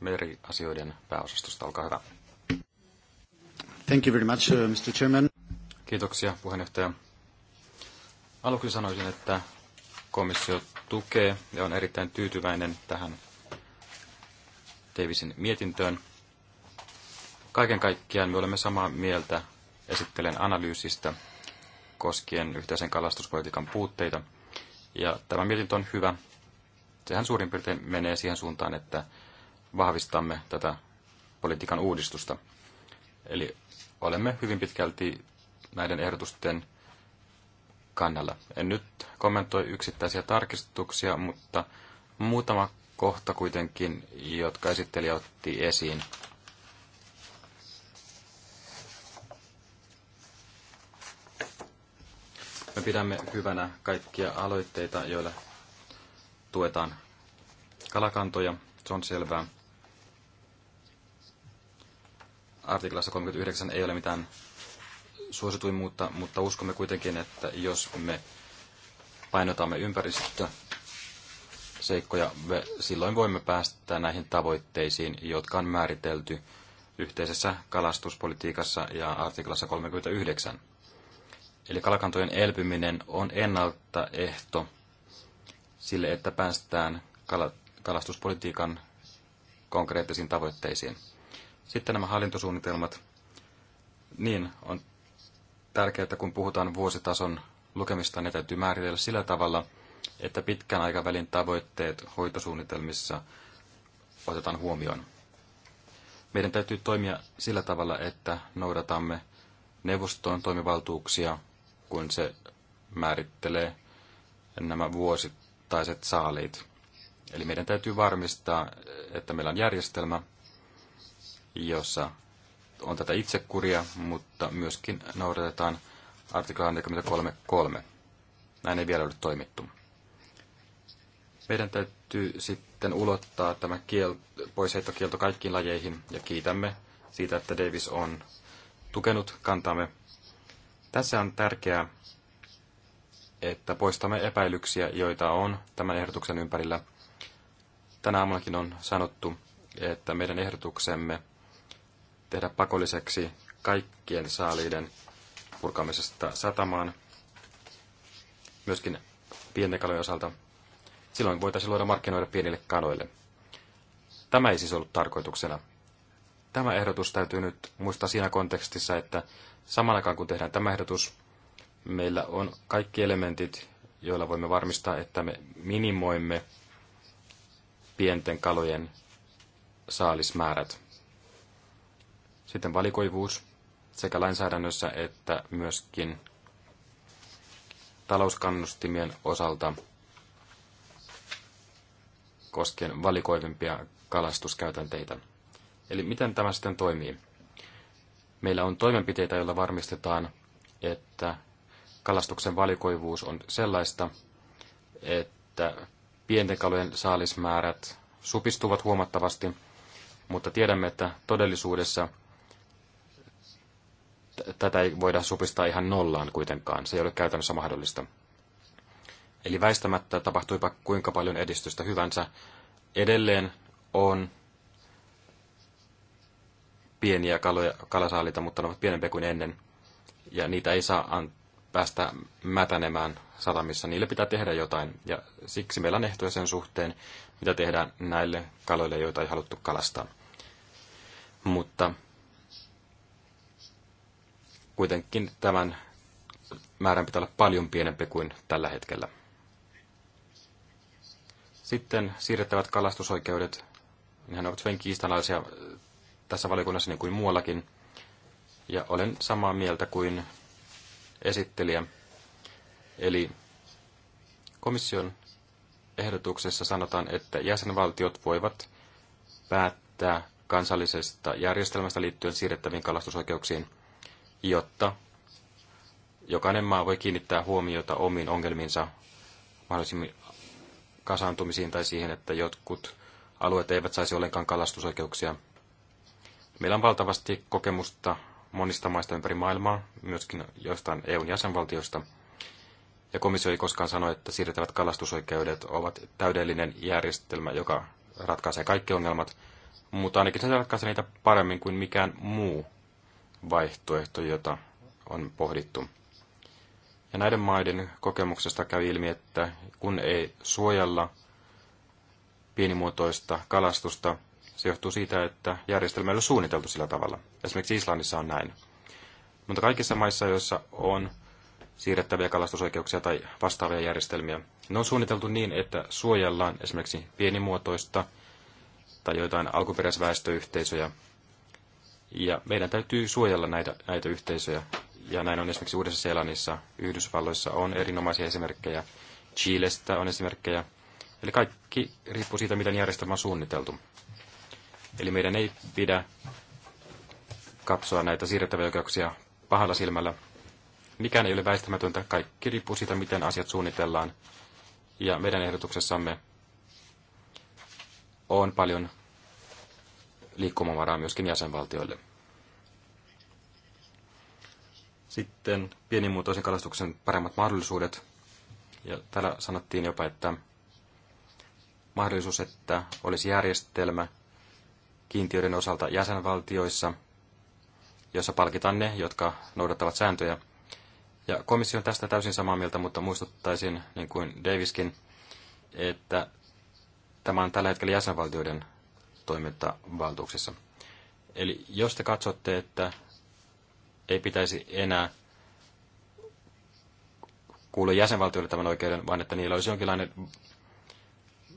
Speaker 2: meriasioiden pääosastosta. Olkaa hyvä.
Speaker 5: Thank you very much, uh, Mr. Chairman.
Speaker 2: Kiitoksia, puheenjohtaja. Aluksi sanoisin, että komissio tukee ja on erittäin tyytyväinen tähän Davisin mietintöön. Kaiken kaikkiaan me olemme samaa mieltä esittelen analyysistä koskien yhteisen kalastuspolitiikan puutteita. Ja tämä mietintö on hyvä. Sehän suurin piirtein menee siihen suuntaan, että vahvistamme tätä politiikan uudistusta. Eli olemme hyvin pitkälti näiden ehdotusten kannalla. En nyt kommentoi yksittäisiä tarkistuksia, mutta muutama kohta kuitenkin, jotka esittelijä otti esiin. Me pidämme hyvänä kaikkia aloitteita, joilla tuetaan kalakantoja, se on selvää. Artiklassa 39 ei ole mitään suosituimmuutta, mutta uskomme kuitenkin, että jos me painotamme ympäristöseikkoja, me silloin voimme päästä näihin tavoitteisiin, jotka on määritelty yhteisessä kalastuspolitiikassa ja artiklassa 39. Eli kalakantojen elpyminen on ennalta ehto sille, että päästään kalastuspolitiikan konkreettisiin tavoitteisiin. Sitten nämä hallintosuunnitelmat. Niin, on tärkeää, että kun puhutaan vuositason lukemista, ne täytyy määritellä sillä tavalla, että pitkän aikavälin tavoitteet hoitosuunnitelmissa otetaan huomioon. Meidän täytyy toimia sillä tavalla, että noudatamme neuvoston toimivaltuuksia, kun se määrittelee nämä vuosittaiset saaliit. Eli meidän täytyy varmistaa, että meillä on järjestelmä, jossa on tätä itsekuria, mutta myöskin noudatetaan artikla 43.3. Näin ei vielä ole toimittu. Meidän täytyy sitten ulottaa tämä kiel- poisheittokielto kaikkiin lajeihin ja kiitämme siitä, että Davis on tukenut kantamme. Tässä on tärkeää, että poistamme epäilyksiä, joita on tämän ehdotuksen ympärillä. Tänä aamunakin on sanottu, että meidän ehdotuksemme – tehdä pakolliseksi kaikkien saaliiden purkamisesta satamaan, myöskin pienten kalojen osalta. Silloin voitaisiin luoda markkinoida pienille kaloille. Tämä ei siis ollut tarkoituksena. Tämä ehdotus täytyy nyt muistaa siinä kontekstissa, että saman aikaan kun tehdään tämä ehdotus, meillä on kaikki elementit, joilla voimme varmistaa, että me minimoimme pienten kalojen saalismäärät. Sitten valikoivuus sekä lainsäädännössä että myöskin talouskannustimien osalta koskien valikoivimpia kalastuskäytänteitä. Eli miten tämä sitten toimii? Meillä on toimenpiteitä, joilla varmistetaan, että kalastuksen valikoivuus on sellaista, että pienten kalojen saalismäärät supistuvat huomattavasti, mutta tiedämme, että todellisuudessa – tätä ei voida supistaa ihan nollaan kuitenkaan. Se ei ole käytännössä mahdollista. Eli väistämättä tapahtuipa kuinka paljon edistystä hyvänsä, edelleen on pieniä kaloja, kalasaalita, mutta ne ovat pienempiä kuin ennen. Ja niitä ei saa an- päästä mätänemään satamissa. Niille pitää tehdä jotain. Ja siksi meillä on ehtoja sen suhteen, mitä tehdään näille kaloille, joita ei haluttu kalastaa. Mutta kuitenkin tämän määrän pitää olla paljon pienempi kuin tällä hetkellä. Sitten siirrettävät kalastusoikeudet, nehän ovat hyvin kiistanalaisia tässä valiokunnassa niin kuin muuallakin. Ja olen samaa mieltä kuin esittelijä. Eli komission ehdotuksessa sanotaan, että jäsenvaltiot voivat päättää kansallisesta järjestelmästä liittyen siirrettäviin kalastusoikeuksiin – jotta jokainen maa voi kiinnittää huomiota omiin ongelmiinsa mahdollisimmin kasaantumisiin tai siihen, että jotkut alueet eivät saisi ollenkaan kalastusoikeuksia. Meillä on valtavasti kokemusta monista maista ympäri maailmaa, myöskin joistain EUn jäsenvaltioista. Ja komissio ei koskaan sano, että siirrettävät kalastusoikeudet ovat täydellinen järjestelmä, joka ratkaisee kaikki ongelmat, mutta ainakin se ratkaisee niitä paremmin kuin mikään muu vaihtoehto, jota on pohdittu. Ja näiden maiden kokemuksesta kävi ilmi, että kun ei suojella pienimuotoista kalastusta, se johtuu siitä, että järjestelmä ei ole suunniteltu sillä tavalla. Esimerkiksi Islannissa on näin. Mutta kaikissa maissa, joissa on siirrettäviä kalastusoikeuksia tai vastaavia järjestelmiä, ne on suunniteltu niin, että suojellaan esimerkiksi pienimuotoista tai joitain alkuperäisväestöyhteisöjä, ja meidän täytyy suojella näitä, näitä yhteisöjä. Ja näin on esimerkiksi Uudessa-Seelannissa, Yhdysvalloissa on erinomaisia esimerkkejä. Chilestä on esimerkkejä. Eli kaikki riippuu siitä, miten järjestelmä on suunniteltu. Eli meidän ei pidä katsoa näitä siirrettäviä oikeuksia pahalla silmällä. Mikään ei ole väistämätöntä, kaikki riippuu siitä, miten asiat suunnitellaan. Ja meidän ehdotuksessamme on paljon liikkumavaraa myöskin jäsenvaltioille. Sitten pienimuotoisen kalastuksen paremmat mahdollisuudet. Ja täällä sanottiin jopa, että mahdollisuus, että olisi järjestelmä kiintiöiden osalta jäsenvaltioissa, jossa palkitaan ne, jotka noudattavat sääntöjä. Ja komissio on tästä täysin samaa mieltä, mutta muistuttaisin, niin kuin Daviskin, että tämä on tällä hetkellä jäsenvaltioiden toimintavaltuuksissa. Eli jos te katsotte, että ei pitäisi enää kuulla jäsenvaltioille tämän oikeuden, vaan että niillä olisi jonkinlainen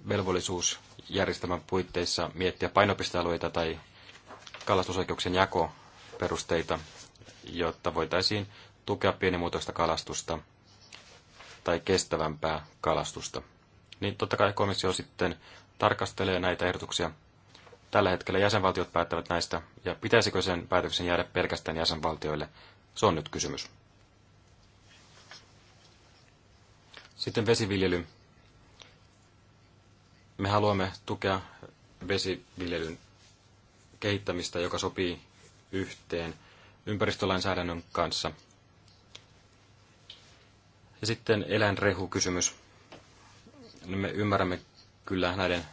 Speaker 2: velvollisuus järjestelmän puitteissa miettiä painopistealueita tai kalastusoikeuksien jakoperusteita, jotta voitaisiin tukea pienimuotoista kalastusta tai kestävämpää kalastusta. Niin totta kai komissio sitten tarkastelee näitä ehdotuksia Tällä hetkellä jäsenvaltiot päättävät näistä, ja pitäisikö sen päätöksen jäädä pelkästään jäsenvaltioille? Se on nyt kysymys. Sitten vesiviljely. Me haluamme tukea vesiviljelyn kehittämistä, joka sopii yhteen ympäristölainsäädännön kanssa. Ja sitten eläinrehukysymys. Me ymmärrämme kyllä näiden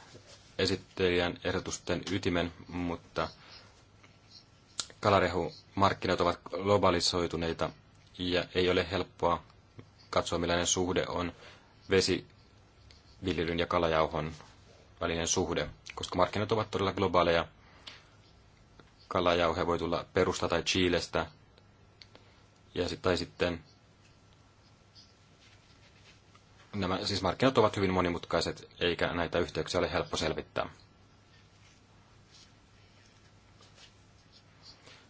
Speaker 2: esittelijän ehdotusten ytimen, mutta kalarehumarkkinat ovat globalisoituneita ja ei ole helppoa katsoa, millainen suhde on vesiviljelyn ja kalajauhon välinen suhde, koska markkinat ovat todella globaaleja. Kalajauhe voi tulla Perusta tai Chiilestä ja sit, tai sitten Nämä siis markkinat ovat hyvin monimutkaiset, eikä näitä yhteyksiä ole helppo selvittää.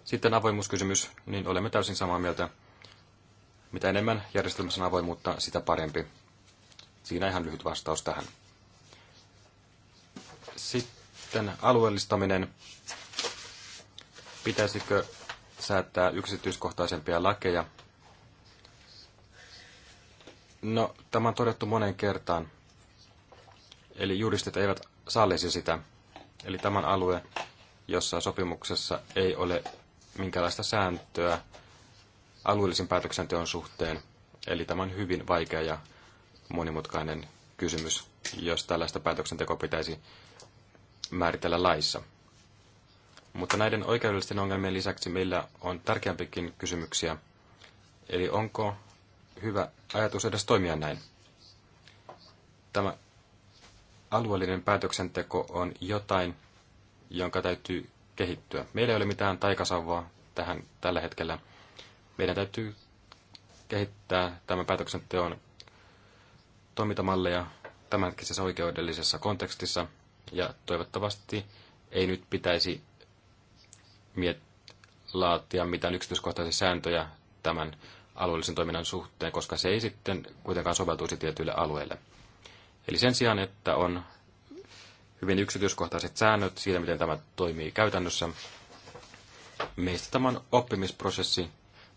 Speaker 2: Sitten avoimuuskysymys, niin olemme täysin samaa mieltä. Mitä enemmän järjestelmässä on avoimuutta, sitä parempi. Siinä ihan lyhyt vastaus tähän. Sitten alueellistaminen. Pitäisikö säätää yksityiskohtaisempia lakeja No, tämä on todettu monen kertaan. Eli juristit eivät sallisi sitä. Eli tämän alue, jossa sopimuksessa ei ole minkälaista sääntöä alueellisen päätöksenteon suhteen. Eli tämä on hyvin vaikea ja monimutkainen kysymys, jos tällaista päätöksentekoa pitäisi määritellä laissa. Mutta näiden oikeudellisten ongelmien lisäksi meillä on tärkeämpikin kysymyksiä. Eli onko hyvä ajatus edes toimia näin. Tämä alueellinen päätöksenteko on jotain, jonka täytyy kehittyä. Meillä ei ole mitään taikasauvaa tähän tällä hetkellä. Meidän täytyy kehittää tämän päätöksenteon toimintamalleja tämänkisessä oikeudellisessa kontekstissa, ja toivottavasti ei nyt pitäisi miet- laatia mitään yksityiskohtaisia sääntöjä tämän alueellisen toiminnan suhteen, koska se ei sitten kuitenkaan soveltuisi tietyille alueille. Eli sen sijaan, että on hyvin yksityiskohtaiset säännöt siitä, miten tämä toimii käytännössä, meistä tämän oppimisprosessi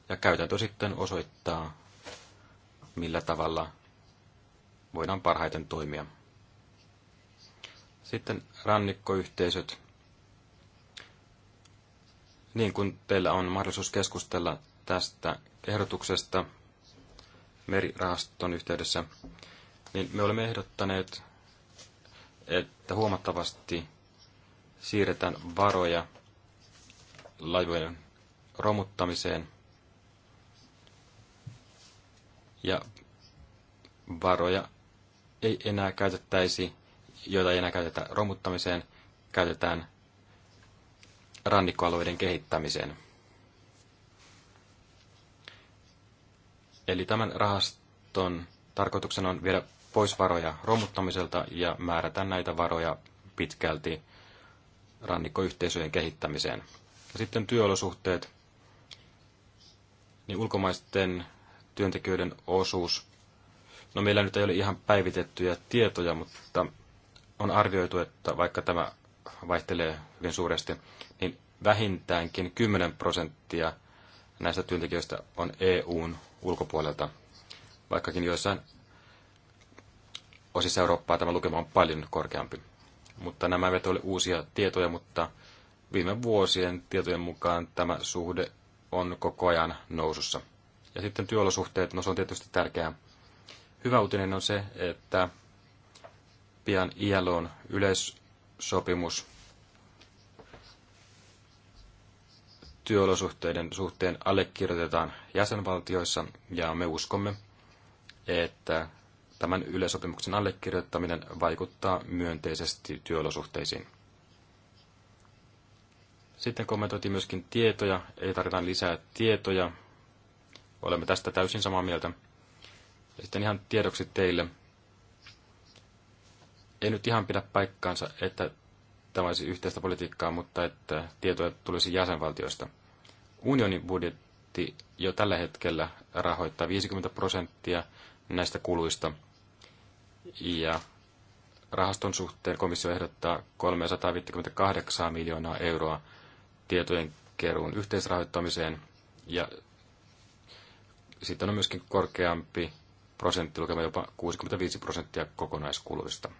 Speaker 2: ja käytäntö sitten osoittaa, millä tavalla voidaan parhaiten toimia. Sitten rannikkoyhteisöt. Niin kuin teillä on mahdollisuus keskustella tästä ehdotuksesta merirahaston yhteydessä, niin me olemme ehdottaneet, että huomattavasti siirretään varoja laivojen romuttamiseen ja varoja ei enää käytettäisi, joita ei enää käytetä romuttamiseen, käytetään rannikkoalueiden kehittämiseen. Eli tämän rahaston tarkoituksena on viedä pois varoja romuttamiselta ja määrätä näitä varoja pitkälti rannikkoyhteisöjen kehittämiseen. Ja sitten työolosuhteet, niin ulkomaisten työntekijöiden osuus. No meillä nyt ei ole ihan päivitettyjä tietoja, mutta on arvioitu, että vaikka tämä vaihtelee hyvin suuresti, niin vähintäänkin 10 prosenttia näistä työntekijöistä on EUn ulkopuolelta, vaikkakin joissain osissa Eurooppaa tämä lukema on paljon korkeampi. Mutta nämä eivät ole uusia tietoja, mutta viime vuosien tietojen mukaan tämä suhde on koko ajan nousussa. Ja sitten työolosuhteet, no se on tietysti tärkeää. Hyvä uutinen on se, että pian ILOn yleissopimus työolosuhteiden suhteen allekirjoitetaan jäsenvaltioissa, ja me uskomme, että tämän yleisopimuksen allekirjoittaminen vaikuttaa myönteisesti työolosuhteisiin. Sitten kommentoitiin myöskin tietoja, ei tarvita lisää tietoja. Olemme tästä täysin samaa mieltä. Ja sitten ihan tiedoksi teille. Ei nyt ihan pidä paikkaansa, että tämä olisi yhteistä politiikkaa, mutta että tietoja tulisi jäsenvaltioista. Unionin budjetti jo tällä hetkellä rahoittaa 50 prosenttia näistä kuluista. Ja rahaston suhteen komissio ehdottaa 358 miljoonaa euroa tietojen keruun yhteisrahoittamiseen. Ja sitten on myöskin korkeampi prosenttilukema jopa 65 prosenttia kokonaiskuluista.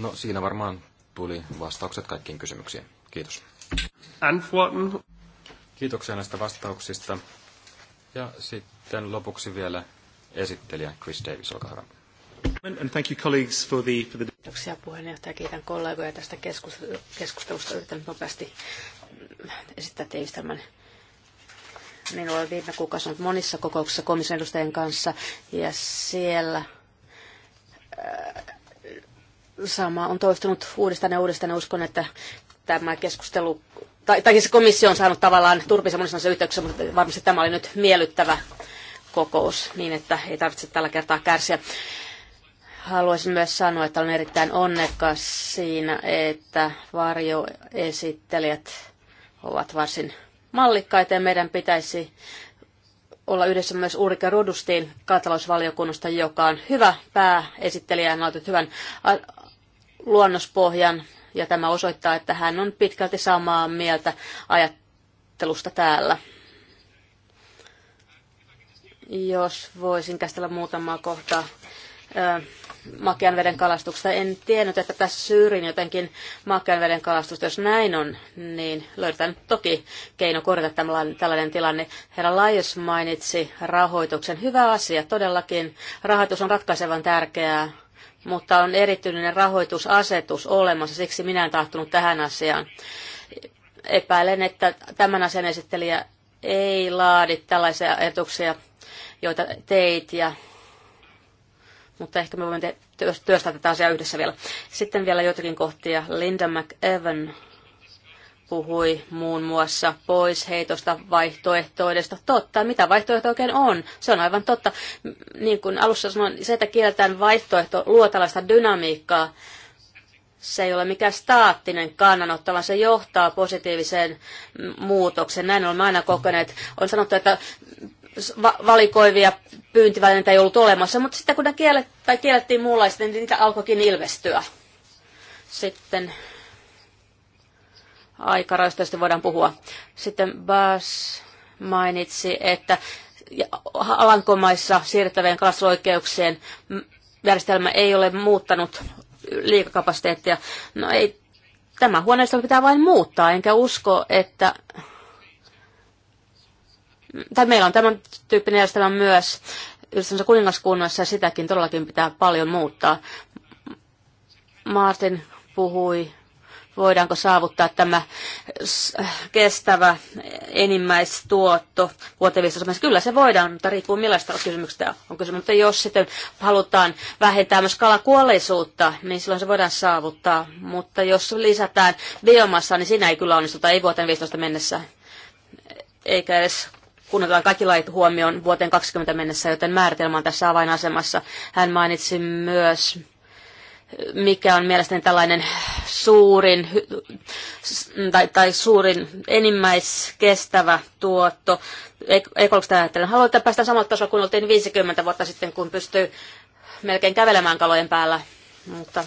Speaker 2: No siinä varmaan tuli vastaukset kaikkiin kysymyksiin.
Speaker 1: Kiitos. Antworten.
Speaker 2: Kiitoksia näistä vastauksista. Ja sitten lopuksi vielä esittelijä Chris Davis, olkaa
Speaker 1: hyvä. And thank you colleagues for the, for the...
Speaker 4: Kiitoksia puheenjohtaja. Kiitän kollegoja tästä keskustelusta. Yritän nopeasti esittää tiivistelmän minulla on viime kuukausina monissa kokouksissa komission edustajien kanssa ja siellä sama on toistunut uudestaan ja uudestaan ja uskon, että tämä keskustelu, tai, tai siis komissio on saanut tavallaan turpinsa monissa yhteyksissä, mutta varmasti tämä oli nyt miellyttävä kokous, niin että ei tarvitse tällä kertaa kärsiä. Haluaisin myös sanoa, että olen erittäin onnekas siinä, että varjoesittelijät ovat varsin mallikkaita ja meidän pitäisi olla yhdessä myös Ulrike Rodustiin kaatalousvaliokunnasta, joka on hyvä pääesittelijä ja on hyvän luonnospohjan ja tämä osoittaa, että hän on pitkälti samaa mieltä ajattelusta täällä. Jos voisin käsitellä muutamaa kohtaa makean veden kalastuksesta. En tiennyt, että tässä syyrin jotenkin makean veden kalastusta. Jos näin on, niin löydetään toki keino korjata tällainen tilanne. Herra Laius mainitsi rahoituksen. Hyvä asia, todellakin. Rahoitus on ratkaisevan tärkeää mutta on erityinen rahoitusasetus olemassa, siksi minä en tahtunut tähän asiaan. Epäilen, että tämän asian esittelijä ei laadi tällaisia ajatuksia, joita teit, ja, mutta ehkä me voimme te- työstää tätä asiaa yhdessä vielä. Sitten vielä jotakin kohtia. Linda McEvan puhui muun muassa pois heitosta vaihtoehtoidesta. Totta, mitä vaihtoehto oikein on? Se on aivan totta. Niin kuin alussa sanoin, se, että kieltään vaihtoehto, luo tällaista dynamiikkaa. Se ei ole mikään staattinen kannanotto, vaan se johtaa positiiviseen muutokseen. Näin olemme aina kokeneet. On sanottu, että valikoivia pyyntivälineitä ei ollut olemassa, mutta sitten kun ne kiellet, tai kiellettiin muunlaista, niin niitä alkoikin ilmestyä. Sitten aikarajoista voidaan puhua. Sitten Bas mainitsi, että Alankomaissa siirrettävien kalastusoikeuksien järjestelmä ei ole muuttanut liikakapasiteettia. No ei, tämä huoneisto pitää vain muuttaa, enkä usko, että tai meillä on tämän tyyppinen järjestelmä myös yhdessä kuningaskunnassa ja sitäkin todellakin pitää paljon muuttaa. Martin puhui voidaanko saavuttaa tämä äh, kestävä enimmäistuotto vuoteen 15 Kyllä se voidaan, mutta riippuu millaista kysymyksestä on kysymys. Mutta jos sitten halutaan vähentää myös kalakuolleisuutta, niin silloin se voidaan saavuttaa. Mutta jos lisätään biomassaa, niin siinä ei kyllä onnistuta, ei vuoteen 15 mennessä, eikä edes kun otetaan kaikki lait huomioon vuoteen 2020 mennessä, joten määritelmä on tässä avainasemassa. Hän mainitsi myös mikä on mielestäni tällainen suurin tai, tai suurin enimmäiskestävä tuotto. Ekologista ajattelen, haluan päästä samalla tasolla kuin oltiin 50 vuotta sitten, kun pystyy melkein kävelemään kalojen päällä, mutta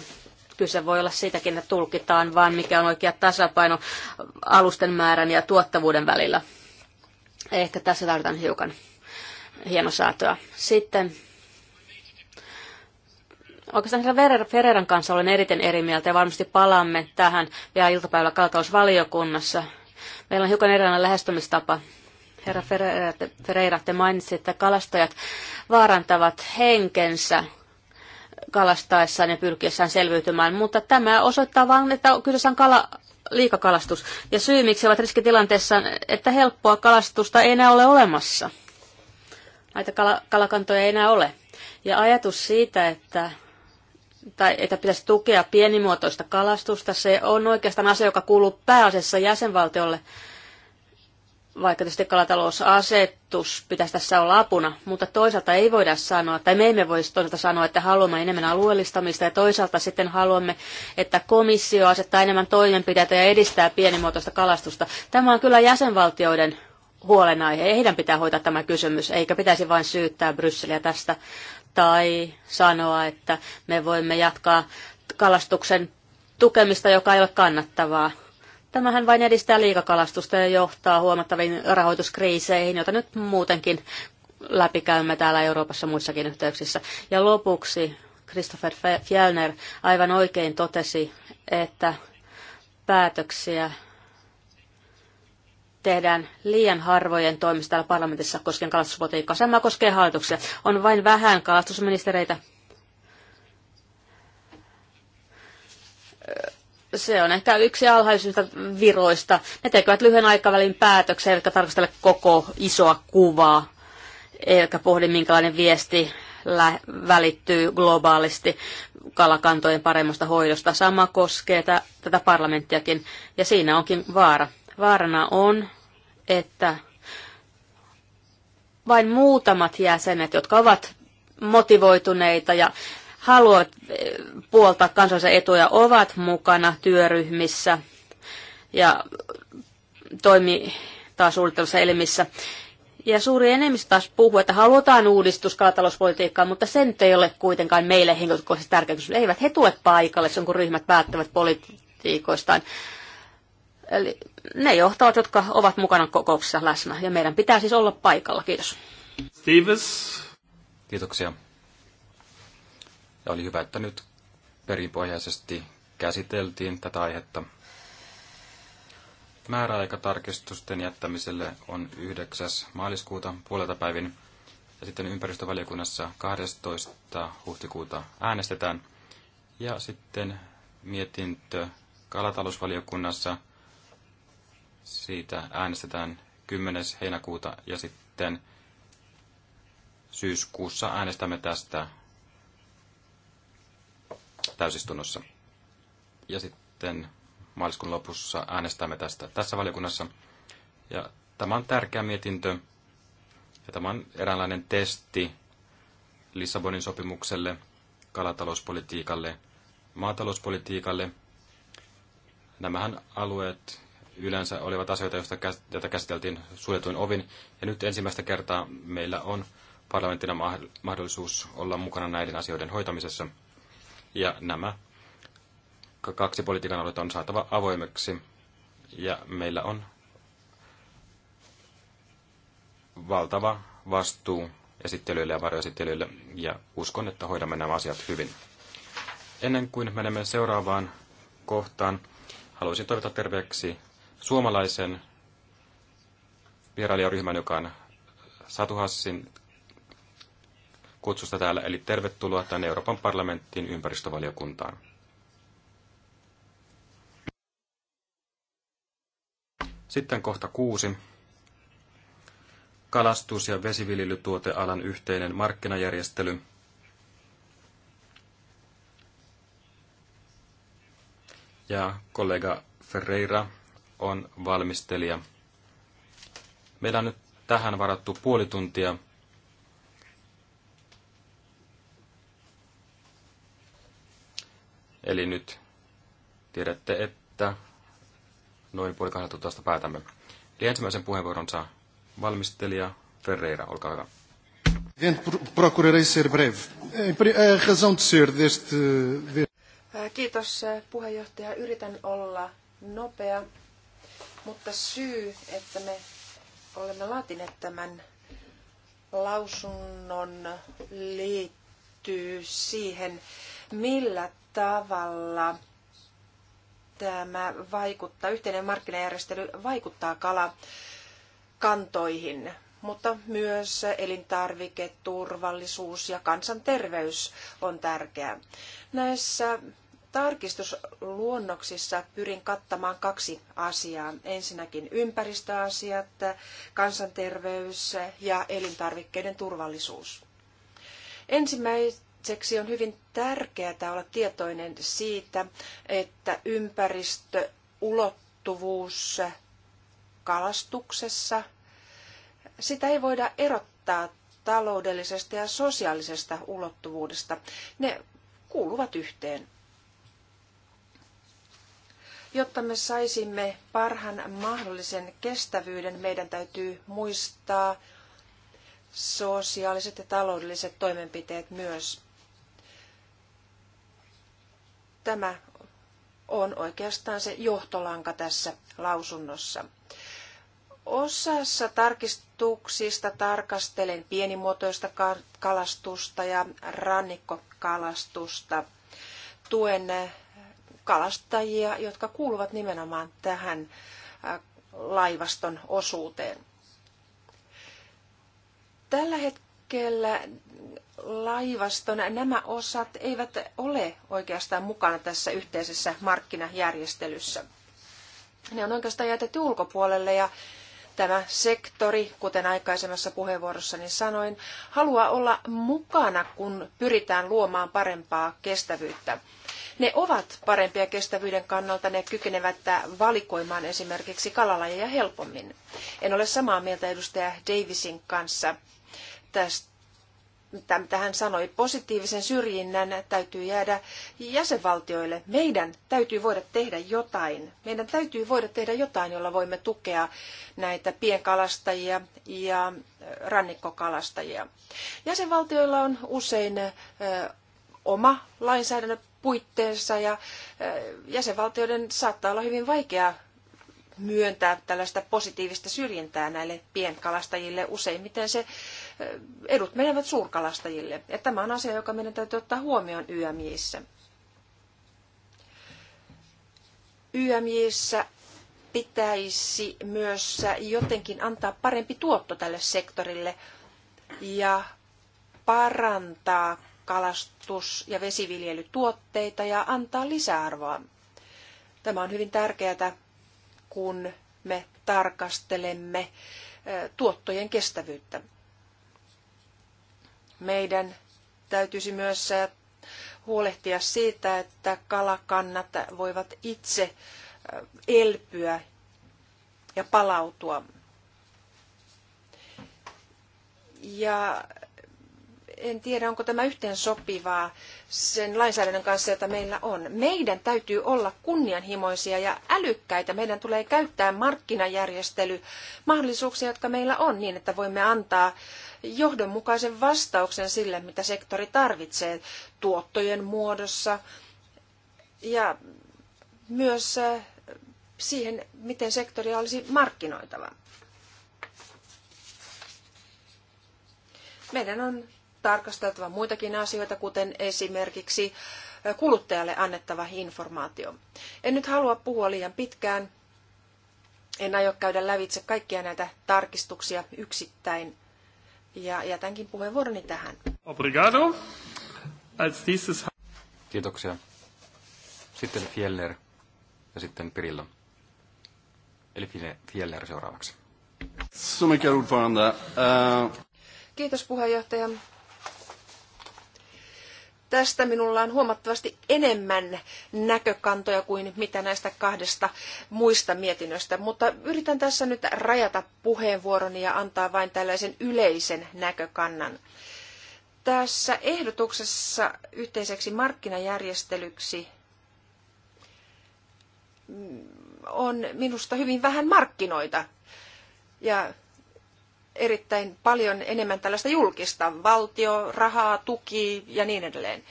Speaker 4: kyse voi olla siitäkin, että tulkitaan vaan mikä on oikea tasapaino alusten määrän ja tuottavuuden välillä. Ehkä tässä tarvitaan hiukan hienosäätöä. Sitten Oikeastaan herra Ferreran kanssa olen eriten eri mieltä ja varmasti palaamme tähän vielä iltapäivällä kaltausvaliokunnassa. Meillä on hiukan erilainen lähestymistapa. Herra Ferreira, te mainitsitte, että kalastajat vaarantavat henkensä kalastaessaan ja pyrkiessään selviytymään, mutta tämä osoittaa vain, että kyseessä on kala, liikakalastus. Ja syy, miksi ovat riskitilanteessa, että helppoa kalastusta ei enää ole olemassa. Näitä kalakantoja ei enää ole. Ja ajatus siitä, että tai että pitäisi tukea pienimuotoista kalastusta. Se on oikeastaan asia, joka kuuluu pääasiassa jäsenvaltiolle, vaikka tietysti kalatalousasetus pitäisi tässä olla apuna, mutta toisaalta ei voida sanoa, tai me emme voisi toisaalta sanoa, että haluamme enemmän alueellistamista, ja toisaalta sitten haluamme, että komissio asettaa enemmän toimenpiteitä ja edistää pienimuotoista kalastusta. Tämä on kyllä jäsenvaltioiden huolenaihe. Heidän pitää hoitaa tämä kysymys, eikä pitäisi vain syyttää Brysseliä tästä tai sanoa, että me voimme jatkaa kalastuksen tukemista, joka ei ole kannattavaa. Tämähän vain edistää liikakalastusta ja johtaa huomattaviin rahoituskriiseihin, joita nyt muutenkin läpikäymme täällä Euroopassa muissakin yhteyksissä. Ja lopuksi Christopher Fjellner aivan oikein totesi, että päätöksiä tehdään liian harvojen toimista täällä parlamentissa koskien kalastuspolitiikkaa. Sama koskee hallituksia. On vain vähän kalastusministereitä. Se on ehkä yksi alhaisista viroista. Ne tekevät lyhyen aikavälin päätöksiä, eivätkä tarkastele koko isoa kuvaa, eivätkä pohdi minkälainen viesti välittyy globaalisti kalakantojen paremmasta hoidosta. Sama koskee tätä parlamenttiakin, ja siinä onkin vaara. Vaarana on, että vain muutamat jäsenet, jotka ovat motivoituneita ja haluavat eh, puoltaa kansallisia etuja, ovat mukana työryhmissä ja toimitaan suunnittelussa elimissä. Ja suuri enemmistö taas puhuu, että halutaan uudistus kalatalouspolitiikkaan, mutta se nyt ei ole kuitenkaan meille henkilökohtaisesti tärkeä koska Eivät he tule paikalle, se on kun ryhmät päättävät politiikoistaan. Eli ne johtavat, jotka ovat mukana kokouksessa läsnä, ja meidän pitää siis olla paikalla. Kiitos.
Speaker 2: Stevens. Kiitoksia. Ja oli hyvä, että nyt perinpohjaisesti käsiteltiin tätä aihetta. Määräaikatarkistusten jättämiselle on 9. maaliskuuta puolelta päivin ja sitten ympäristövaliokunnassa 12. huhtikuuta äänestetään. Ja sitten mietintö kalatalousvaliokunnassa – siitä äänestetään 10. heinäkuuta ja sitten syyskuussa äänestämme tästä täysistunnossa. Ja sitten maaliskuun lopussa äänestämme tästä tässä valiokunnassa. Ja tämä on tärkeä mietintö ja tämä on eräänlainen testi Lissabonin sopimukselle, kalatalouspolitiikalle, maatalouspolitiikalle. Nämähän alueet yleensä olivat asioita, joita käsiteltiin suljetuin ovin. Ja nyt ensimmäistä kertaa meillä on parlamenttina mahdollisuus olla mukana näiden asioiden hoitamisessa. Ja nämä kaksi politiikan aluetta on saatava avoimeksi. Ja meillä on valtava vastuu esittelyille ja varjoesittelyille, ja uskon, että hoidamme nämä asiat hyvin. Ennen kuin menemme seuraavaan kohtaan, haluaisin toivottaa terveeksi suomalaisen vierailijaryhmän, joka on Satu Hassin kutsusta täällä. Eli tervetuloa tänne Euroopan parlamenttiin ympäristövaliokuntaan. Sitten kohta kuusi. Kalastus- ja vesiviljelytuotealan yhteinen markkinajärjestely. Ja kollega Ferreira on valmistelija. Meillä on nyt tähän varattu puoli tuntia. Eli nyt tiedätte, että noin puoli 12 päätämme. Eli ensimmäisen puheenvuoron saa valmistelija Ferreira, olkaa hyvä.
Speaker 1: Eh, eh,
Speaker 3: äh, kiitos äh, puheenjohtaja. Yritän olla nopea. Mutta syy, että me olemme laatineet tämän lausunnon liittyy siihen, millä tavalla tämä vaikuttaa, yhteinen markkinajärjestely vaikuttaa kala kantoihin, mutta myös elintarviketurvallisuus turvallisuus ja kansanterveys on tärkeää. Näissä tarkistusluonnoksissa pyrin kattamaan kaksi asiaa. Ensinnäkin ympäristöasiat, kansanterveys ja elintarvikkeiden turvallisuus. Ensimmäiseksi on hyvin tärkeää olla tietoinen siitä, että ympäristöulottuvuus kalastuksessa, sitä ei voida erottaa taloudellisesta ja sosiaalisesta ulottuvuudesta. Ne kuuluvat yhteen. Jotta me saisimme parhaan mahdollisen kestävyyden, meidän täytyy muistaa sosiaaliset ja taloudelliset toimenpiteet myös. Tämä on oikeastaan se johtolanka tässä lausunnossa. Osassa tarkistuksista tarkastelen pienimuotoista kalastusta ja rannikkokalastusta. Tuen kalastajia, jotka kuuluvat nimenomaan tähän laivaston osuuteen. Tällä hetkellä laivaston nämä osat eivät ole oikeastaan mukana tässä yhteisessä markkinajärjestelyssä. Ne on oikeastaan jätetty ulkopuolelle ja tämä sektori, kuten aikaisemmassa puheenvuorossani sanoin, haluaa olla mukana, kun pyritään luomaan parempaa kestävyyttä ne ovat parempia kestävyyden kannalta, ne kykenevät valikoimaan esimerkiksi kalalajeja helpommin. En ole samaa mieltä edustaja Davisin kanssa tästä mitä hän sanoi, positiivisen syrjinnän täytyy jäädä jäsenvaltioille. Meidän täytyy voida tehdä jotain. Meidän täytyy voida tehdä jotain, jolla voimme tukea näitä pienkalastajia ja rannikkokalastajia. Jäsenvaltioilla on usein oma lainsäädäntö puitteissa ja jäsenvaltioiden saattaa olla hyvin vaikeaa myöntää tällaista positiivista syrjintää näille pienkalastajille. Useimmiten se edut menevät suurkalastajille. Ja tämä on asia, joka meidän täytyy ottaa huomioon YMJissä. YMJissä pitäisi myös jotenkin antaa parempi tuotto tälle sektorille ja parantaa kalastus- ja vesiviljelytuotteita ja antaa lisäarvoa. Tämä on hyvin tärkeää, kun me tarkastelemme tuottojen kestävyyttä. Meidän täytyisi myös huolehtia siitä, että kalakannat voivat itse elpyä ja palautua. Ja en tiedä, onko tämä yhteen sopivaa sen lainsäädännön kanssa, jota meillä on. Meidän täytyy olla kunnianhimoisia ja älykkäitä. Meidän tulee käyttää markkinajärjestely mahdollisuuksia, jotka meillä on, niin että voimme antaa johdonmukaisen vastauksen sille, mitä sektori tarvitsee tuottojen muodossa ja myös äh, siihen, miten sektoria olisi markkinoitava. Meidän on tarkasteltava muitakin asioita, kuten esimerkiksi kuluttajalle annettava informaatio. En nyt halua puhua liian pitkään. En aio käydä lävitse kaikkia näitä tarkistuksia yksittäin. Ja jätänkin puheenvuoroni tähän.
Speaker 1: Obrigado. Als
Speaker 2: dieses... Kiitoksia. Sitten Fieller ja sitten Pirillo. Eli Fieller seuraavaksi. Eh,
Speaker 3: Kiitos puheenjohtaja tästä minulla on huomattavasti enemmän näkökantoja kuin mitä näistä kahdesta muista mietinnöstä, mutta yritän tässä nyt rajata puheenvuoroni ja antaa vain tällaisen yleisen näkökannan. Tässä ehdotuksessa yhteiseksi markkinajärjestelyksi on minusta hyvin vähän markkinoita. Ja erittäin paljon enemmän tällaista julkista, valtio, rahaa, tuki ja niin edelleen.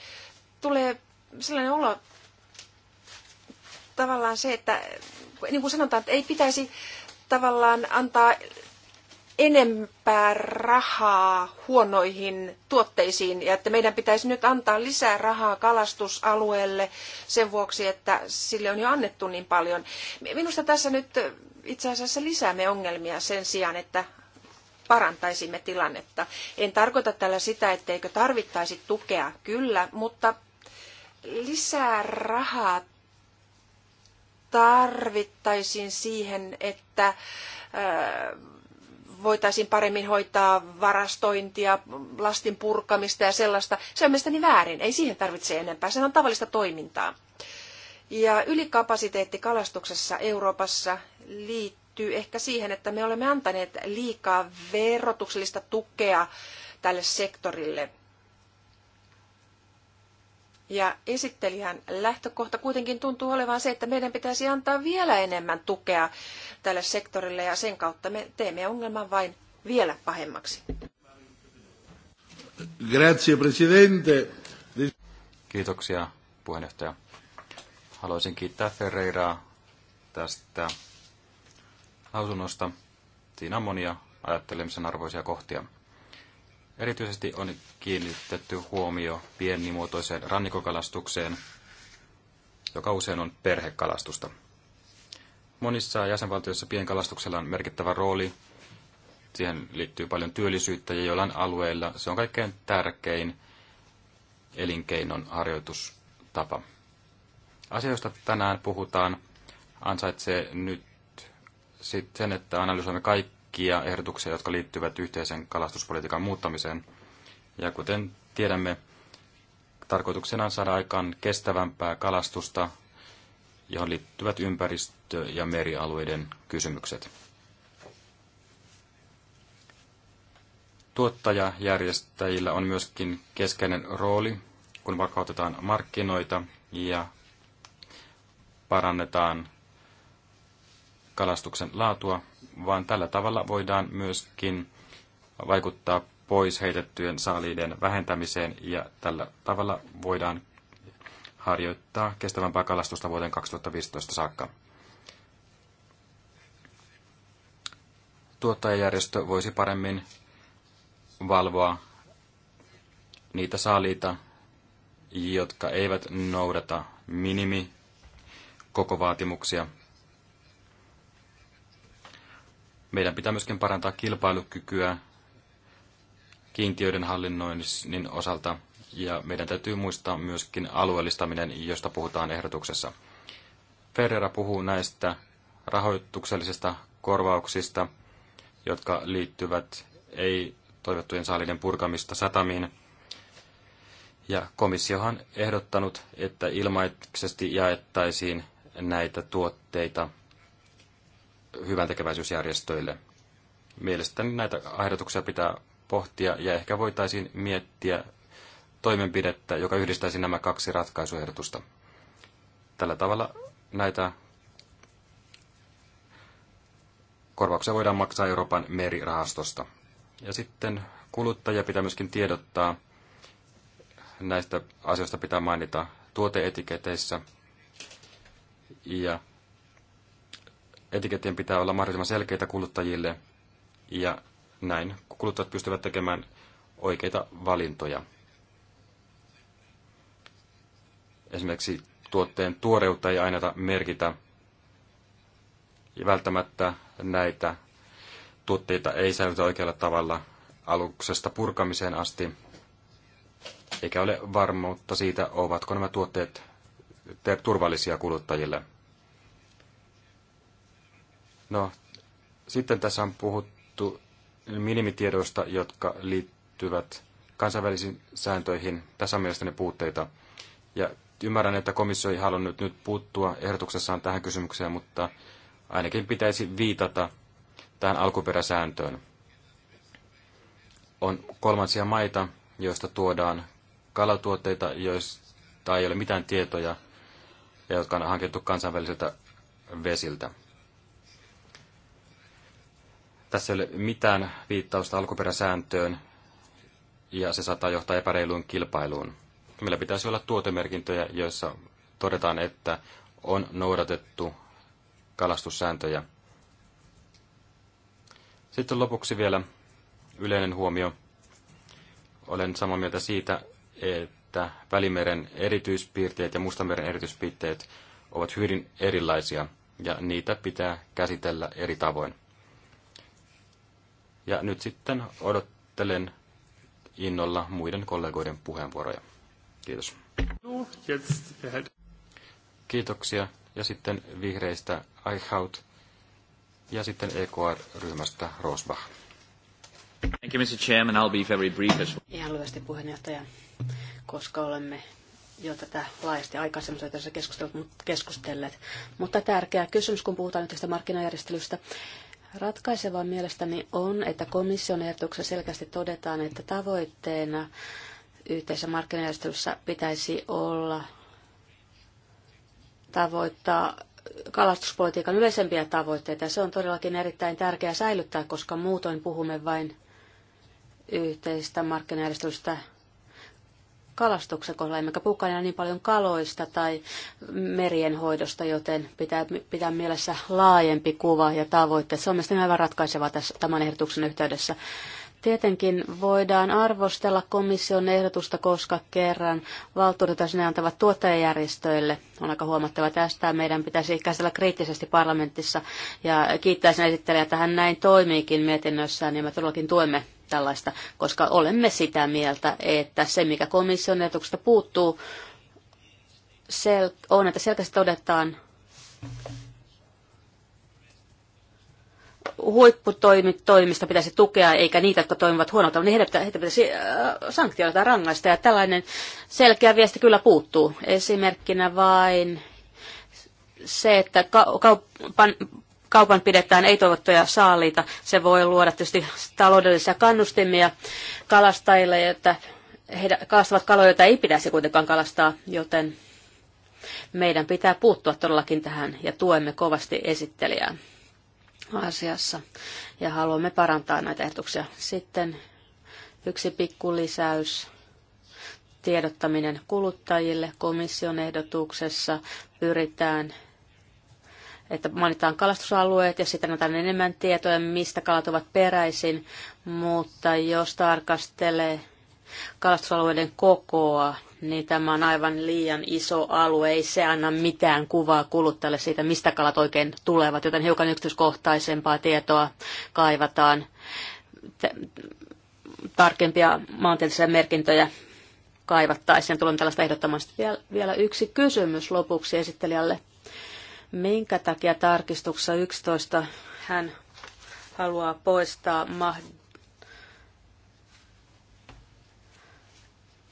Speaker 3: Tulee sellainen olo tavallaan se, että niin kuin sanotaan, että ei pitäisi tavallaan antaa enempää rahaa huonoihin tuotteisiin ja että meidän pitäisi nyt antaa lisää rahaa kalastusalueelle sen vuoksi, että sille on jo annettu niin paljon. Minusta tässä nyt itse asiassa lisäämme ongelmia sen sijaan, että parantaisimme tilannetta. En tarkoita tällä sitä, etteikö tarvittaisi tukea, kyllä, mutta lisää rahaa tarvittaisiin siihen, että äh, voitaisiin paremmin hoitaa varastointia, lastin purkamista ja sellaista. Se on mielestäni väärin. Ei siihen tarvitse enempää. Se on tavallista toimintaa. Ja ylikapasiteetti kalastuksessa Euroopassa liittyy liittyy ehkä siihen, että me olemme antaneet liikaa verotuksellista tukea tälle sektorille. Ja esittelijän lähtökohta kuitenkin tuntuu olevan se, että meidän pitäisi antaa vielä enemmän tukea tälle sektorille ja sen kautta me teemme ongelman vain vielä pahemmaksi.
Speaker 1: Grazie, presidente.
Speaker 2: Kiitoksia, puheenjohtaja. Haluaisin kiittää Ferreiraa tästä lausunnosta. Siinä on monia ajattelemisen arvoisia kohtia. Erityisesti on kiinnitetty huomio pienimuotoiseen rannikokalastukseen, joka usein on perhekalastusta. Monissa jäsenvaltioissa pienkalastuksella on merkittävä rooli. Siihen liittyy paljon työllisyyttä ja joillain alueilla se on kaikkein tärkein elinkeinon harjoitustapa. Asioista tänään puhutaan, ansaitsee nyt sen, että analysoimme kaikkia ehdotuksia, jotka liittyvät yhteisen kalastuspolitiikan muuttamiseen. Ja kuten tiedämme, tarkoituksena on saada aikaan kestävämpää kalastusta, johon liittyvät ympäristö- ja merialueiden kysymykset. Tuottajajärjestäjillä on myöskin keskeinen rooli, kun vakautetaan markkinoita ja parannetaan kalastuksen laatua, vaan tällä tavalla voidaan myöskin vaikuttaa pois heitettyjen saaliiden vähentämiseen ja tällä tavalla voidaan harjoittaa kestävämpää kalastusta vuoden 2015 saakka. Tuottajajärjestö voisi paremmin valvoa niitä saaliita, jotka eivät noudata minimi kokovaatimuksia Meidän pitää myöskin parantaa kilpailukykyä kiintiöiden hallinnoinnin osalta, ja meidän täytyy muistaa myöskin alueellistaminen, josta puhutaan ehdotuksessa. Ferrera puhuu näistä rahoituksellisista korvauksista, jotka liittyvät ei-toivottujen saalinen purkamista satamiin. Ja komissiohan ehdottanut, että ilmaiseksi jaettaisiin näitä tuotteita – hyvän tekeväisyysjärjestöille. Mielestäni näitä ehdotuksia pitää pohtia ja ehkä voitaisiin miettiä toimenpidettä, joka yhdistäisi nämä kaksi ratkaisuehdotusta. Tällä tavalla näitä korvauksia voidaan maksaa Euroopan merirahastosta. Ja sitten kuluttajia pitää myöskin tiedottaa. Näistä asioista pitää mainita tuoteetiketeissä. Ja etikettien pitää olla mahdollisimman selkeitä kuluttajille ja näin kuluttajat pystyvät tekemään oikeita valintoja. Esimerkiksi tuotteen tuoreutta ei aina merkitä. Ja välttämättä näitä tuotteita ei säilytä oikealla tavalla aluksesta purkamiseen asti, eikä ole varmuutta siitä, ovatko nämä tuotteet turvallisia kuluttajille. No, sitten tässä on puhuttu minimitiedoista, jotka liittyvät kansainvälisiin sääntöihin. Tässä on mielestäni puutteita. Ja ymmärrän, että komissio ei halunnut nyt puuttua ehdotuksessaan tähän kysymykseen, mutta ainakin pitäisi viitata tähän alkuperäsääntöön. On kolmansia maita, joista tuodaan kalatuotteita, joista ei ole mitään tietoja ja jotka on hankittu kansainvälisiltä vesiltä. Tässä ei ole mitään viittausta alkuperäsääntöön ja se saattaa johtaa epäreiluun kilpailuun. Meillä pitäisi olla tuotemerkintöjä, joissa todetaan, että on noudatettu kalastussääntöjä. Sitten lopuksi vielä yleinen huomio. Olen samaa mieltä siitä, että Välimeren erityispiirteet ja Mustameren erityispiirteet ovat hyvin erilaisia ja niitä pitää käsitellä eri tavoin. Ja nyt sitten odottelen innolla muiden kollegoiden puheenvuoroja. Kiitos. Kiitoksia. Ja sitten vihreistä Eichhout ja sitten EKR-ryhmästä Rosbach. Thank you, Mr. Chairman. I'll be very brief as well.
Speaker 4: Ihan lyhyesti puheenjohtaja, koska olemme jo tätä laajasti aikaisemmassa tässä keskustelleet, mutta tärkeä kysymys, kun puhutaan tästä markkinajärjestelystä. Ratkaisevaa mielestäni on, että komission ehdotuksessa selkeästi todetaan, että tavoitteena yhteisessä markkinajärjestelyssä pitäisi olla tavoittaa kalastuspolitiikan yleisempiä tavoitteita. Se on todellakin erittäin tärkeää säilyttää, koska muutoin puhumme vain yhteisestä markkinajärjestelystä kalastuksen kohdalla, emmekä puhukaan enää niin paljon kaloista tai merien hoidosta, joten pitää pitää mielessä laajempi kuva ja tavoitteet. Se on mielestäni aivan ratkaisevaa tässä, tämän ehdotuksen yhteydessä. Tietenkin voidaan arvostella komission ehdotusta, koska kerran valtuudet ne antavat tuottajajärjestöille. On aika huomattava tästä. Meidän pitäisi käsitellä kriittisesti parlamentissa ja kiittää sen esittelijä, että hän näin toimiikin mietinnössään ja me todellakin tuemme tällaista, koska olemme sitä mieltä, että se, mikä komission ehdotuksesta puuttuu, sel- on, että selkeästi todetaan huipputoimista pitäisi tukea, eikä niitä, jotka toimivat huonolta, niin heitä, heitä pitäisi äh, sanktioida tai rangaista. Ja tällainen selkeä viesti kyllä puuttuu. Esimerkkinä vain se, että ka- kaupan pidetään ei-toivottuja saaliita. Se voi luoda tietysti taloudellisia kannustimia kalastajille, että he kalastavat kaloja, joita ei pitäisi kuitenkaan kalastaa, joten meidän pitää puuttua todellakin tähän ja tuemme kovasti esittelijää asiassa ja haluamme parantaa näitä ehdotuksia. Sitten yksi pikku lisäys tiedottaminen kuluttajille komission ehdotuksessa pyritään että mainitaan kalastusalueet ja sitten annetaan enemmän tietoja, mistä kalat ovat peräisin, mutta jos tarkastelee kalastusalueiden kokoa, niin tämä on aivan liian iso alue. Ei se anna mitään kuvaa kuluttajalle siitä, mistä kalat oikein tulevat, joten hiukan yksityiskohtaisempaa tietoa kaivataan. tarkempia maantieteellisiä merkintöjä kaivattaisiin. Tulen tällaista ehdottomasti vielä yksi kysymys lopuksi esittelijälle Minkä takia tarkistuksessa 11 hän haluaa poistaa mahdollisuuden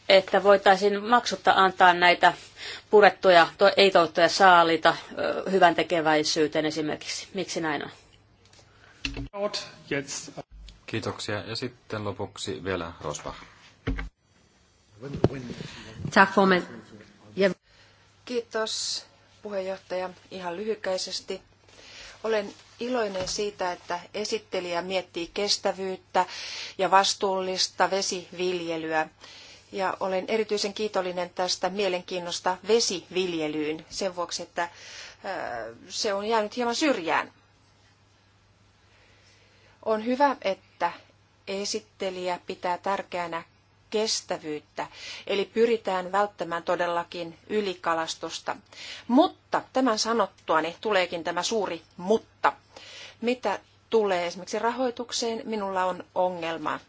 Speaker 4: että voitaisiin maksutta antaa näitä purettuja, ei-toivottuja saalita hyvän tekeväisyyteen esimerkiksi. Miksi näin
Speaker 2: on? Kiitoksia. Ja sitten lopuksi vielä Rosbach.
Speaker 3: Kiitos puheenjohtaja, ihan lyhykäisesti. Olen iloinen siitä, että esittelijä miettii kestävyyttä ja vastuullista vesiviljelyä. Ja olen erityisen kiitollinen tästä mielenkiinnosta vesiviljelyyn sen vuoksi, että se on jäänyt hieman syrjään. On hyvä, että esittelijä pitää tärkeänä kestävyyttä. Eli pyritään välttämään todellakin ylikalastusta. Mutta tämän sanottuani niin tuleekin tämä suuri mutta. Mitä tulee esimerkiksi rahoitukseen, minulla on ongelma.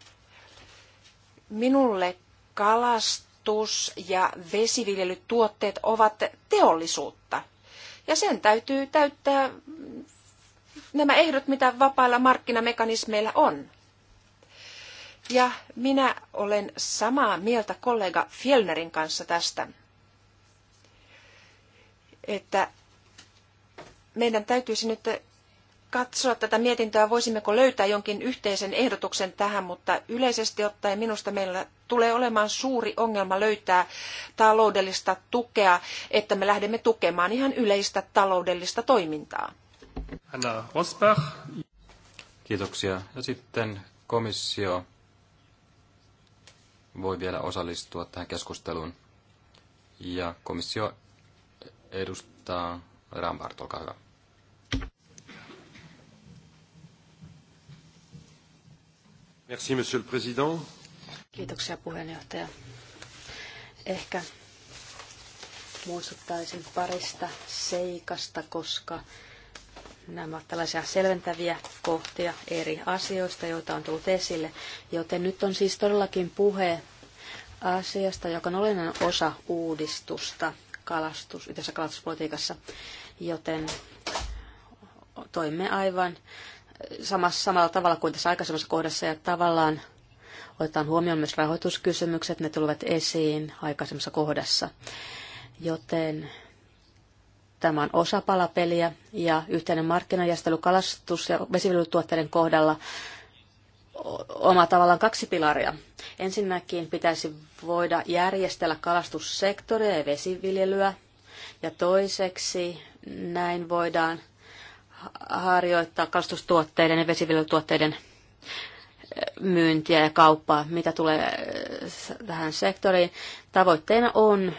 Speaker 3: Minulle kalastus ja vesiviljelytuotteet ovat teollisuutta. Ja sen täytyy täyttää nämä ehdot, mitä vapailla markkinamekanismeilla on. Ja minä olen samaa mieltä kollega Fjellnerin kanssa tästä, että meidän täytyisi nyt katsoa tätä mietintöä, voisimmeko löytää jonkin yhteisen ehdotuksen tähän, mutta yleisesti ottaen minusta meillä tulee olemaan suuri ongelma löytää taloudellista tukea, että me lähdemme tukemaan ihan yleistä taloudellista toimintaa.
Speaker 2: Anna Rosbach. Kiitoksia. Ja sitten komissio voi vielä osallistua tähän keskusteluun. Ja komissio edustaa Rambart, olkaa hyvä. Merci, monsieur
Speaker 1: le président.
Speaker 4: Kiitoksia puheenjohtaja. Ehkä muistuttaisin parista seikasta, koska Nämä ovat tällaisia selventäviä kohtia eri asioista, joita on tullut esille. Joten nyt on siis todellakin puhe asiasta, joka on olennainen osa uudistusta kalastus, yhdessä kalastuspolitiikassa, joten toimme aivan samassa, samalla tavalla kuin tässä aikaisemmassa kohdassa ja tavallaan otetaan huomioon myös rahoituskysymykset, ne tulevat esiin aikaisemmassa kohdassa. Joten Tämä on osa palapeliä ja yhteinen markkinajärjestely kalastus- ja vesiviljelytuotteiden kohdalla oma tavallaan kaksi pilaria. Ensinnäkin pitäisi voida järjestellä kalastussektoria ja vesiviljelyä, ja toiseksi näin voidaan harjoittaa kalastustuotteiden ja vesiviljelytuotteiden myyntiä ja kauppaa, mitä tulee tähän sektoriin. Tavoitteena on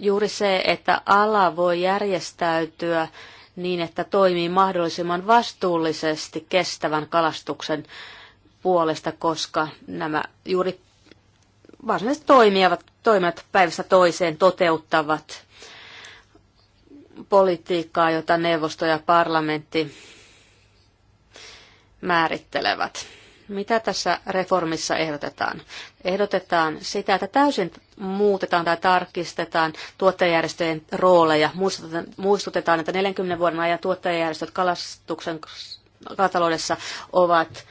Speaker 4: juuri se, että ala voi järjestäytyä niin, että toimii mahdollisimman vastuullisesti kestävän kalastuksen puolesta, koska nämä juuri varsinaiset toimijat, toimijat päivästä toiseen toteuttavat politiikkaa, jota neuvosto ja parlamentti määrittelevät. Mitä tässä reformissa ehdotetaan? Ehdotetaan sitä, että täysin muutetaan tai tarkistetaan tuottajajärjestöjen rooleja. Muistutetaan, että 40 vuoden ajan tuottajajärjestöt kalastuksen kalataloudessa ovat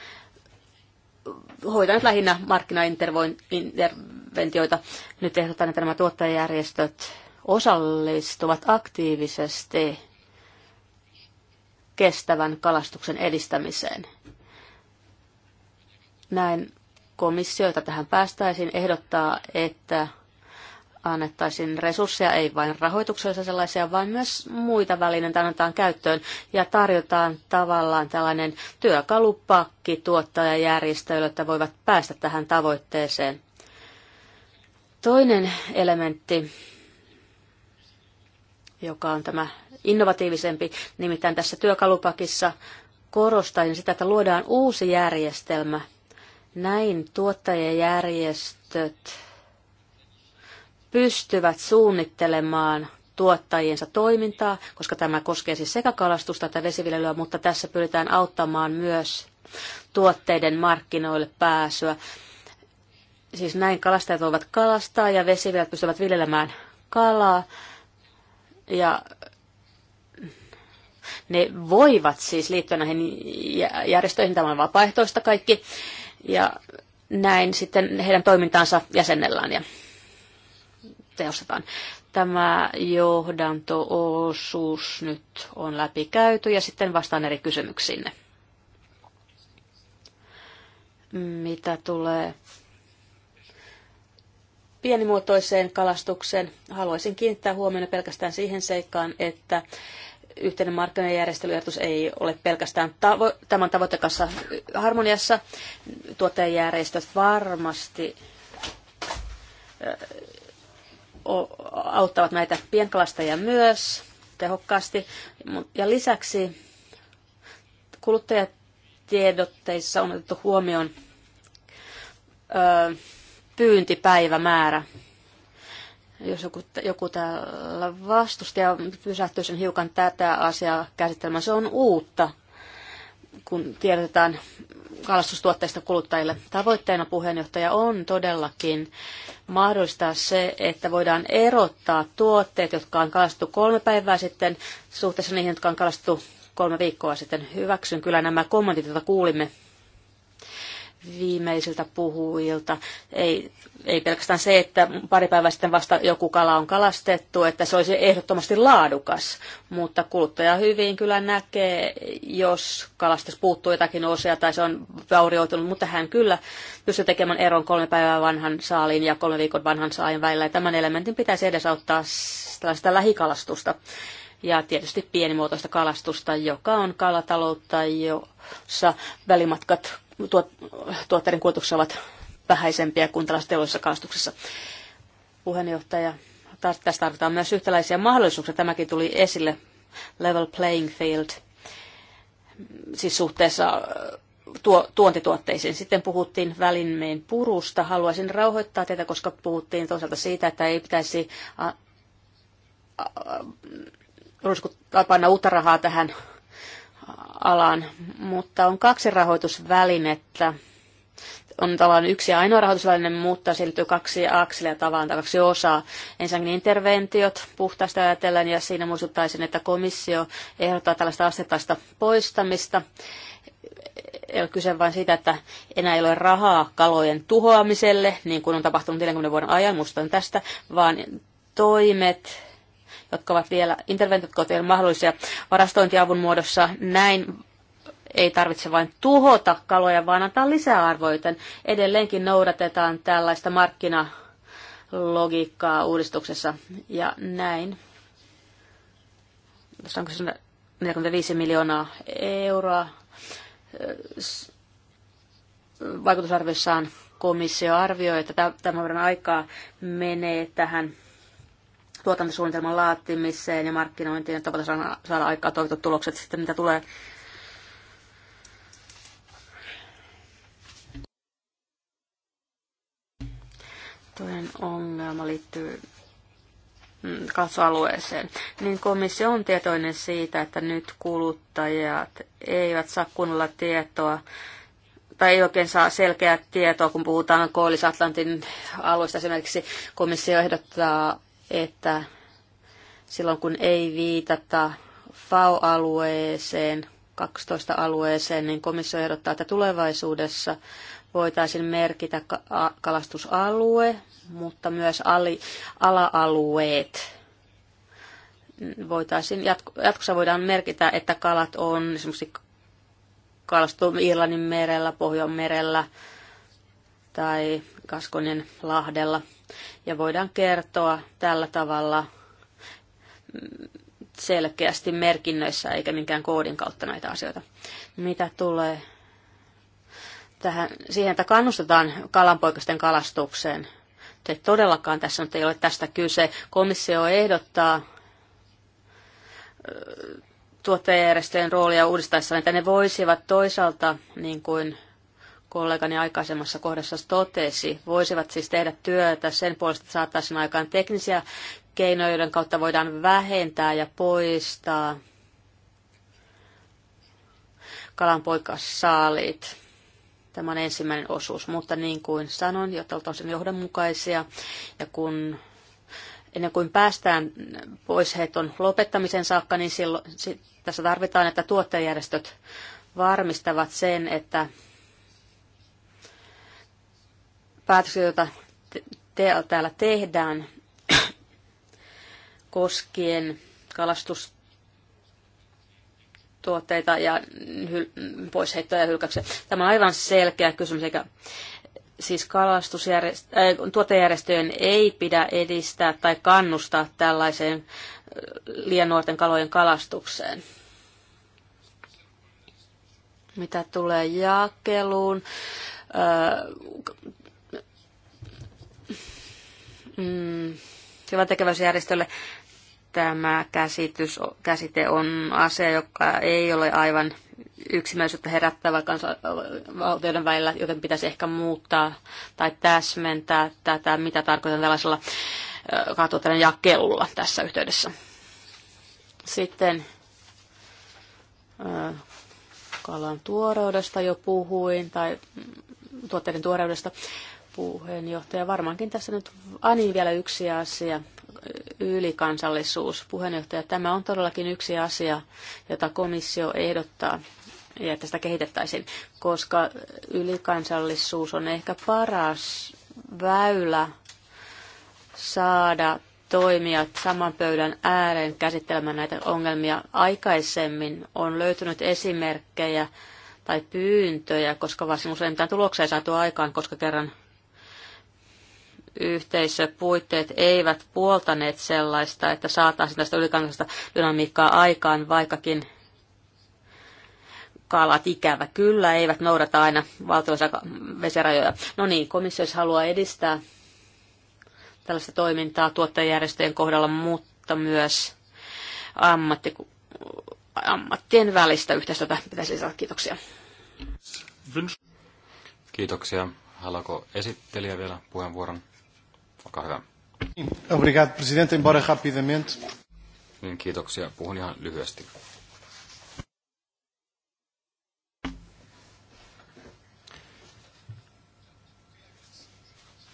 Speaker 4: hoitaneet lähinnä markkinainterventioita. Nyt ehdotetaan, että nämä tuottajajärjestöt osallistuvat aktiivisesti kestävän kalastuksen edistämiseen – näin komissio, jota tähän päästäisiin, ehdottaa, että annettaisiin resursseja, ei vain rahoituksellisia sellaisia, vaan myös muita välineitä annetaan käyttöön ja tarjotaan tavallaan tällainen työkalupakki tuottajajärjestöille, että voivat päästä tähän tavoitteeseen. Toinen elementti, joka on tämä innovatiivisempi, nimittäin tässä työkalupakissa korostaisin sitä, että luodaan uusi järjestelmä, näin tuottajajärjestöt pystyvät suunnittelemaan tuottajiensa toimintaa, koska tämä koskee siis sekä kalastusta että vesiviljelyä, mutta tässä pyritään auttamaan myös tuotteiden markkinoille pääsyä. Siis näin kalastajat voivat kalastaa ja vesiviljelijät pystyvät viljelemään kalaa ja ne voivat siis liittyä näihin järjestöihin, tämä on vapaaehtoista kaikki, ja näin sitten heidän toimintaansa jäsennellään ja teostetaan. Tämä johdanto-osuus nyt on läpikäyty ja sitten vastaan eri kysymyksiin Mitä tulee pienimuotoiseen kalastukseen, haluaisin kiinnittää huomiota pelkästään siihen seikkaan, että yhteinen markkinajärjestelyehdotus ei ole pelkästään tavo- tämän tavoitteen kanssa harmoniassa. Tuottajajärjestöt varmasti auttavat näitä pienkalastajia myös tehokkaasti. Ja lisäksi kuluttajatiedotteissa on otettu huomioon pyyntipäivämäärä jos joku, joku täällä vastusti ja pysähtyy sen hiukan tätä asiaa käsittelemään, se on uutta, kun tiedetään kalastustuotteista kuluttajille. Tavoitteena puheenjohtaja on todellakin mahdollistaa se, että voidaan erottaa tuotteet, jotka on kalastettu kolme päivää sitten, suhteessa niihin, jotka on kalastettu kolme viikkoa sitten. Hyväksyn kyllä nämä kommentit, joita kuulimme viimeisiltä puhujilta. Ei, ei pelkästään se, että pari päivää sitten vasta joku kala on kalastettu, että se olisi ehdottomasti laadukas, mutta kuluttaja hyvin kyllä näkee, jos kalastus puuttuu jotakin osia tai se on vaurioitunut, mutta hän kyllä pystyy tekemään eron kolme päivää vanhan saalin ja kolme viikon vanhan saalin välillä. Ja tämän elementin pitäisi edesauttaa tällaista lähikalastusta ja tietysti pienimuotoista kalastusta, joka on kalataloutta, jossa välimatkat tuotteiden kulutuksessa ovat vähäisempiä kuin tällaisessa teollisessa kalastuksessa. Puheenjohtaja, tässä tarvitaan myös yhtäläisiä mahdollisuuksia. Tämäkin tuli esille, level playing field, siis suhteessa tuo, tuontituotteisiin. Sitten puhuttiin välineen purusta. Haluaisin rauhoittaa tätä koska puhuttiin toisaalta siitä, että ei pitäisi a, a, a, panna uutta rahaa tähän alaan, mutta on kaksi rahoitusvälinettä. On tavallaan yksi ja ainoa rahoitusväline, mutta siihen liittyy kaksi akselia tavallaan tai kaksi osaa. Ensinnäkin interventiot puhtaasti ajatellen ja siinä muistuttaisin, että komissio ehdottaa tällaista asettaista poistamista. Ei ole kyse vain siitä, että enää ei ole rahaa kalojen tuhoamiselle, niin kuin on tapahtunut 40 vuoden ajan, muistutan tästä, vaan toimet jotka ovat vielä, interventiokotien mahdollisia varastointiavun muodossa. Näin ei tarvitse vain tuhota kaloja, vaan antaa lisäarvoa, joten edelleenkin noudatetaan tällaista markkinalogiikkaa uudistuksessa. Ja näin. Tässä onko 45 miljoonaa euroa. Vaikutusarviossaan komissio arvioi, että tämän verran aikaa menee tähän tuotantosuunnitelman laatimiseen ja markkinointiin, että voitaisiin saada, saada aikaa toivotut tulokset sitten, mitä tulee Toinen ongelma liittyy mm, kasvualueeseen, niin komissio on tietoinen siitä, että nyt kuluttajat eivät saa kunnolla tietoa tai ei oikein saa selkeää tietoa, kun puhutaan Koillis-Atlantin alueesta. Esimerkiksi komissio ehdottaa että silloin kun ei viitata FAO-alueeseen, 12 alueeseen, niin komissio ehdottaa, että tulevaisuudessa voitaisiin merkitä kalastusalue, mutta myös ala-alueet. Voitaisiin, jatkossa voidaan merkitä, että kalat on esimerkiksi kalastu Irlannin merellä, Pohjanmerellä tai Kaskonen lahdella ja voidaan kertoa tällä tavalla selkeästi merkinnöissä eikä minkään koodin kautta näitä asioita. Mitä tulee tähän, siihen, että kannustetaan kalanpoikasten kalastukseen, te todellakaan tässä nyt ei ole tästä kyse. Komissio ehdottaa tuottajajärjestöjen roolia uudistaessa, että ne voisivat toisaalta, niin kuin kollegani aikaisemmassa kohdassa totesi, voisivat siis tehdä työtä sen puolesta, että saataisiin aikaan teknisiä keinoja, joiden kautta voidaan vähentää ja poistaa kalanpoikassaalit. Tämä on ensimmäinen osuus, mutta niin kuin sanon, jotta on sen johdonmukaisia ja kun ennen kuin päästään pois heton lopettamisen saakka, niin silloin, tässä tarvitaan, että tuottajajärjestöt varmistavat sen, että päätöksiä, joita te- täällä tehdään <coughs> koskien kalastustuotteita ja poisheittoja ja hylkäyksiä. Tämä on aivan selkeä kysymys, eikä siis kalastusjärjest- äh, tuotejärjestöjen ei pidä edistää tai kannustaa tällaiseen äh, liian nuorten kalojen kalastukseen. Mitä tulee jakeluun, äh, mm, tekeväisjärjestölle tämä käsitys, käsite on asia, joka ei ole aivan yksimielisyyttä herättävä kansanvaltioiden välillä, joten pitäisi ehkä muuttaa tai täsmentää tätä, mitä tarkoitan tällaisella katsotaan jakelulla tässä yhteydessä. Sitten kalan tuoreudesta jo puhuin, tai tuotteiden tuoreudesta puheenjohtaja. Varmaankin tässä nyt, Ani ah niin, vielä yksi asia, ylikansallisuus. Puheenjohtaja, tämä on todellakin yksi asia, jota komissio ehdottaa ja tästä kehitettäisiin, koska ylikansallisuus on ehkä paras väylä saada toimijat saman pöydän ääreen käsittelemään näitä ongelmia. Aikaisemmin on löytynyt esimerkkejä tai pyyntöjä, koska varsin usein mitään tuloksia ei saatu aikaan, koska kerran yhteisöpuitteet eivät puoltaneet sellaista, että saataisiin tästä ylikansallista dynamiikkaa aikaan, vaikkakin kalat ikävä kyllä eivät noudata aina valtioissa vesirajoja. No niin, komissio siis haluaa edistää tällaista toimintaa tuottajajärjestöjen kohdalla, mutta myös ammatti, ammattien välistä yhteistyötä pitäisi lisätä. Kiitoksia.
Speaker 2: Kiitoksia. Haluaako esittelijä vielä puheenvuoron?
Speaker 1: Obrigado, presidente. Embora rapidamente.
Speaker 2: Niin, kiitoksia. Puhun ihan lyhyesti.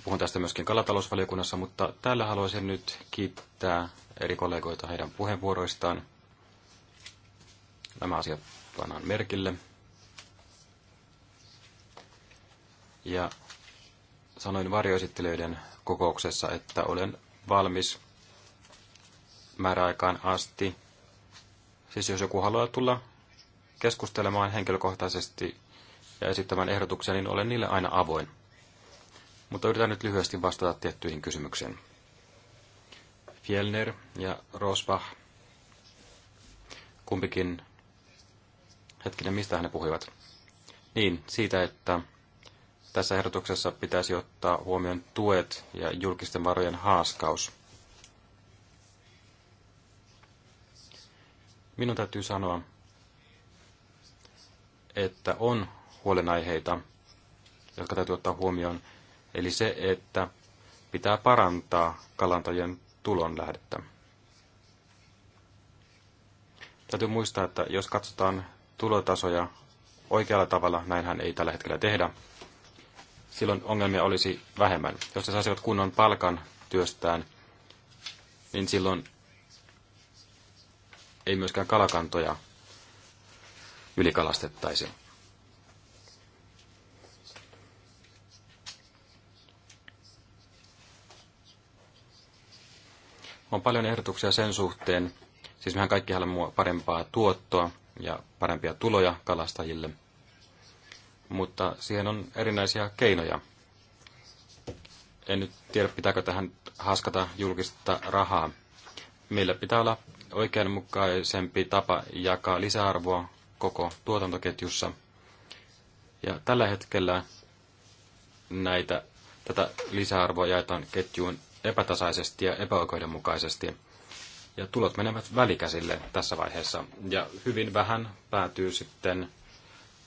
Speaker 2: Puhun tästä myöskin kalatalousvaliokunnassa, mutta täällä haluaisin nyt kiittää eri kollegoita heidän puheenvuoroistaan. Nämä asiat pannaan merkille. Ja sanoin varjoesittelijöiden kokouksessa, että olen valmis määräaikaan asti. Siis jos joku haluaa tulla keskustelemaan henkilökohtaisesti ja esittämään ehdotuksia, niin olen niille aina avoin. Mutta yritän nyt lyhyesti vastata tiettyihin kysymyksiin. Fjellner ja Rosbach, kumpikin, hetkinen, mistä he puhuivat? Niin, siitä, että tässä ehdotuksessa pitäisi ottaa huomioon tuet ja julkisten varojen haaskaus. Minun täytyy sanoa, että on huolenaiheita, jotka täytyy ottaa huomioon. Eli se, että pitää parantaa kalantajien tulonlähdettä. Täytyy muistaa, että jos katsotaan tulotasoja oikealla tavalla, näinhän ei tällä hetkellä tehdä, silloin ongelmia olisi vähemmän. Jos he saisivat kunnon palkan työstään, niin silloin ei myöskään kalakantoja ylikalastettaisi. On paljon ehdotuksia sen suhteen, siis mehän kaikki haluamme parempaa tuottoa ja parempia tuloja kalastajille – mutta siihen on erinäisiä keinoja. En nyt tiedä, pitääkö tähän haskata julkista rahaa. Meillä pitää olla oikeanmukaisempi tapa jakaa lisäarvoa koko tuotantoketjussa. Ja tällä hetkellä näitä, tätä lisäarvoa jaetaan ketjuun epätasaisesti ja epäoikeudenmukaisesti. Ja tulot menevät välikäsille tässä vaiheessa. Ja hyvin vähän päätyy sitten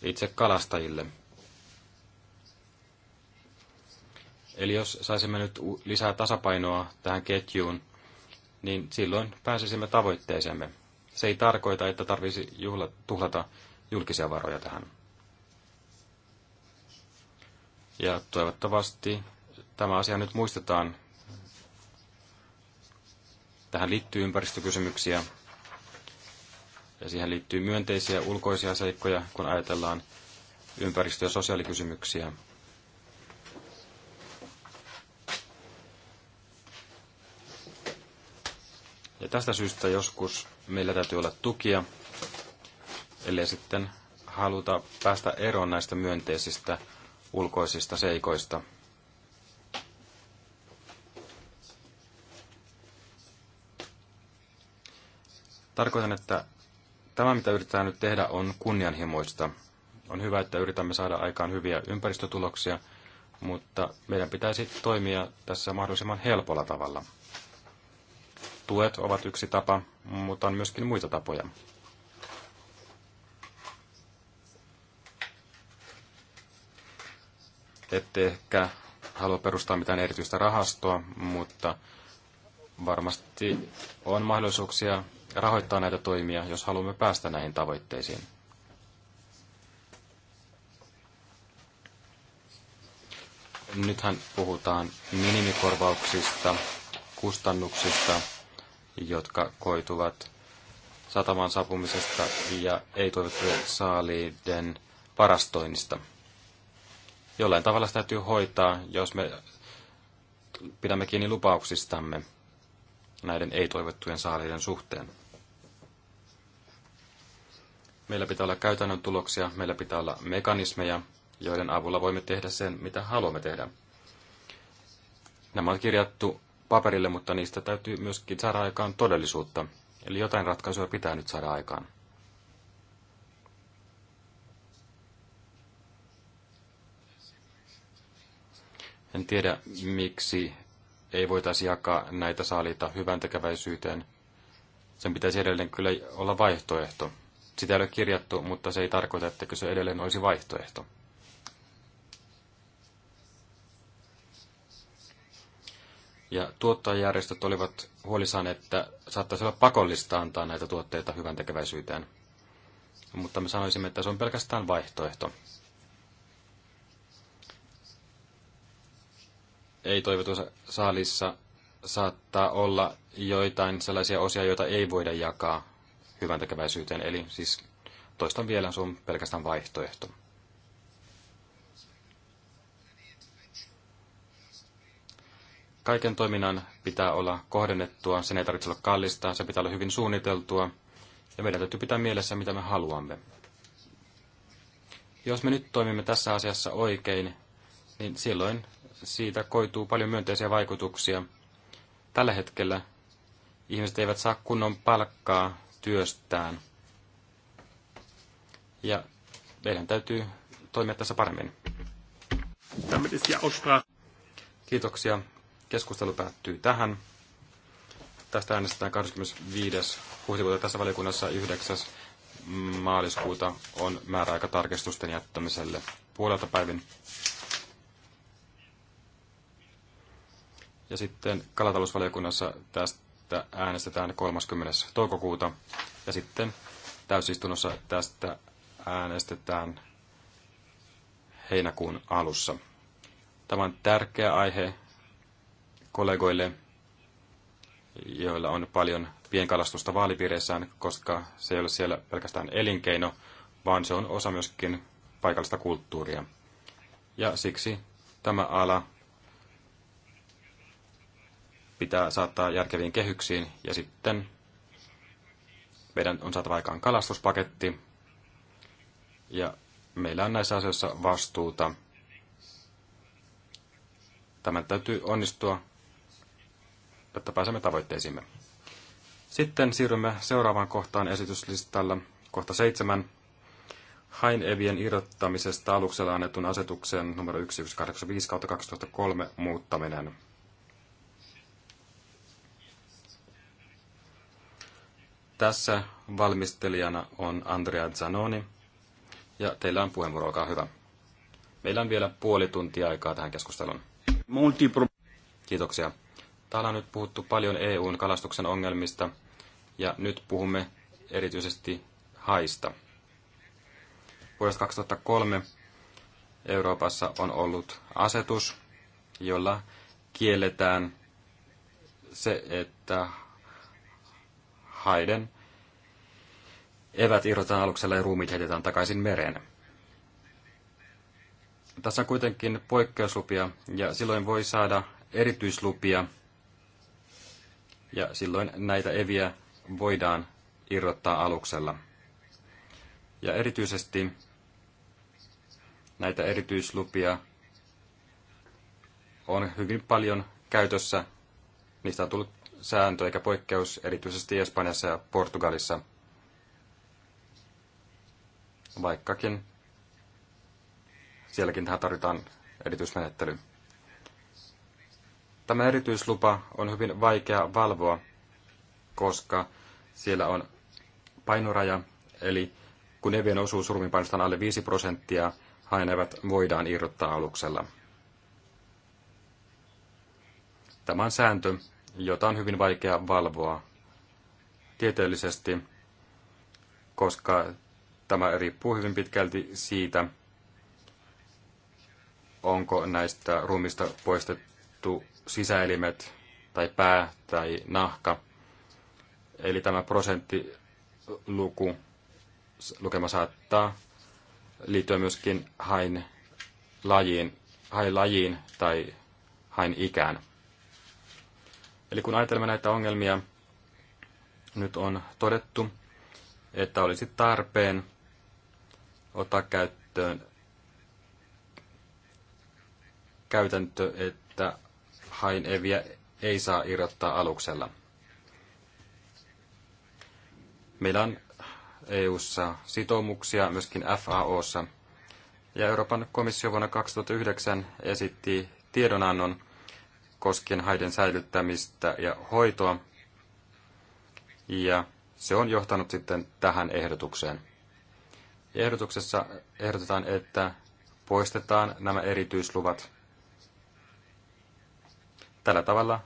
Speaker 2: itse kalastajille. Eli jos saisimme nyt lisää tasapainoa tähän ketjuun, niin silloin pääsisimme tavoitteeseemme. Se ei tarkoita, että tarvisi juhla, tuhlata julkisia varoja tähän. Ja toivottavasti tämä asia nyt muistetaan. Tähän liittyy ympäristökysymyksiä, ja siihen liittyy myönteisiä ulkoisia seikkoja, kun ajatellaan ympäristö- ja sosiaalikysymyksiä. Ja tästä syystä joskus meillä täytyy olla tukia, ellei sitten haluta päästä eroon näistä myönteisistä ulkoisista seikoista. Tarkoitan, että Tämä, mitä yritetään nyt tehdä, on kunnianhimoista. On hyvä, että yritämme saada aikaan hyviä ympäristötuloksia, mutta meidän pitäisi toimia tässä mahdollisimman helpolla tavalla. Tuet ovat yksi tapa, mutta on myöskin muita tapoja. Ette ehkä halua perustaa mitään erityistä rahastoa, mutta varmasti on mahdollisuuksia rahoittaa näitä toimia, jos haluamme päästä näihin tavoitteisiin. Nythän puhutaan minimikorvauksista, kustannuksista, jotka koituvat satamaan saapumisesta ja ei-toivottujen saaliiden varastoinnista. Jollain tavalla sitä täytyy hoitaa, jos me pidämme kiinni lupauksistamme näiden ei-toivottujen saaliiden suhteen. Meillä pitää olla käytännön tuloksia, meillä pitää olla mekanismeja, joiden avulla voimme tehdä sen, mitä haluamme tehdä. Nämä on kirjattu paperille, mutta niistä täytyy myöskin saada aikaan todellisuutta. Eli jotain ratkaisua pitää nyt saada aikaan. En tiedä, miksi ei voitaisi jakaa näitä saaliita hyvän tekeväisyyteen. Sen pitäisi edelleen kyllä olla vaihtoehto. Sitä ei ole kirjattu, mutta se ei tarkoita, että se edelleen olisi vaihtoehto. Ja tuottajajärjestöt olivat huolissaan, että saattaisi olla pakollista antaa näitä tuotteita hyvän tekeväisyyteen. Mutta me sanoisimme, että se on pelkästään vaihtoehto. Ei toivotuissa saalissa saattaa olla joitain sellaisia osia, joita ei voida jakaa hyvän tekeväisyyteen. Eli siis toistan vielä, se on pelkästään vaihtoehto. Kaiken toiminnan pitää olla kohdennettua, sen ei tarvitse olla kallista, se pitää olla hyvin suunniteltua, ja meidän täytyy pitää mielessä, mitä me haluamme. Jos me nyt toimimme tässä asiassa oikein, niin silloin siitä koituu paljon myönteisiä vaikutuksia. Tällä hetkellä ihmiset eivät saa kunnon palkkaa työstään. Ja meidän täytyy toimia tässä paremmin. Kiitoksia. Keskustelu päättyy tähän. Tästä äänestetään 25. huhtikuuta tässä valiokunnassa 9. maaliskuuta on määräaika tarkistusten jättämiselle puolelta päivin. Ja sitten kalatalousvaliokunnassa tästä että äänestetään 30. toukokuuta ja sitten täysistunnossa tästä äänestetään heinäkuun alussa. Tämä on tärkeä aihe kollegoille, joilla on paljon pienkalastusta vaalipiireissään, koska se ei ole siellä pelkästään elinkeino, vaan se on osa myöskin paikallista kulttuuria. Ja siksi tämä ala pitää saattaa järkeviin kehyksiin ja sitten meidän on saatava aikaan kalastuspaketti ja meillä on näissä asioissa vastuuta. Tämän täytyy onnistua, että pääsemme tavoitteisiimme. Sitten siirrymme seuraavaan kohtaan esityslistalla, kohta seitsemän. Hainevien irrottamisesta aluksella annetun asetuksen numero 1185-2003 muuttaminen. Tässä valmistelijana on Andrea Zanoni, ja teillä on puheenvuoro, olkaa hyvä. Meillä on vielä puoli tuntia aikaa tähän keskusteluun. Kiitoksia. Täällä on nyt puhuttu paljon EUn kalastuksen ongelmista, ja nyt puhumme erityisesti haista. Vuodesta 2003 Euroopassa on ollut asetus, jolla kielletään se, että haiden evät irrotetaan aluksella ja ruumiit heitetään takaisin mereen. Tässä on kuitenkin poikkeuslupia ja silloin voi saada erityislupia ja silloin näitä eviä voidaan irrottaa aluksella. Ja erityisesti näitä erityislupia on hyvin paljon käytössä. Niistä on tullut sääntö eikä poikkeus, erityisesti Espanjassa ja Portugalissa. Vaikkakin sielläkin tähän tarvitaan erityismenettely. Tämä erityislupa on hyvin vaikea valvoa, koska siellä on painoraja, eli kun evien osuus surminpainosta on alle 5 prosenttia, hainevat voidaan irrottaa aluksella. Tämä on sääntö, jota on hyvin vaikea valvoa tieteellisesti, koska tämä riippuu hyvin pitkälti siitä, onko näistä ruumista poistettu sisäelimet tai pää tai nahka. Eli tämä prosenttiluku lukema saattaa liittyä myöskin hain lajiin, hain lajiin tai hain ikään. Eli kun ajatelemme näitä ongelmia, nyt on todettu, että olisi tarpeen ottaa käyttöön käytäntö, että hain eviä ei saa irrottaa aluksella. Meillä on EU-ssa sitoumuksia, myöskin FAOssa, ja Euroopan komissio vuonna 2009 esitti tiedonannon, koskien haiden säilyttämistä ja hoitoa. Ja se on johtanut sitten tähän ehdotukseen. Ehdotuksessa ehdotetaan, että poistetaan nämä erityisluvat. Tällä tavalla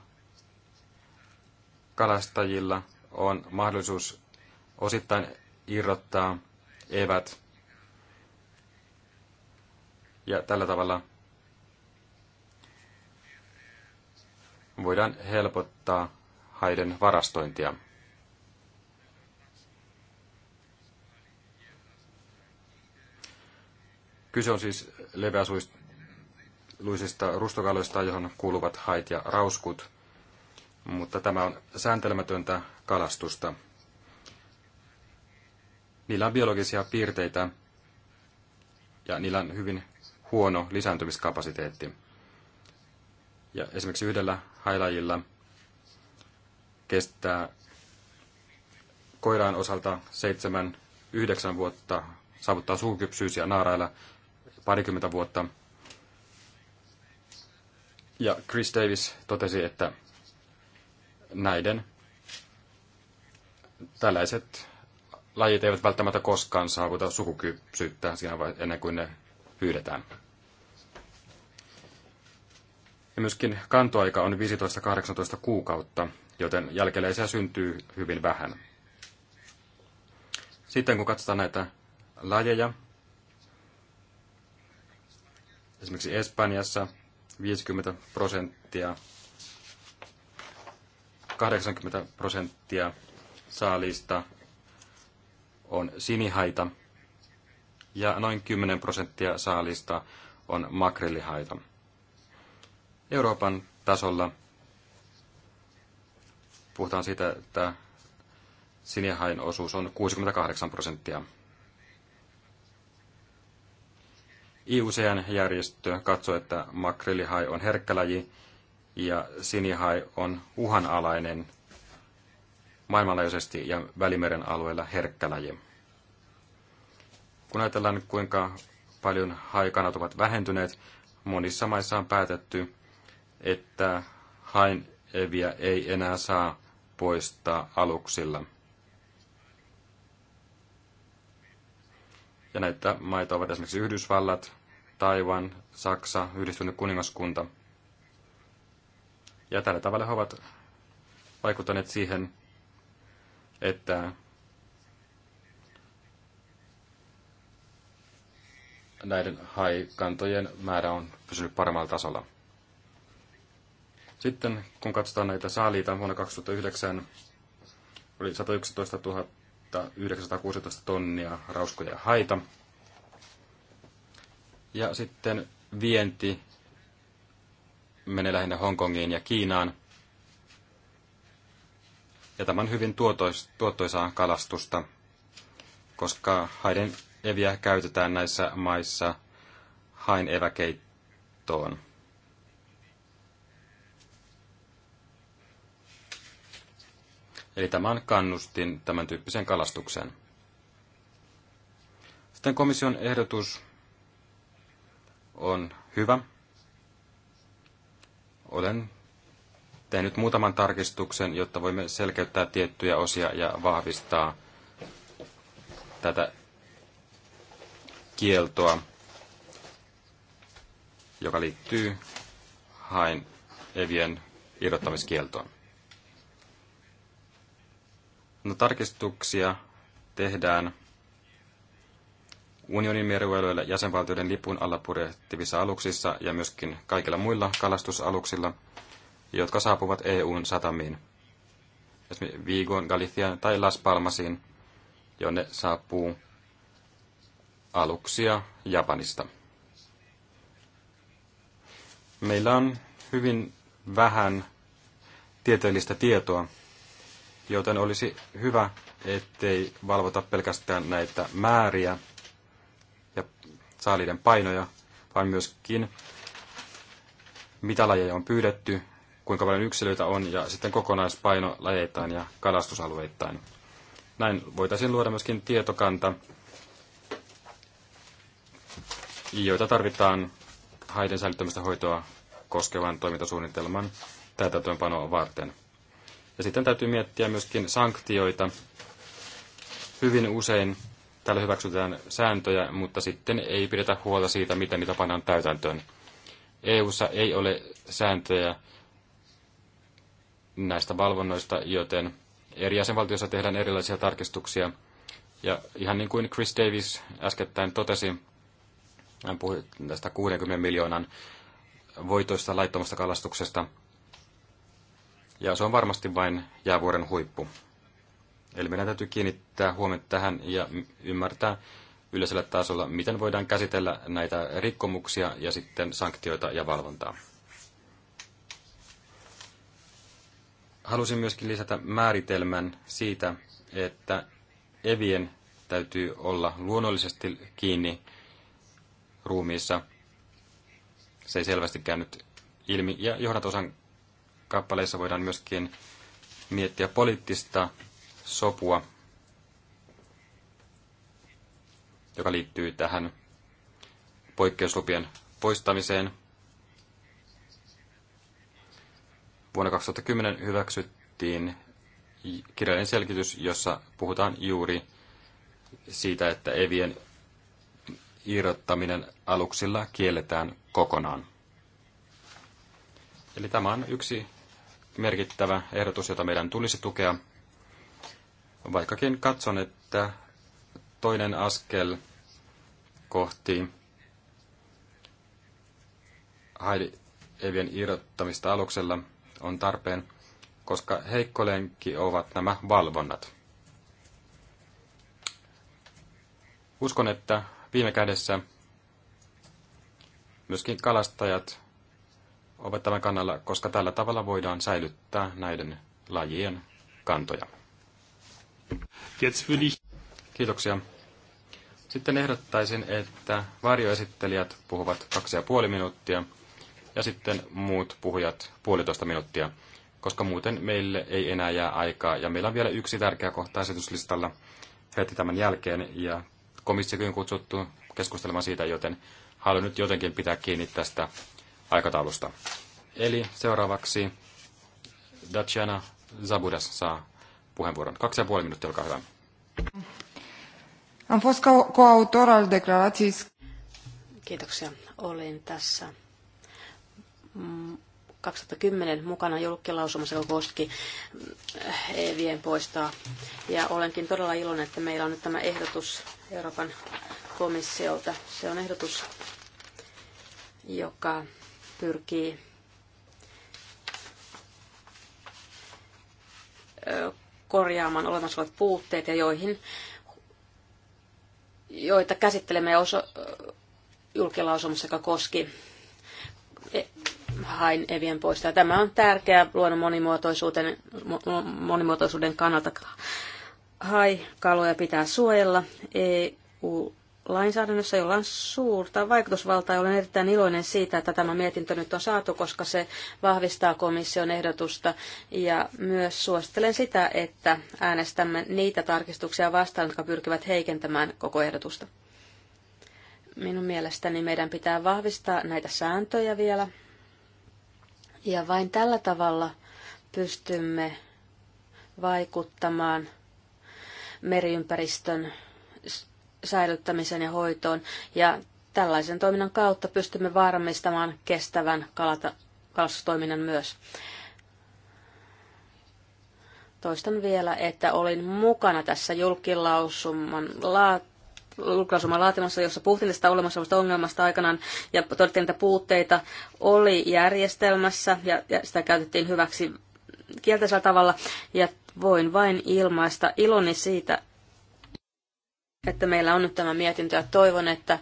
Speaker 2: kalastajilla on mahdollisuus osittain irrottaa evät. Ja tällä tavalla voidaan helpottaa haiden varastointia. Kyse on siis leveäluisista rustokaloista, johon kuuluvat hait ja rauskut, mutta tämä on sääntelemätöntä kalastusta. Niillä on biologisia piirteitä ja niillä on hyvin huono lisääntymiskapasiteetti. Ja esimerkiksi yhdellä hailajilla kestää koiraan osalta 7-9 vuotta saavuttaa suukypsyys ja naarailla parikymmentä vuotta. Ja Chris Davis totesi, että näiden tällaiset lajit eivät välttämättä koskaan saavuta sukukypsyyttä siinä vai ennen kuin ne pyydetään. Ja myöskin kantoaika on 15-18 kuukautta, joten jälkeläisiä syntyy hyvin vähän. Sitten kun katsotaan näitä lajeja, esimerkiksi Espanjassa 50 prosenttia, 80 prosenttia saalista on sinihaita ja noin 10 prosenttia saalista on makrillihaita. Euroopan tasolla puhutaan siitä, että sinihain osuus on 68 prosenttia. IUCN-järjestö katsoo, että makrillihai on herkkäläji ja sinihai on uhanalainen maailmanlaajuisesti ja Välimeren alueella herkkäläji. Kun ajatellaan, kuinka paljon haikanat ovat vähentyneet, monissa maissa on päätetty, että hain eviä ei enää saa poistaa aluksilla. Ja näitä maita ovat esimerkiksi Yhdysvallat, Taiwan, Saksa, Yhdistynyt kuningaskunta. Ja tällä tavalla he ovat vaikuttaneet siihen, että näiden haikantojen määrä on pysynyt paremmalla tasolla. Sitten kun katsotaan näitä saaliita vuonna 2009, oli 111 916 tonnia rauskoja ja haita. Ja sitten vienti menee lähinnä Hongkongiin ja Kiinaan. Ja tämä on hyvin tuotois, tuottoisaa kalastusta, koska haiden eviä käytetään näissä maissa hain eväkeittoon. Eli tämä on kannustin tämän tyyppiseen kalastukseen. Sitten komission ehdotus on hyvä. Olen tehnyt muutaman tarkistuksen, jotta voimme selkeyttää tiettyjä osia ja vahvistaa tätä kieltoa, joka liittyy hain evien irrottamiskieltoon. No tarkistuksia tehdään unionin merialueilla jäsenvaltioiden lipun alla purjehtivissa aluksissa ja myöskin kaikilla muilla kalastusaluksilla, jotka saapuvat EUn satamiin, esimerkiksi Viigoon, Galician tai Las Palmasiin, jonne saapuu aluksia Japanista. Meillä on hyvin vähän tieteellistä tietoa Joten olisi hyvä, ettei valvota pelkästään näitä määriä ja saaliiden painoja, vaan myöskin mitä lajeja on pyydetty, kuinka paljon yksilöitä on ja sitten kokonaispaino lajeittain ja kalastusalueittain. Näin voitaisiin luoda myöskin tietokanta, joita tarvitaan haiden säilyttämistä hoitoa koskevan toimintasuunnitelman täytäntöönpanoa varten. Ja sitten täytyy miettiä myöskin sanktioita. Hyvin usein täällä hyväksytään sääntöjä, mutta sitten ei pidetä huolta siitä, miten niitä pannaan täytäntöön. EU:ssa ei ole sääntöjä näistä valvonnoista, joten eri jäsenvaltioissa tehdään erilaisia tarkistuksia. Ja ihan niin kuin Chris Davis äskettäin totesi, hän puhui tästä 60 miljoonan voitoista laittomasta kalastuksesta – ja se on varmasti vain jäävuoren huippu. Eli meidän täytyy kiinnittää huomiota tähän ja ymmärtää yleisellä tasolla, miten voidaan käsitellä näitä rikkomuksia ja sitten sanktioita ja valvontaa. Halusin myöskin lisätä määritelmän siitä, että evien täytyy olla luonnollisesti kiinni ruumiissa. Se ei selvästi käynyt ilmi. Ja johdatosan kappaleissa voidaan myöskin miettiä poliittista sopua, joka liittyy tähän poikkeuslupien poistamiseen. Vuonna 2010 hyväksyttiin kirjallinen selkitys, jossa puhutaan juuri siitä, että evien irrottaminen aluksilla kielletään kokonaan. Eli tämä on yksi merkittävä ehdotus, jota meidän tulisi tukea, vaikkakin katson, että toinen askel kohti Heidi evien irrottamista aluksella on tarpeen, koska heikkolenki ovat nämä valvonnat. Uskon, että viime kädessä myöskin kalastajat ovat tämän kannalla, koska tällä tavalla voidaan säilyttää näiden lajien kantoja. Kiitoksia. Sitten ehdottaisin, että varjoesittelijät puhuvat kaksi ja puoli minuuttia ja sitten muut puhujat puolitoista minuuttia, koska muuten meille ei enää jää aikaa. Ja meillä on vielä yksi tärkeä kohta esityslistalla heti tämän jälkeen ja komissiokin kutsuttu keskustelemaan siitä, joten haluan nyt jotenkin pitää kiinni tästä aikataulusta. Eli seuraavaksi Daciana Zabudas saa puheenvuoron. Kaksi ja puoli minuuttia, olkaa hyvä.
Speaker 5: Am fost coautor al declarației.
Speaker 4: Kiitoksia. Olin tässä 2010 mukana julkilausumassa, joka koski EVien eh, poistaa. Ja olenkin todella iloinen, että meillä on nyt tämä ehdotus Euroopan komissiolta. Se on ehdotus, joka pyrkii korjaamaan olemassa olevat puutteet ja joihin, joita käsittelemme oso, julkilausumassa, joka koski e-, hain evien poistaa. Tämä on tärkeää luonnon monimuotoisuuden, monimuotoisuuden kannalta. kaloja pitää suojella. EU lainsäädännössä, jolla on suurta vaikutusvaltaa. Olen erittäin iloinen siitä, että tämä mietintö nyt on saatu, koska se vahvistaa komission ehdotusta. Ja myös suosittelen sitä, että äänestämme niitä tarkistuksia vastaan, jotka pyrkivät heikentämään koko ehdotusta. Minun mielestäni meidän pitää vahvistaa näitä sääntöjä vielä. Ja vain tällä tavalla pystymme vaikuttamaan meriympäristön säilyttämiseen ja hoitoon. Ja tällaisen toiminnan kautta pystymme varmistamaan kestävän kalata, kalastustoiminnan myös. Toistan vielä, että olin mukana tässä julkilausuman laatu julkaisuman laatimassa, jossa puhuttiin tästä olemassa olevasta ongelmasta aikanaan ja todettiin, että puutteita oli järjestelmässä ja, ja sitä käytettiin hyväksi kielteisellä tavalla. Ja voin vain ilmaista iloni siitä, että meillä on nyt tämä mietintö ja toivon, että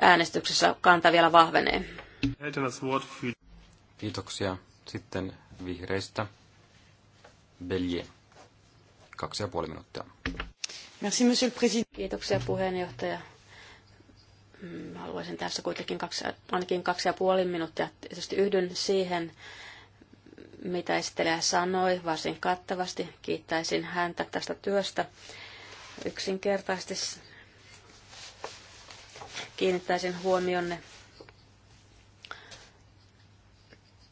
Speaker 4: äänestyksessä kanta vielä vahvenee.
Speaker 2: Kiitoksia. Sitten vihreistä. Bellier. Kaksi ja puoli minuuttia.
Speaker 4: Merci, monsieur le président. Kiitoksia puheenjohtaja. Mm, haluaisin tässä kuitenkin kaksi, ainakin kaksi ja puoli minuuttia. Tietysti yhdyn siihen, mitä esittelijä sanoi varsin kattavasti. Kiittäisin häntä tästä työstä yksinkertaisesti kiinnittäisin huomionne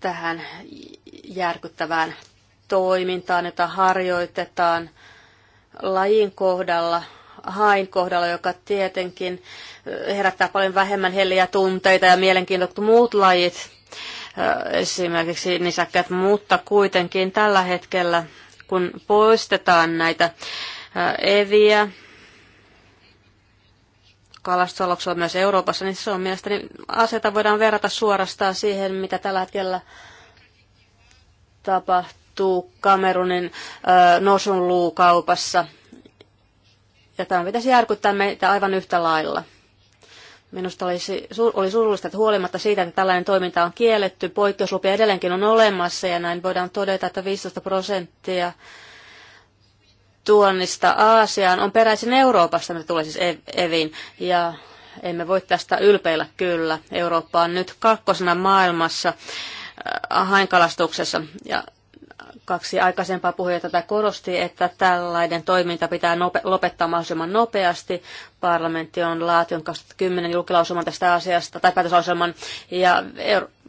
Speaker 4: tähän järkyttävään toimintaan, jota harjoitetaan lajin kohdalla, hain kohdalla, joka tietenkin herättää paljon vähemmän helliä tunteita ja mielenkiintoiset muut lajit, esimerkiksi nisäkkäät, mutta kuitenkin tällä hetkellä, kun poistetaan näitä eviä kalastusaluksella myös Euroopassa, niin se on mielestäni asioita voidaan verrata suorastaan siihen, mitä tällä hetkellä tapahtuu Kamerunin nosunluukaupassa. Ja tämä pitäisi järkyttää meitä aivan yhtä lailla. Minusta olisi, oli surullista, että huolimatta siitä, että tällainen toiminta on kielletty, poikkeuslupia edelleenkin on olemassa ja näin voidaan todeta, että 15 prosenttia tuonnista Aasiaan on peräisin Euroopasta, mitä tulee siis e- Evin. Ja emme voi tästä ylpeillä kyllä. Eurooppa on nyt kakkosena maailmassa äh, hainkalastuksessa. Ja kaksi aikaisempaa puhujaa tätä korosti, että tällainen toiminta pitää nope- lopettaa mahdollisimman nopeasti. Parlamentti on laatinut 2010 julkilausuman tästä asiasta, tai päätöslauselman, ja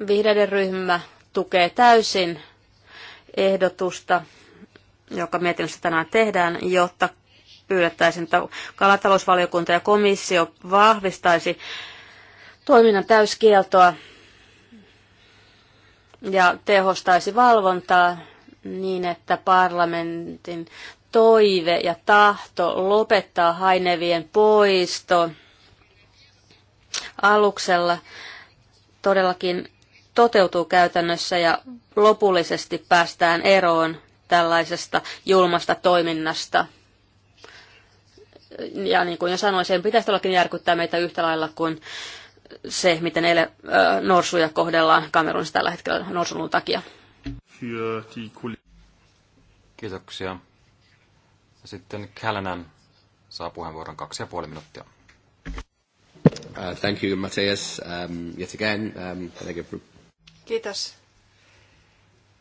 Speaker 4: vihreiden ryhmä tukee täysin ehdotusta joka mietinnössä tänään tehdään, jotta pyydettäisiin, että kalatalousvaliokunta ja komissio vahvistaisi toiminnan täyskieltoa ja tehostaisi valvontaa niin, että parlamentin toive ja tahto lopettaa hainevien poisto aluksella todellakin toteutuu käytännössä ja lopullisesti päästään eroon tällaisesta julmasta toiminnasta. Ja niin kuin jo sanoin, sen pitäisi todellakin järkyttää meitä yhtä lailla kuin se, miten eilen äh, norsuja kohdellaan Kamerunissa tällä hetkellä norsulun takia.
Speaker 2: Kiitoksia. Sitten Kälänän saa puheenvuoron kaksi ja puoli minuuttia. Uh, thank you, Matthias, um, yet again. Um, thank you.
Speaker 3: Kiitos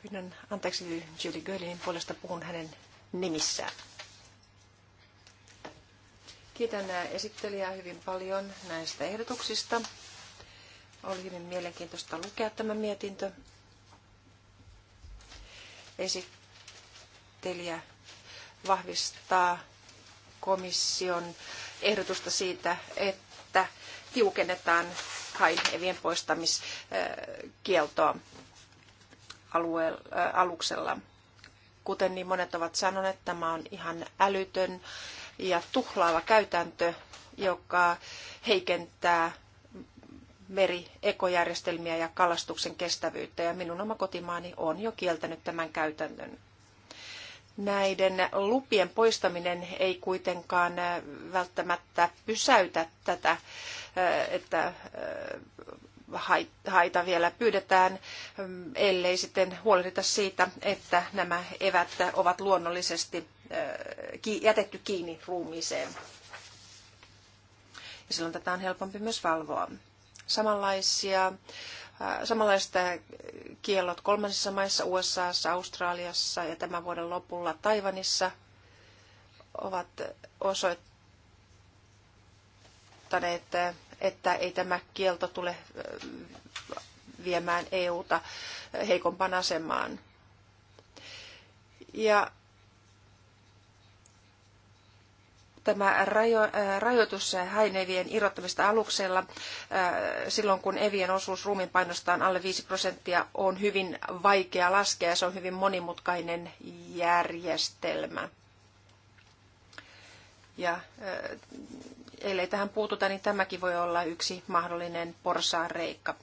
Speaker 3: Pyydän anteeksi Julie Görlinin puolesta, puhun hänen nimissään. Kiitän esittelijää hyvin paljon näistä ehdotuksista. Oli hyvin mielenkiintoista lukea tämä mietintö. Esittelijä vahvistaa komission ehdotusta siitä, että tiukennetaan kai evien poistamiskieltoa alue, äh, aluksella. Kuten niin monet ovat sanoneet, tämä on ihan älytön ja tuhlaava käytäntö, joka heikentää meriekojärjestelmiä ja kalastuksen kestävyyttä, ja minun oma kotimaani on jo kieltänyt tämän käytännön. Näiden lupien poistaminen ei kuitenkaan äh, välttämättä pysäytä tätä, äh, että haita vielä pyydetään, mm, ellei sitten huolehdita siitä, että nämä evät ovat luonnollisesti jätetty kiinni ruumiiseen. Ja silloin tätä on helpompi myös valvoa. Samanlaisia, samanlaiset kiellot kolmansissa maissa, USAssa, Australiassa ja tämän vuoden lopulla Taivanissa ovat osoittaneet että ei tämä kielto tule viemään EUta heikompaan asemaan. Ja tämä rajo, rajoitus hainevien irrottamista aluksella silloin, kun evien osuus ruumin painostaan alle 5 prosenttia, on hyvin vaikea laskea ja se on hyvin monimutkainen järjestelmä. Ja ellei tähän puututa, niin tämäkin voi olla yksi mahdollinen reikka.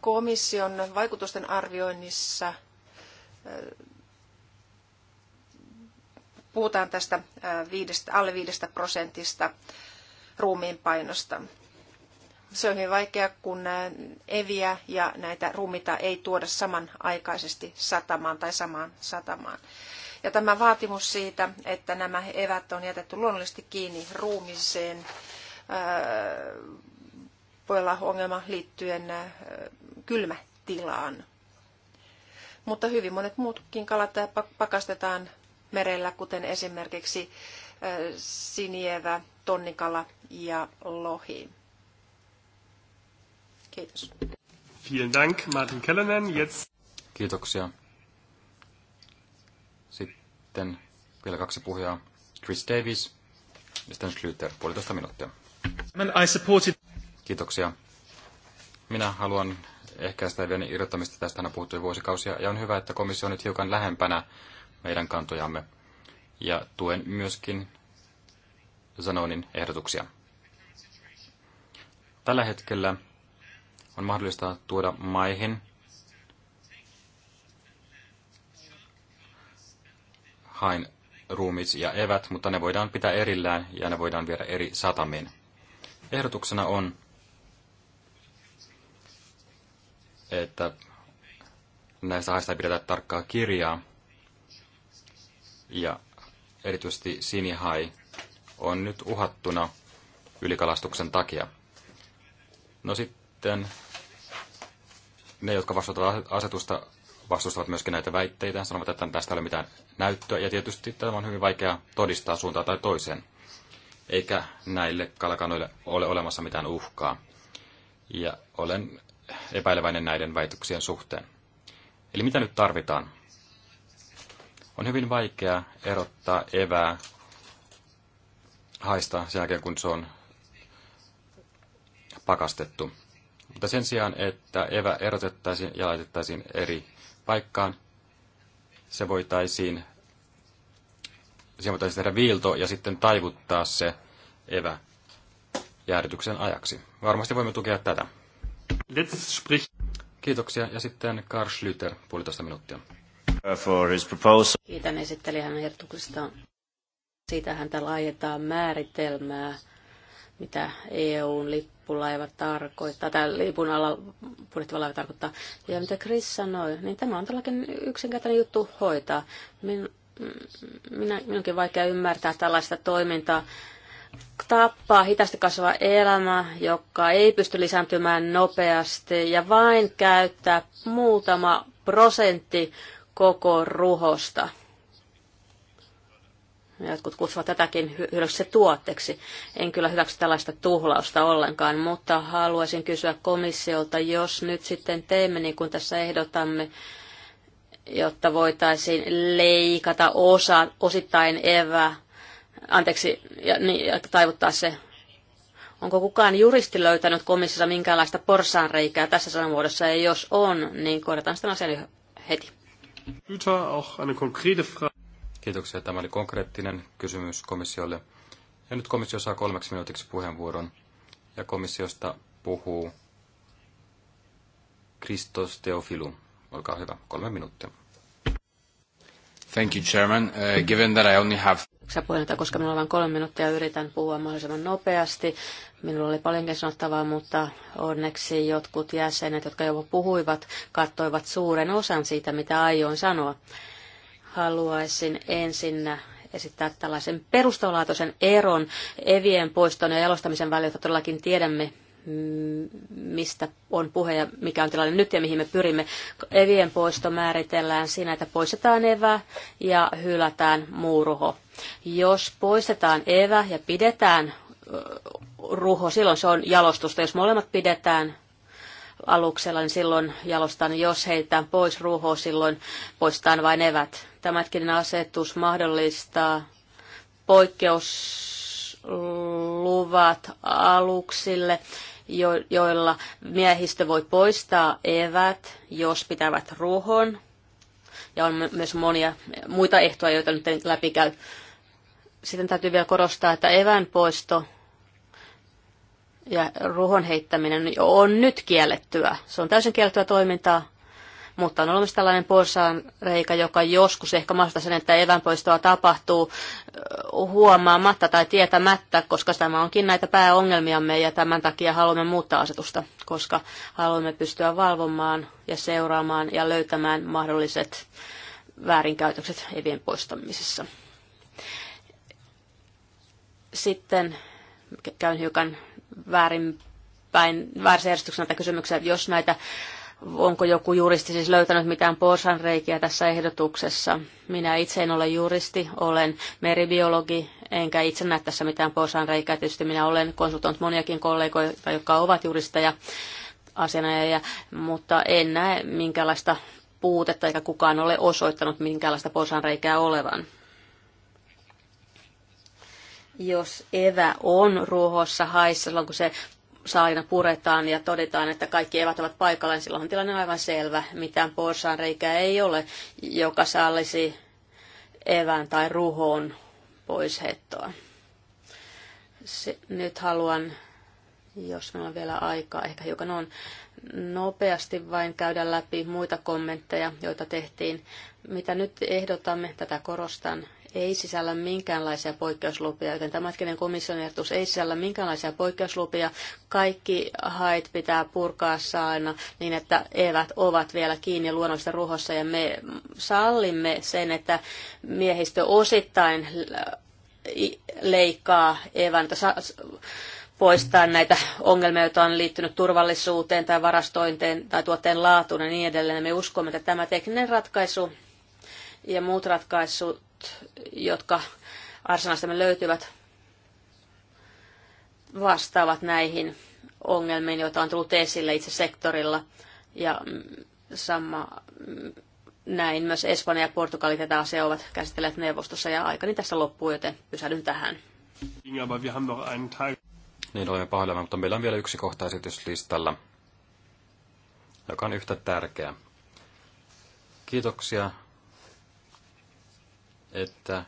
Speaker 3: Komission vaikutusten arvioinnissa puhutaan tästä viidestä, alle viidestä prosentista painosta. Se on hyvin vaikea, kun eviä ja näitä rumita ei tuoda samanaikaisesti satamaan tai samaan satamaan. Ja tämä vaatimus siitä, että nämä evät on jätetty luonnollisesti kiinni ruumiseen, voi olla ongelma liittyen kylmätilaan. Mutta hyvin monet muutkin kalat pakastetaan merellä, kuten esimerkiksi sinievä, tonnikala ja lohi. Kiitos.
Speaker 1: Vielen Dank, Martin
Speaker 2: Kellenen. Jetzt... Kiitoksia sitten vielä kaksi puhujaa. Chris Davis ja Stan Schlüter, puolitoista minuuttia. Kiitoksia. Minä haluan ehkäistä vielä irrottamista. Tästä on puhuttu jo vuosikausia ja on hyvä, että komissio on nyt hiukan lähempänä meidän kantojamme. Ja tuen myöskin Zanonin ehdotuksia. Tällä hetkellä on mahdollista tuoda maihin – hain ruumis ja evät, mutta ne voidaan pitää erillään ja ne voidaan viedä eri satamiin. Ehdotuksena on, että näistä haista ei pidetä tarkkaa kirjaa. Ja erityisesti sinihai on nyt uhattuna ylikalastuksen takia. No sitten ne, jotka vastuutavat asetusta, vastustavat myöskin näitä väitteitä, sanovat, että tästä ei ole mitään näyttöä, ja tietysti tämä on hyvin vaikea todistaa suuntaan tai toiseen, eikä näille kalakanoille ole olemassa mitään uhkaa. Ja olen epäileväinen näiden väitöksien suhteen. Eli mitä nyt tarvitaan? On hyvin vaikea erottaa evää haista sen jälkeen, kun se on pakastettu. Mutta sen sijaan, että evä erotettaisiin ja laitettaisiin eri paikkaan, se voitaisiin, se voitaisiin tehdä viilto ja sitten taivuttaa se evä jäädytyksen ajaksi. Varmasti voimme tukea tätä. Kiitoksia. Ja sitten Karl Schlüter, puolitoista minuuttia.
Speaker 1: Uh, for his proposal.
Speaker 4: Kiitän esittelijän ehdotuksesta. Siitä häntä määritelmää mitä EUn lippulaiva tarkoittaa, tai lipun alla purjehtiva laiva tarkoittaa. Ja mitä Chris sanoi, niin tämä on todellakin yksinkertainen juttu hoitaa. Min, mm, minä, minunkin vaikea ymmärtää tällaista toimintaa. Tappaa hitaasti kasvava elämä, joka ei pysty lisääntymään nopeasti ja vain käyttää muutama prosentti koko ruhosta. Jotkut kutsuvat tätäkin hyödyksi tuotteeksi. En kyllä hyväksy tällaista tuhlausta ollenkaan, mutta haluaisin kysyä komissiolta, jos nyt sitten teemme niin kuin tässä ehdotamme, jotta voitaisiin leikata osa, osittain evä, anteeksi, ja, niin, ja taivuttaa se. Onko kukaan juristi löytänyt komissiossa minkäänlaista porsaanreikää tässä sanamuodossa, ja jos on, niin korjataan sitä asian heti.
Speaker 2: Pyytää auch eine konkrete Frage. Kiitoksia. Tämä oli konkreettinen kysymys komissiolle. Ja nyt komissio saa kolmeksi minuutiksi puheenvuoron. Ja komissiosta puhuu Christos Teofilu. Olkaa hyvä, kolme minuuttia. Thank you, Chairman. Uh, given that I only have...
Speaker 4: Sä koska minulla on vain kolme minuuttia, yritän puhua mahdollisimman nopeasti. Minulla oli paljonkin sanottavaa, mutta onneksi jotkut jäsenet, jotka jo puhuivat, kattoivat suuren osan siitä, mitä aion sanoa. Uh, haluaisin ensinnä esittää tällaisen perustavanlaatuisen eron evien poiston ja jalostamisen välillä, jotta todellakin tiedämme, mistä on puhe ja mikä on tilanne nyt ja mihin me pyrimme. Evien poisto määritellään siinä, että poistetaan evä ja hylätään muuruho. Jos poistetaan evä ja pidetään ruho, silloin se on jalostusta. Jos molemmat pidetään aluksella, niin silloin jalostan jos heitetään pois ruho, silloin poistetaan vain evät. Tämäkin asetus mahdollistaa poikkeusluvat aluksille, jo- joilla miehistö voi poistaa evät, jos pitävät ruohon. Ja on myös monia muita ehtoja, joita nyt läpikäy. Sitten täytyy vielä korostaa, että evän poisto ja ruhon heittäminen on nyt kiellettyä. Se on täysin kiellettyä toimintaa, mutta on olemassa tällainen porsaan reikä, joka joskus ehkä mahdollista sen, että evänpoistoa tapahtuu huomaamatta tai tietämättä, koska tämä onkin näitä pääongelmiamme ja tämän takia haluamme muuttaa asetusta, koska haluamme pystyä valvomaan ja seuraamaan ja löytämään mahdolliset väärinkäytökset evien poistamisessa. Sitten käyn hiukan väärinpäin, väärässä järjestyksessä näitä kysymyksiä, jos näitä onko joku juristi siis löytänyt mitään porsanreikiä tässä ehdotuksessa. Minä itse en ole juristi, olen meribiologi, enkä itse näe tässä mitään porsanreikää. Tietysti minä olen konsultoinut moniakin kollegoita, jotka ovat juristeja asianajajia, mutta en näe minkälaista puutetta eikä kukaan ole osoittanut minkälaista porsanreikää olevan jos evä on ruohossa haissa, silloin kun se saalina puretaan ja todetaan, että kaikki evät ovat paikalla, niin silloin tilanne on aivan selvä. Mitään porsaan reikää ei ole, joka sallisi evän tai ruhon hettoa. Se, nyt haluan, jos meillä on vielä aikaa, ehkä hiukan on, nopeasti vain käydä läpi muita kommentteja, joita tehtiin. Mitä nyt ehdotamme, tätä korostan, ei sisällä minkäänlaisia poikkeuslupia, joten tämä hetkinen komission ehdotus ei sisällä minkäänlaisia poikkeuslupia. Kaikki hait pitää purkaa saana niin, että eivät ovat vielä kiinni luonnollisessa ruhossa ja me sallimme sen, että miehistö osittain leikkaa eväntä poistaa näitä ongelmia, joita on liittynyt turvallisuuteen tai varastointeen tai tuotteen laatuun ja niin edelleen. Me uskomme, että tämä tekninen ratkaisu ja muut ratkaisut jotka arsenaalista löytyvät, vastaavat näihin ongelmiin, joita on tullut esille itse sektorilla. Ja sama näin myös Espanja ja Portugali tätä asiaa ovat käsitelleet neuvostossa ja aikani tässä loppuu, joten pysähdyn tähän.
Speaker 1: Niin
Speaker 2: olemme pahoillamme, mutta meillä on vielä yksi kohta esityslistalla, joka on yhtä tärkeä. Kiitoksia että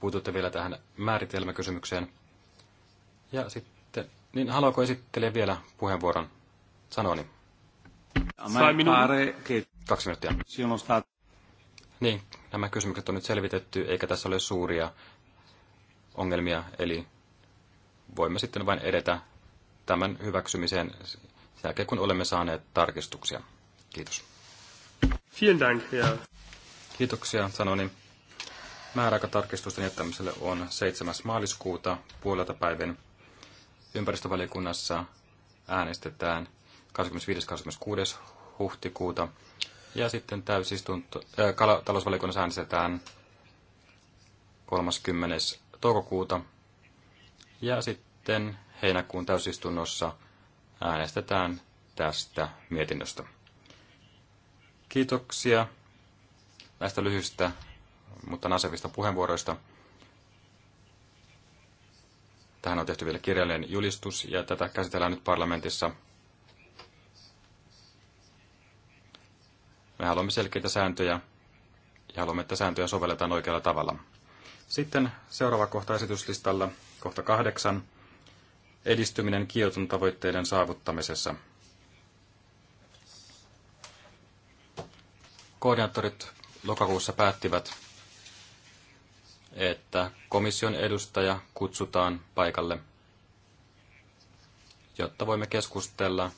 Speaker 2: puututte vielä tähän määritelmäkysymykseen. Ja sitten, niin haluaako esittelijä vielä puheenvuoron? Sanoni. Kaksi minuuttia. Niin, nämä kysymykset on nyt selvitetty, eikä tässä ole suuria ongelmia, eli voimme sitten vain edetä tämän hyväksymiseen sen jälkeen, kun olemme saaneet tarkistuksia. Kiitos. Vielen Dank, Kiitoksia, Sanoni. Määräaikatarkistusten jättämiselle on 7. maaliskuuta puolelta päivän. Ympäristövaliokunnassa äänestetään 25.–26. huhtikuuta. Ja sitten täysistunto, äh, talousvaliokunnassa äänestetään 30. toukokuuta. Ja sitten heinäkuun täysistunnossa äänestetään tästä mietinnöstä. Kiitoksia näistä lyhyistä mutta nasevista puheenvuoroista. Tähän on tehty vielä kirjallinen julistus ja tätä käsitellään nyt parlamentissa. Me haluamme selkeitä sääntöjä ja haluamme, että sääntöjä sovelletaan oikealla tavalla. Sitten seuraava kohta esityslistalla, kohta kahdeksan, edistyminen kioton tavoitteiden saavuttamisessa. Koordinaattorit lokakuussa päättivät, että komission edustaja kutsutaan paikalle, jotta voimme keskustella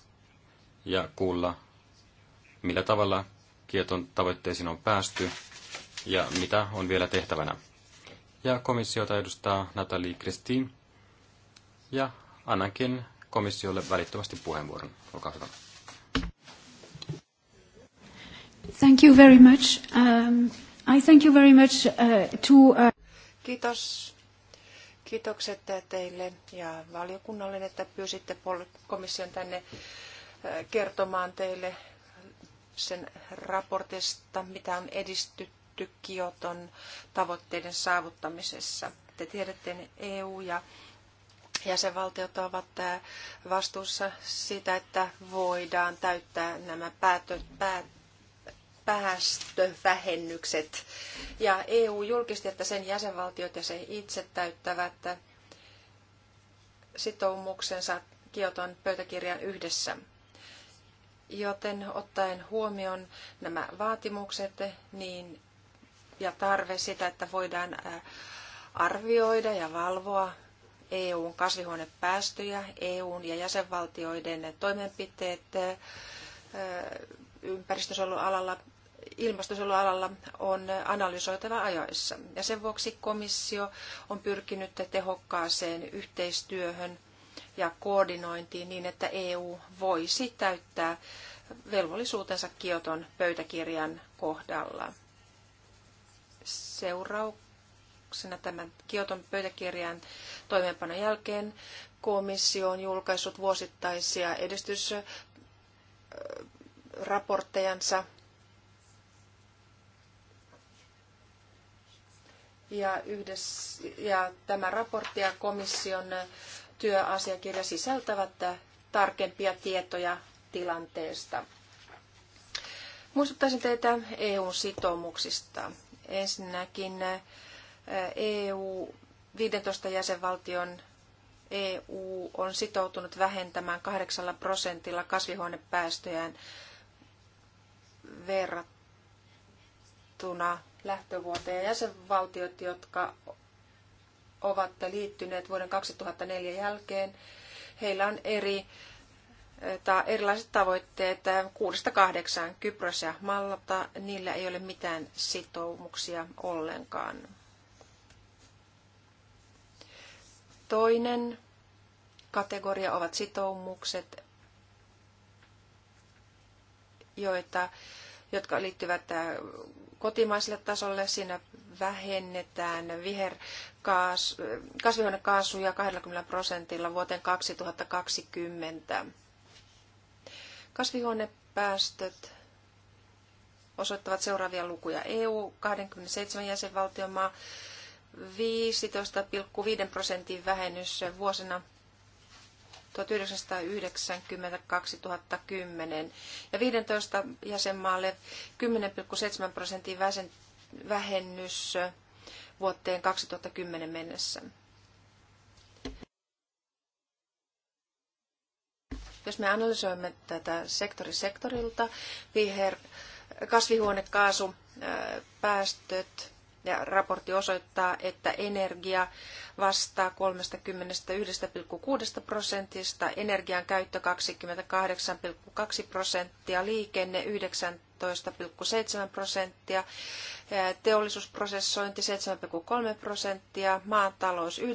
Speaker 2: ja kuulla, millä tavalla kieton tavoitteisiin on päästy ja mitä on vielä tehtävänä. Ja komissiota edustaa Natalie Kristiin ja annankin komissiolle välittömästi puheenvuoron. Olkaa hyvä.
Speaker 5: Thank you very much. Um, I thank you very much uh, to... Uh...
Speaker 3: Kiitos. Kiitokset teille ja valiokunnalle, että pyysitte komission tänne äh, kertomaan teille sen raportista, mitä on edistytty Kioton tavoitteiden saavuttamisessa. Te tiedätte, että niin EU ja jäsenvaltiot ovat äh, vastuussa siitä, että voidaan täyttää nämä päätö, päät, päästövähennykset. Ja EU julkisti, että sen jäsenvaltiot ja se itse täyttävät sitoumuksensa Kioton pöytäkirjan yhdessä. Joten ottaen huomioon nämä vaatimukset niin, ja tarve sitä, että voidaan arvioida ja valvoa EUn kasvihuonepäästöjä, EUn ja jäsenvaltioiden toimenpiteet ympäristösuojelualalla ilmastosuojelualalla on analysoitava ajoissa. Ja sen vuoksi komissio on pyrkinyt tehokkaaseen yhteistyöhön ja koordinointiin niin, että EU voisi täyttää velvollisuutensa Kioton pöytäkirjan kohdalla. Seurauksena tämän Kioton pöytäkirjan toimeenpanon jälkeen komissio on julkaissut vuosittaisia edistysraporttejansa ja, yhdessä, ja tämä raportti ja komission työasiakirja sisältävät tarkempia tietoja tilanteesta. Muistuttaisin teitä EU-sitoumuksista. Ensinnäkin EU eh, e 15 jäsenvaltion EU on sitoutunut vähentämään 8 prosentilla kasvihuonepäästöjään verrattuna lähtövuoteen. Jäsenvaltiot, jotka ovat liittyneet vuoden 2004 jälkeen, heillä on eri tai erilaiset tavoitteet. 6-8 Kypros ja Malta, niillä ei ole mitään sitoumuksia ollenkaan. Toinen kategoria ovat sitoumukset, joita, jotka liittyvät äh, kotimaiselle tasolle. Siinä vähennetään viherkaas, kasvihuonekaasuja 20 prosentilla vuoteen 2020. Kasvihuonepäästöt osoittavat seuraavia lukuja. EU 27 jäsenvaltiomaa 15,5 prosentin vähennys vuosina 1990-2010 ja 15 jäsenmaalle 10,7 prosentin vähennys vuoteen 2010 mennessä. Jos me analysoimme tätä sektori sektorilta, viher, kasvihuonekaasu, päästöt, ja raportti osoittaa, että energia vastaa 31,6 prosentista, energian käyttö 28,2 prosenttia, liikenne 19,7 prosenttia, teollisuusprosessointi 7,3 prosenttia, maatalous 9,9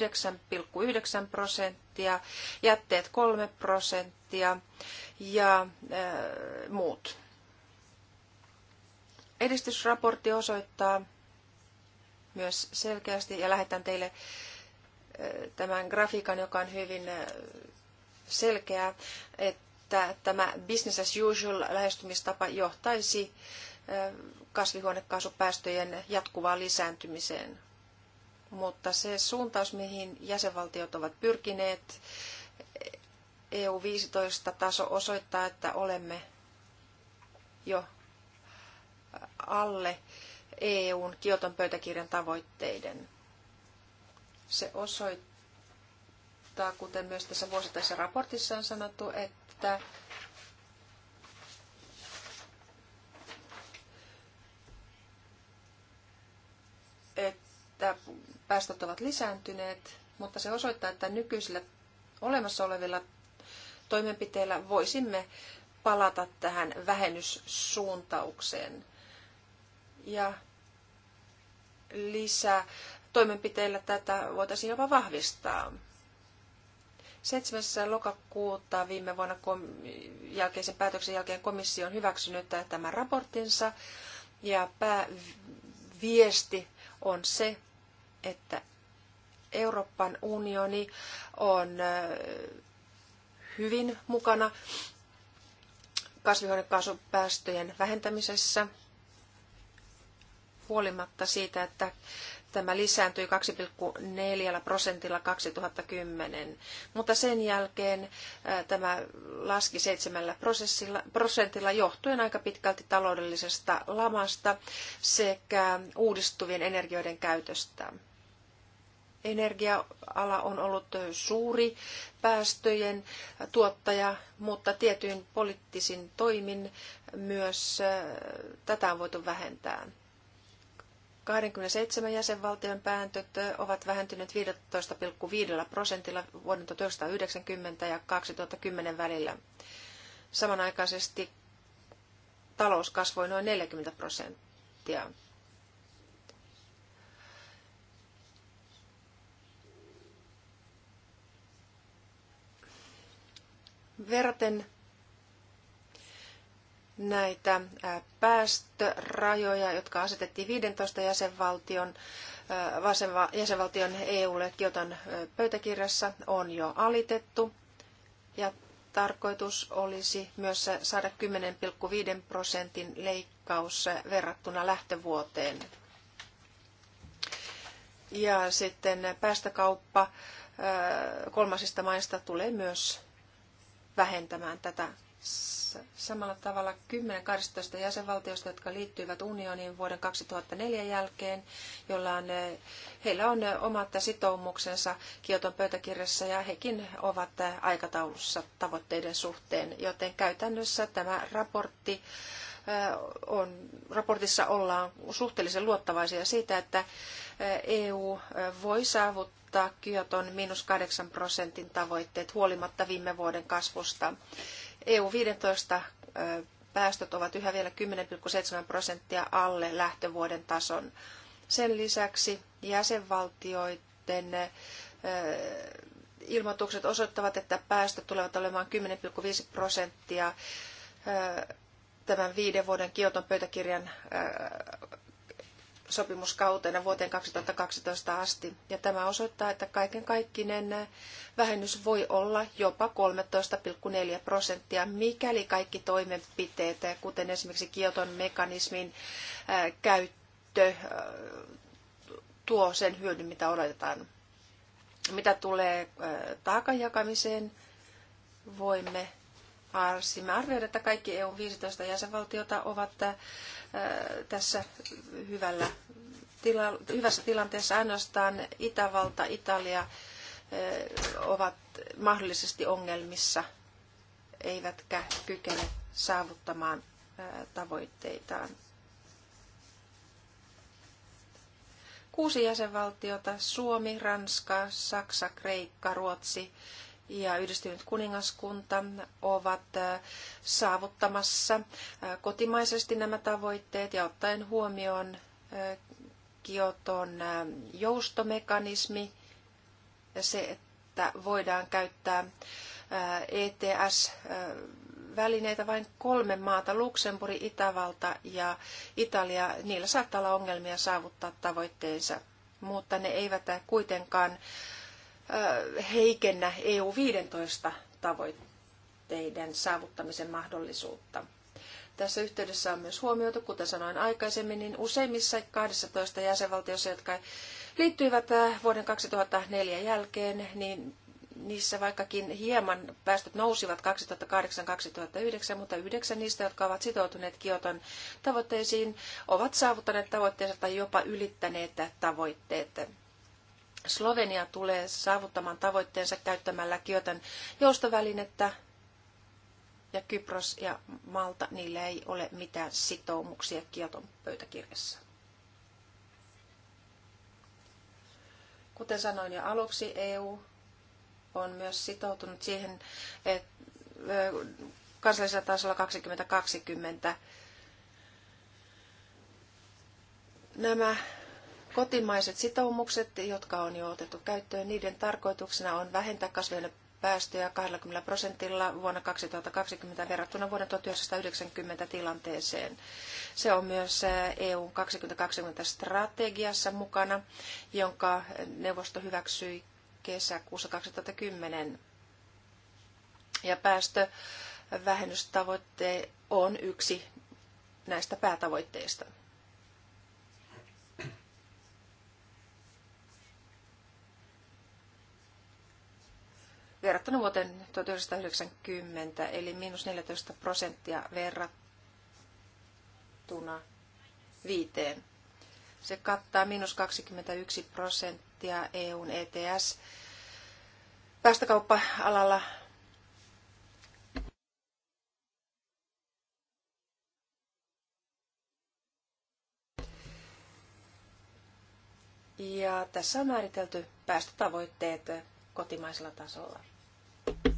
Speaker 3: prosenttia, jätteet 3 prosenttia ja muut. Edistysraportti osoittaa, myös selkeästi ja lähetän teille tämän grafiikan, joka on hyvin selkeä, että tämä business as usual lähestymistapa johtaisi kasvihuonekaasupäästöjen jatkuvaan lisääntymiseen. Mutta se suuntaus, mihin jäsenvaltiot ovat pyrkineet, EU-15-taso osoittaa, että olemme jo alle EUn Kioton pöytäkirjan tavoitteiden. Se osoittaa, kuten myös tässä vuosittaisessa raportissa on sanottu, että että päästöt ovat lisääntyneet, mutta se osoittaa, että nykyisillä olemassa olevilla toimenpiteillä voisimme palata tähän vähennyssuuntaukseen. Ja lisää toimenpiteillä tätä voitaisiin jopa vahvistaa. 7. lokakuuta viime vuonna kom- jälkeisen päätöksen jälkeen komissio on hyväksynyt tämän raporttinsa ja pääviesti on se, että Euroopan unioni on äh, hyvin mukana kasvihuonekaasupäästöjen vähentämisessä – huolimatta siitä, että tämä lisääntyi 2,4 prosentilla 2010, mutta sen jälkeen tämä laski 7 prosentilla johtuen aika pitkälti taloudellisesta lamasta sekä uudistuvien energioiden käytöstä. Energia-ala on ollut suuri päästöjen tuottaja, mutta tietyin poliittisin toimin myös tätä on voitu vähentää. 27 jäsenvaltion pääntöt ovat vähentyneet 15,5 prosentilla vuoden 1990 ja 2010 välillä. Samanaikaisesti talous kasvoi noin 40 prosenttia. Verraten näitä päästörajoja, jotka asetettiin 15 jäsenvaltion, jäsenvaltion EUlle Kioton pöytäkirjassa, on jo alitettu. Ja tarkoitus olisi myös saada 10,5 prosentin leikkaus verrattuna lähtövuoteen. Ja sitten päästökauppa kolmasista maista tulee myös vähentämään tätä samalla tavalla 10-12 jäsenvaltiosta, jotka liittyivät unioniin vuoden 2004 jälkeen, jolla on, eh, heillä on eh, omat sitoumuksensa Kioton pöytäkirjassa ja hekin ovat eh, aikataulussa tavoitteiden suhteen, joten käytännössä tämä raportti on, raportissa ollaan suhteellisen luottavaisia siitä, että EU e voi saavuttaa Kioton miinus 8 prosentin tavoitteet huolimatta viime vuoden kasvusta. EU-15 päästöt ovat yhä vielä 10,7 prosenttia alle lähtövuoden tason. Sen lisäksi jäsenvaltioiden ilmoitukset osoittavat, että päästöt tulevat olemaan 10,5 prosenttia tämän viiden vuoden Kioton pöytäkirjan sopimuskautena vuoteen 2012 asti. Ja tämä osoittaa, että kaiken kaikkinen vähennys voi olla jopa 13,4 prosenttia, mikäli kaikki toimenpiteet, kuten esimerkiksi kioton mekanismin käyttö, tuo sen hyödyn, mitä odotetaan. Mitä tulee taakan jakamiseen, voimme Arsimme arvioida, että kaikki eu 15 jäsenvaltiota ovat äh, tässä hyvällä tila, hyvässä tilanteessa. Ainoastaan Itävalta, Italia äh, ovat mahdollisesti ongelmissa, eivätkä kykene saavuttamaan äh, tavoitteitaan. Kuusi jäsenvaltiota, Suomi, Ranska, Saksa, Kreikka, Ruotsi ja yhdistynyt kuningaskunta ovat äh, saavuttamassa äh, kotimaisesti nämä tavoitteet ja ottaen huomioon äh, Kioton joustomekanismi ja se, että voidaan käyttää ETS-välineitä vain kolme maata, Luxemburg, Itävalta ja Italia. Niillä saattaa olla ongelmia saavuttaa tavoitteensa, mutta ne eivät kuitenkaan heikennä EU-15 tavoitteiden saavuttamisen mahdollisuutta. Tässä yhteydessä on myös huomioitu, kuten sanoin aikaisemmin, niin useimmissa 12 jäsenvaltiossa, jotka liittyivät vuoden 2004 jälkeen, niin niissä vaikkakin hieman päästöt nousivat 2008-2009, mutta yhdeksän niistä, jotka ovat sitoutuneet Kioton tavoitteisiin, ovat saavuttaneet tavoitteensa tai jopa ylittäneet tavoitteet. Slovenia tulee saavuttamaan tavoitteensa käyttämällä Kiotan joustovälinettä ja Kypros ja Malta, niillä ei ole mitään sitoumuksia Kioton pöytäkirjassa. Kuten sanoin jo aluksi, EU on myös sitoutunut siihen, että kansallisella tasolla 2020 nämä Kotimaiset sitoumukset, jotka on jo otettu käyttöön, niiden tarkoituksena on vähentää kasvien päästöjä 20 prosentilla vuonna 2020 verrattuna vuoden 1990 tilanteeseen. Se on myös EU eh, e 2020 strategiassa mukana, jonka neuvosto hyväksyi kesäkuussa 2010. Ja päästövähennystavoite on yksi näistä päätavoitteista. verrattuna vuoteen 1990, eli miinus 14 prosenttia verrattuna viiteen. Se kattaa miinus 21 prosenttia EUn ETS päästökauppa-alalla Ja tässä on määritelty päästötavoitteet kotimaisella tasolla.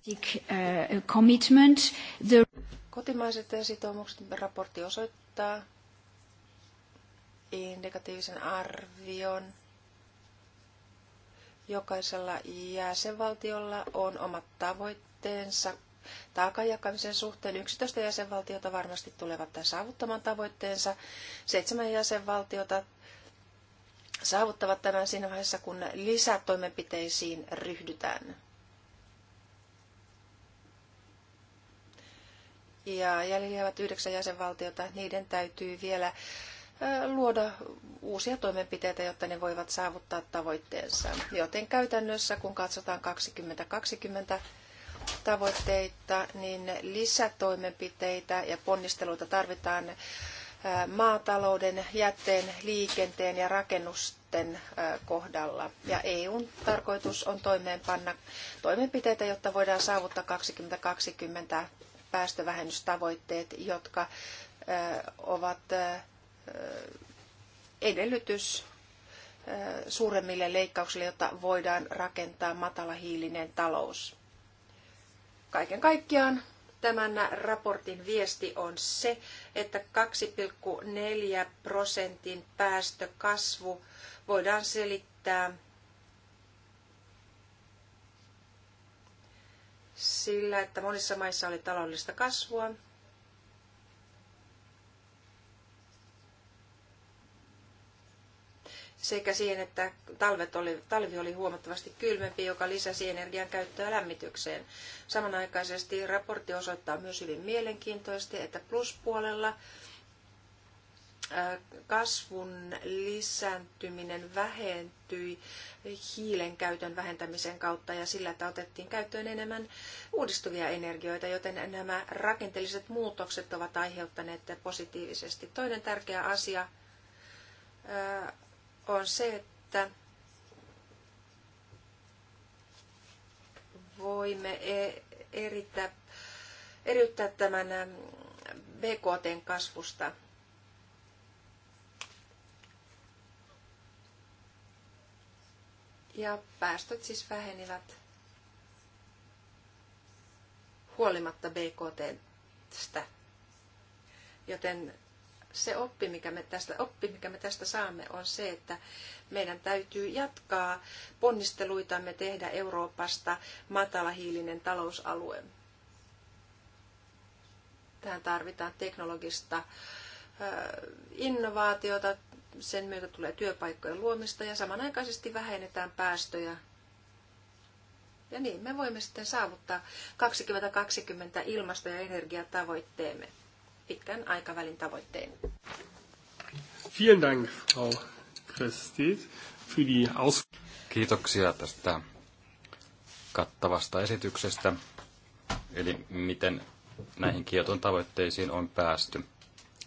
Speaker 5: Eh,
Speaker 4: commitment. The...
Speaker 3: Kotimaiset sitoumukset raportti osoittaa negatiivisen arvion. Jokaisella jäsenvaltiolla on omat tavoitteensa taakan jakamisen suhteen. 11 jäsenvaltiota varmasti tulevat tämän saavuttamaan tavoitteensa. Seitsemän jäsenvaltiota saavuttavat tämän siinä vaiheessa, kun lisätoimenpiteisiin ryhdytään. ja jäljellä jäävät yhdeksän jäsenvaltiota, niiden täytyy vielä luoda uusia toimenpiteitä, jotta ne voivat saavuttaa tavoitteensa. Joten käytännössä, kun katsotaan 2020 tavoitteita, niin lisätoimenpiteitä ja ponnisteluita tarvitaan maatalouden, jätteen, liikenteen ja rakennusten kohdalla. Ja EUn tarkoitus on toimeenpanna toimenpiteitä, jotta voidaan saavuttaa 2020 päästövähennystavoitteet, jotka ovat edellytys suuremmille leikkauksille, jotta voidaan rakentaa matalahiilinen talous. Kaiken kaikkiaan tämän raportin viesti on se, että 2,4 prosentin päästökasvu voidaan selittää sillä, että monissa maissa oli taloudellista kasvua. sekä siihen, että talvet oli, talvi oli huomattavasti kylmempi, joka lisäsi energian käyttöä lämmitykseen. Samanaikaisesti raportti osoittaa myös hyvin mielenkiintoisesti, että pluspuolella kasvun lisääntyminen vähentyi hiilen käytön vähentämisen kautta ja sillä, että otettiin käyttöön enemmän uudistuvia energioita, joten nämä rakenteelliset muutokset ovat aiheuttaneet positiivisesti. Toinen tärkeä asia on se, että voimme e, erittää, eriyttää tämän BKTn kasvusta – Ja päästöt siis vähenivät huolimatta BKTstä. Joten se oppi, mikä me tästä, oppi, mikä me tästä saamme, on se, että meidän täytyy jatkaa ponnisteluitamme tehdä Euroopasta matalahiilinen talousalue. Tähän tarvitaan teknologista innovaatiota, sen myötä tulee työpaikkojen luomista ja samanaikaisesti vähennetään päästöjä. Ja niin me voimme sitten saavuttaa 2020 ilmasto- ja energiatavoitteemme, pitkän aikavälin tavoitteen.
Speaker 1: Vielen Dank, Frau Christit, für die Aus
Speaker 2: Kiitoksia tästä kattavasta esityksestä, eli miten näihin kieton tavoitteisiin on päästy.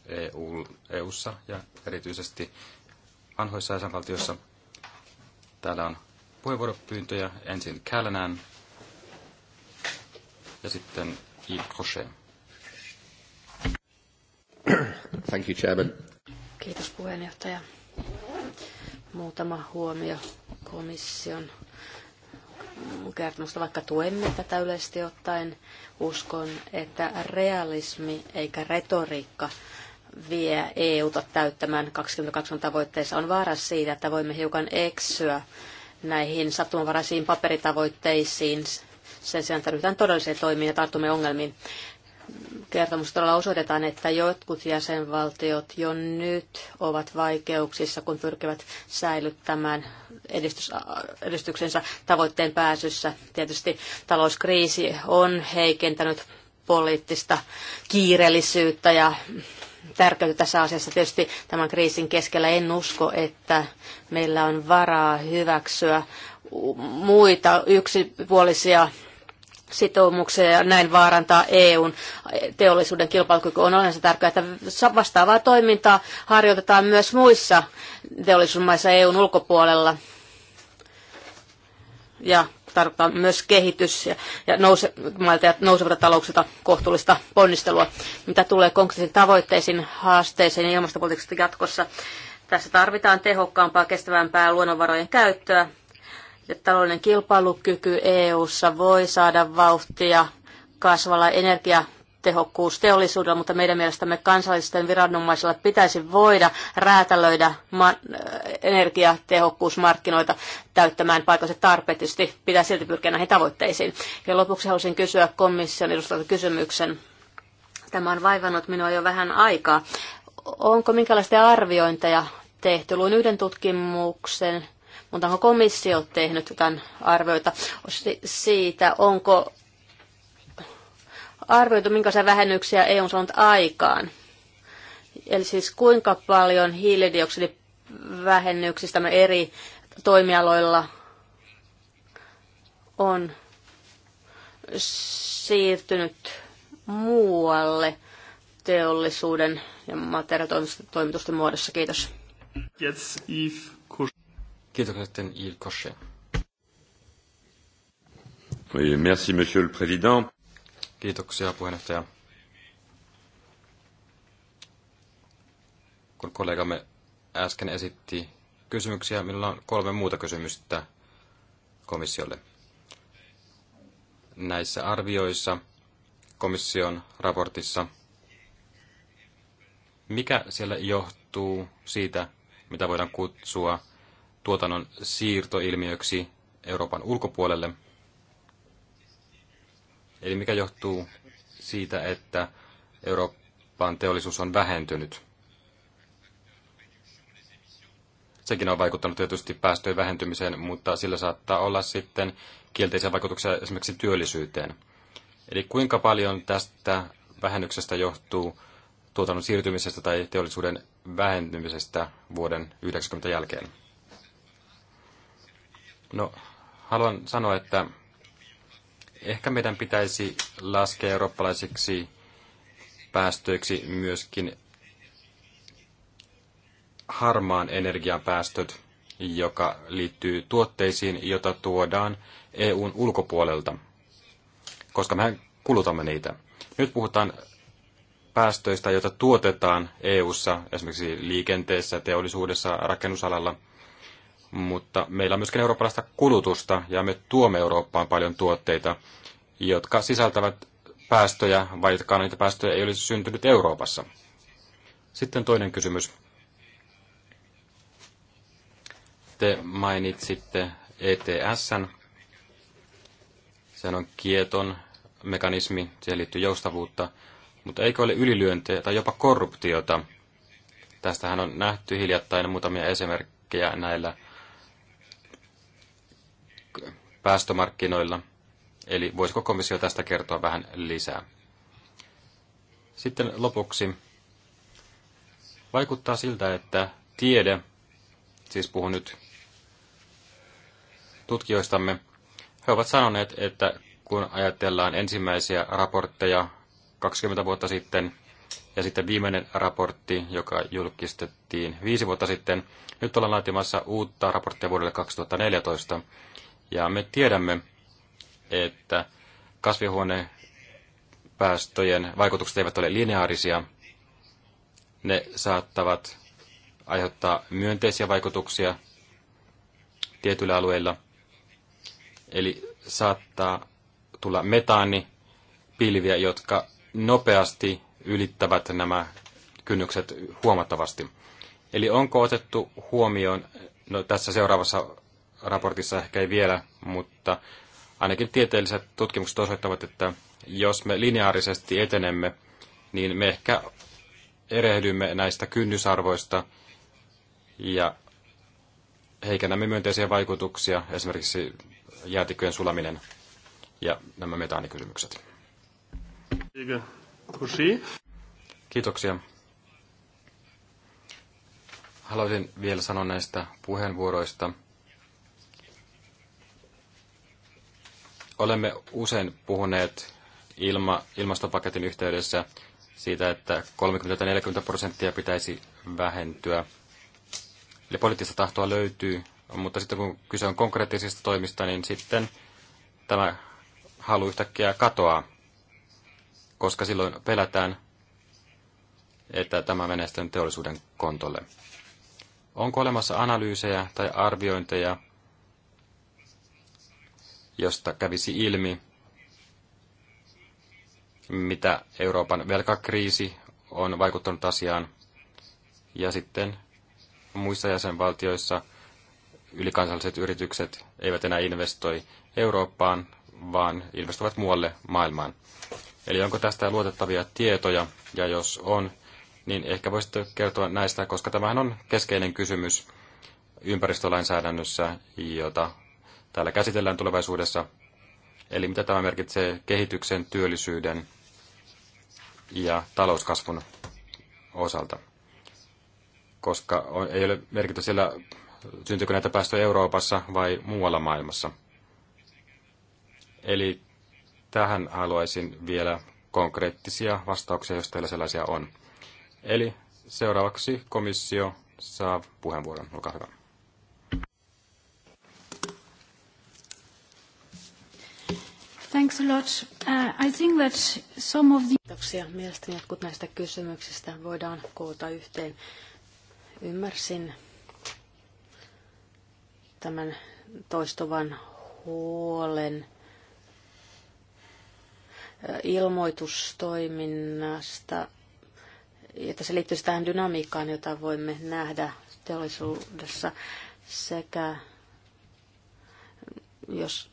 Speaker 2: EU, EUssa ja erityisesti vanhoissa jäsenvaltioissa. Täällä on puheenvuoropyyntöjä ensin Kälänään ja sitten Yves Crochet. Thank you, Chairman.
Speaker 4: Kiitos puheenjohtaja. Muutama huomio komission kertomusta, vaikka tuemme tätä yleisesti ottaen, uskon, että realismi eikä retoriikka vie EUta täyttämään 22 tavoitteessa, on vaara siitä, että voimme hiukan eksyä näihin sattumanvaraisiin paperitavoitteisiin. Sen sijaan tarvitaan todelliseen toimiin ja tartumme ongelmiin. Kertomustolla osoitetaan, että jotkut jäsenvaltiot jo nyt ovat vaikeuksissa, kun pyrkivät säilyttämään edistys, edistyksensä tavoitteen pääsyssä. Tietysti talouskriisi on heikentänyt poliittista kiireellisyyttä ja tärkeyttä tässä asiassa. Tietysti tämän kriisin keskellä en usko, että meillä on varaa hyväksyä muita yksipuolisia sitoumuksia ja näin vaarantaa EUn teollisuuden kilpailukyky. On olennaista tärkeää, että vastaavaa toimintaa harjoitetaan myös muissa teollisuusmaissa EUn ulkopuolella. Ja tarkoittaa myös kehitys ja, ja nouse, ja nousevilta talouksilta kohtuullista ponnistelua. Mitä tulee konkreettisiin tavoitteisiin, haasteisiin ja ilmastopolitiikasta jatkossa, tässä tarvitaan tehokkaampaa, kestävämpää luonnonvarojen käyttöä. Ja taloudellinen kilpailukyky EU:ssa voi saada vauhtia kasvalla energia tehokkuus teollisuudella, mutta meidän mielestämme kansallisten viranomaisilla pitäisi voida räätälöidä ma- energiatehokkuusmarkkinoita täyttämään paikalliset tarpeet. Tietysti pitää silti pyrkiä näihin tavoitteisiin. Ja lopuksi haluaisin kysyä komission edustajalta kysymyksen. Tämä on vaivannut minua jo vähän aikaa. Onko minkälaisia arviointeja tehty? Luin yhden tutkimuksen, mutta onko komissio tehnyt tämän arvioita siitä, onko arvioitu, minkälaisia vähennyksiä EU on saanut aikaan. Eli siis kuinka paljon hiilidioksidivähennyksistä me eri toimialoilla on siirtynyt muualle teollisuuden ja materiaalitoimitusten muodossa. Kiitos.
Speaker 2: Kiitos Yves Cochet. merci, monsieur le président. Kiitoksia puheenjohtaja. Kun kollegamme äsken esitti kysymyksiä, minulla on kolme muuta kysymystä komissiolle. Näissä arvioissa komission raportissa, mikä siellä johtuu siitä, mitä voidaan kutsua tuotannon siirtoilmiöksi Euroopan ulkopuolelle – Eli mikä johtuu siitä, että Euroopan teollisuus on vähentynyt? Sekin on vaikuttanut tietysti päästöjen vähentymiseen, mutta sillä saattaa olla sitten kielteisiä vaikutuksia esimerkiksi työllisyyteen. Eli kuinka paljon tästä vähennyksestä johtuu tuotannon siirtymisestä tai teollisuuden vähentymisestä vuoden 90 jälkeen? No, haluan sanoa, että ehkä meidän pitäisi laskea eurooppalaisiksi päästöiksi myöskin harmaan energian päästöt, joka liittyy tuotteisiin, joita tuodaan EUn ulkopuolelta, koska mehän kulutamme niitä. Nyt puhutaan päästöistä, joita tuotetaan EUssa, esimerkiksi liikenteessä, teollisuudessa, rakennusalalla – mutta meillä on myöskin eurooppalaista kulutusta ja me tuomme Eurooppaan paljon tuotteita, jotka sisältävät päästöjä, vaikka niitä päästöjä ei olisi syntynyt Euroopassa. Sitten toinen kysymys. Te mainitsitte ETSn. Sehän on kieton mekanismi, siihen liittyy joustavuutta, mutta eikö ole ylilyöntejä tai jopa korruptiota? Tästähän on nähty hiljattain muutamia esimerkkejä näillä päästömarkkinoilla. Eli voisiko komissio tästä kertoa vähän lisää? Sitten lopuksi vaikuttaa siltä, että tiede, siis puhun nyt tutkijoistamme, he ovat sanoneet, että kun ajatellaan ensimmäisiä raportteja 20 vuotta sitten ja sitten viimeinen raportti, joka julkistettiin viisi vuotta sitten, nyt ollaan laatimassa uutta raporttia vuodelle 2014. Ja me tiedämme, että kasvihuonepäästöjen vaikutukset eivät ole lineaarisia. Ne saattavat aiheuttaa myönteisiä vaikutuksia tietyillä alueilla. Eli saattaa tulla metaanipilviä, jotka nopeasti ylittävät nämä kynnykset huomattavasti. Eli onko otettu huomioon no, tässä seuraavassa raportissa ehkä ei vielä, mutta ainakin tieteelliset tutkimukset osoittavat, että jos me lineaarisesti etenemme, niin me ehkä erehdymme näistä kynnysarvoista ja heikennämme myönteisiä vaikutuksia, esimerkiksi jäätikköjen sulaminen ja nämä metaanikysymykset. Kiitoksia. Haluaisin vielä sanoa näistä puheenvuoroista – Olemme usein puhuneet ilma, ilmastopaketin yhteydessä siitä, että 30-40 prosenttia pitäisi vähentyä. Eli poliittista tahtoa löytyy, mutta sitten kun kyse on konkreettisista toimista, niin sitten tämä halu yhtäkkiä katoaa, koska silloin pelätään, että tämä menee sitten teollisuuden kontolle. Onko olemassa analyysejä tai arviointeja josta kävisi ilmi, mitä Euroopan velkakriisi on vaikuttanut asiaan. Ja sitten muissa jäsenvaltioissa ylikansalliset yritykset eivät enää investoi Eurooppaan, vaan investoivat muualle maailmaan. Eli onko tästä luotettavia tietoja, ja jos on, niin ehkä voisitte kertoa näistä, koska tämähän on keskeinen kysymys ympäristölainsäädännössä, jota täällä käsitellään tulevaisuudessa. Eli mitä tämä merkitsee kehityksen, työllisyyden ja talouskasvun osalta. Koska ei ole merkitystä sillä, syntyykö näitä päästöjä Euroopassa vai muualla maailmassa. Eli tähän haluaisin vielä konkreettisia vastauksia, jos teillä sellaisia on. Eli seuraavaksi komissio saa puheenvuoron. Olkaa hyvä.
Speaker 1: Thanks a lot. Uh, I think that
Speaker 4: some of the... Kiitoksia. Mielestäni jotkut näistä kysymyksistä voidaan koota yhteen. Ymmärsin tämän toistuvan huolen ilmoitustoiminnasta, että se liittyy tähän dynamiikkaan, jota voimme nähdä teollisuudessa sekä jos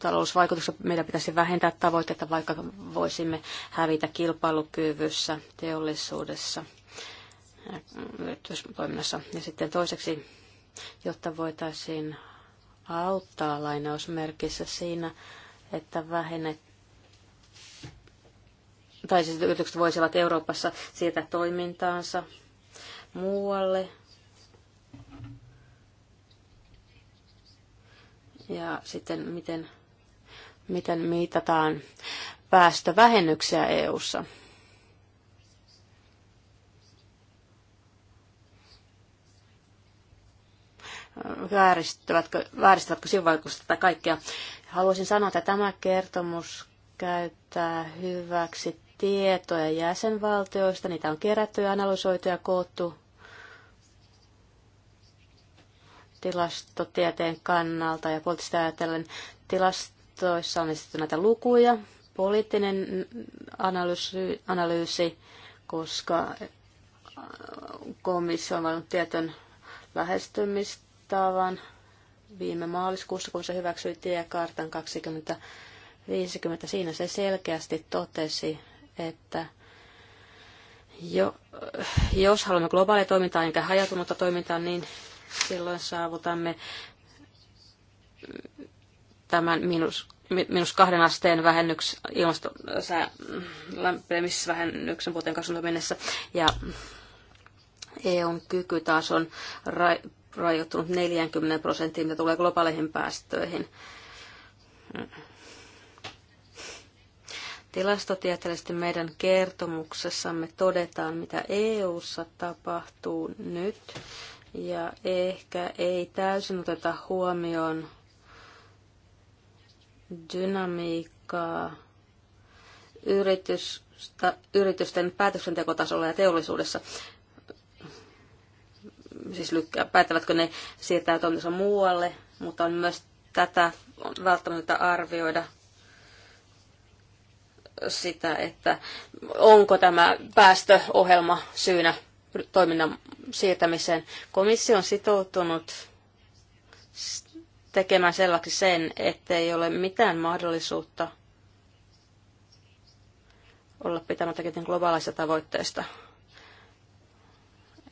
Speaker 4: talousvaikutuksia meidän pitäisi vähentää tavoitteita, vaikka voisimme hävitä kilpailukyvyssä, teollisuudessa, yritystoiminnassa. Ja sitten toiseksi, jotta voitaisiin auttaa lainausmerkissä siinä, että vähennet, tai siis yritykset voisivat Euroopassa siirtää toimintaansa muualle, ja sitten miten, miten mitataan päästövähennyksiä EU:ssa. Vääristävätkö, vääristävätkö sivuvaikutukset tätä kaikkea? Haluaisin sanoa, että tämä kertomus käyttää hyväksi tietoja jäsenvaltioista. Niitä on kerätty ja analysoitu ja koottu tilastotieteen kannalta ja poliittisesti ajatellen tilastoissa on esitetty näitä lukuja, poliittinen analyysi, analyysi koska äh, komissio on valinnut tietyn lähestymistavan viime maaliskuussa, kun se hyväksyi tiekartan 2050. Siinä se selkeästi totesi, että jo, äh, jos haluamme globaalia toimintaa enkä hajautunutta toimintaa, niin Silloin saavutamme tämän miinus, miinus kahden asteen vähennyks, ilmasto, lämpenemisvähennyksen vuoteen 2020 mennessä. Ja EUn kyky taas on ra, rajoittunut 40 prosenttiin, mitä tulee globaaleihin päästöihin. Tilastotieteellisesti meidän kertomuksessamme todetaan, mitä EU:ssa tapahtuu nyt ja ehkä ei täysin oteta huomioon dynamiikkaa yritystä, yritysten päätöksentekotasolla ja teollisuudessa. Siis lykkää, päättävätkö ne siirtää toimintansa muualle, mutta on myös tätä on välttämättä arvioida sitä, että onko tämä päästöohjelma syynä toiminnan siirtämiseen. Komissio on sitoutunut tekemään selväksi sen, ettei ole mitään mahdollisuutta olla pitämättä ketään globaalista tavoitteista.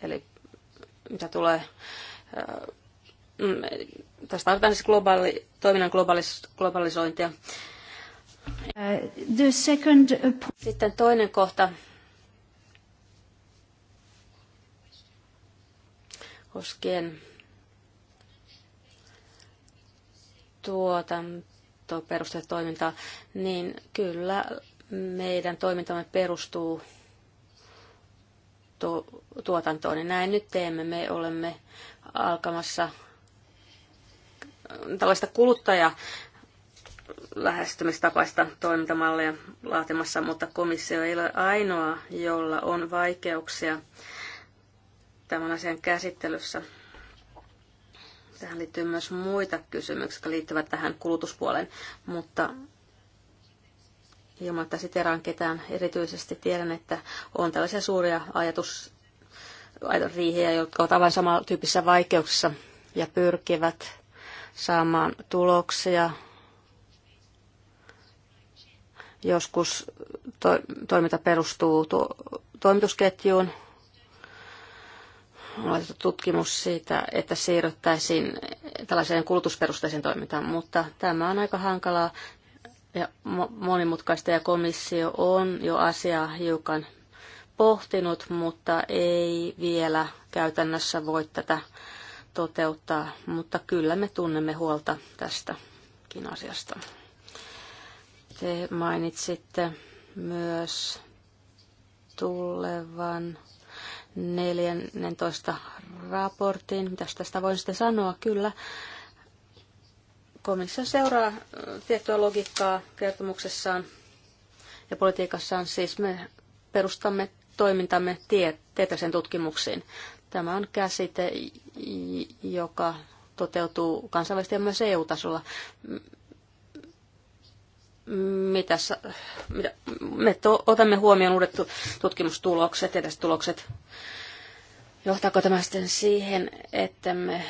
Speaker 4: Eli mitä tulee mm, tässä tarvitaan siis globaali, toiminnan globaalis, globalisointia.
Speaker 1: Uh,
Speaker 4: uh, Sitten toinen kohta koskien tuotantoperustetoimintaa, niin kyllä meidän toimintamme perustuu tu- tuotantoon. Ja näin nyt teemme. Me olemme alkamassa äh, tällaista kuluttaja lähestymistapaista toimintamalleja laatimassa, mutta komissio ei ole ainoa, jolla on vaikeuksia tämän asian käsittelyssä. Tähän liittyy myös muita kysymyksiä, jotka liittyvät tähän kulutuspuoleen, mutta ilman, että siteraan ketään erityisesti tiedän, että on tällaisia suuria ajatus, riihejä, jotka ovat aivan samantyyppisissä vaikeuksissa ja pyrkivät saamaan tuloksia. Joskus to, toiminta perustuu to, toimitusketjuun, on tutkimus siitä, että siirryttäisiin tällaiseen kulutusperusteiseen toimintaan, mutta tämä on aika hankalaa ja monimutkaista ja komissio on jo asiaa hiukan pohtinut, mutta ei vielä käytännössä voi tätä toteuttaa, mutta kyllä me tunnemme huolta tästäkin asiasta. Te mainitsitte myös tulevan 14 raportin. Mitäs tästä voin sitten sanoa? Kyllä. Komissio seuraa tiettyä logiikkaa kertomuksessaan ja politiikassaan. Siis me perustamme toimintamme tie- tutkimuksiin. Tämä on käsite, joka toteutuu kansainvälisesti ja myös EU-tasolla mitä, mitä, me to, otamme huomioon uudet tutkimustulokset ja tulokset. Johtaako tämä sitten siihen, että me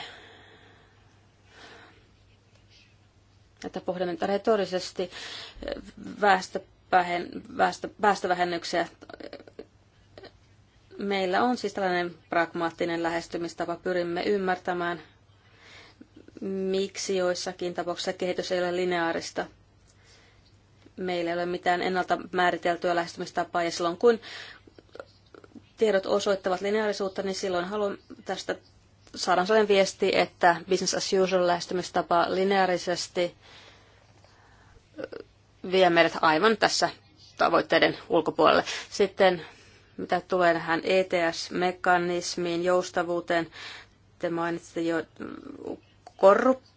Speaker 4: että pohdimme retorisesti eh, väestövähen, väestö, väestövähennyksiä. Meillä on siis tällainen pragmaattinen lähestymistapa. Pyrimme ymmärtämään, miksi joissakin tapauksissa kehitys ei ole lineaarista – meillä ei ole mitään ennalta määriteltyä lähestymistapaa ja silloin kun tiedot osoittavat lineaarisuutta, niin silloin haluan tästä saadaan sellainen viesti, että business as usual lähestymistapa lineaarisesti vie meidät aivan tässä tavoitteiden ulkopuolelle. Sitten mitä tulee tähän ETS-mekanismiin, joustavuuteen, te mainitsitte jo korruptio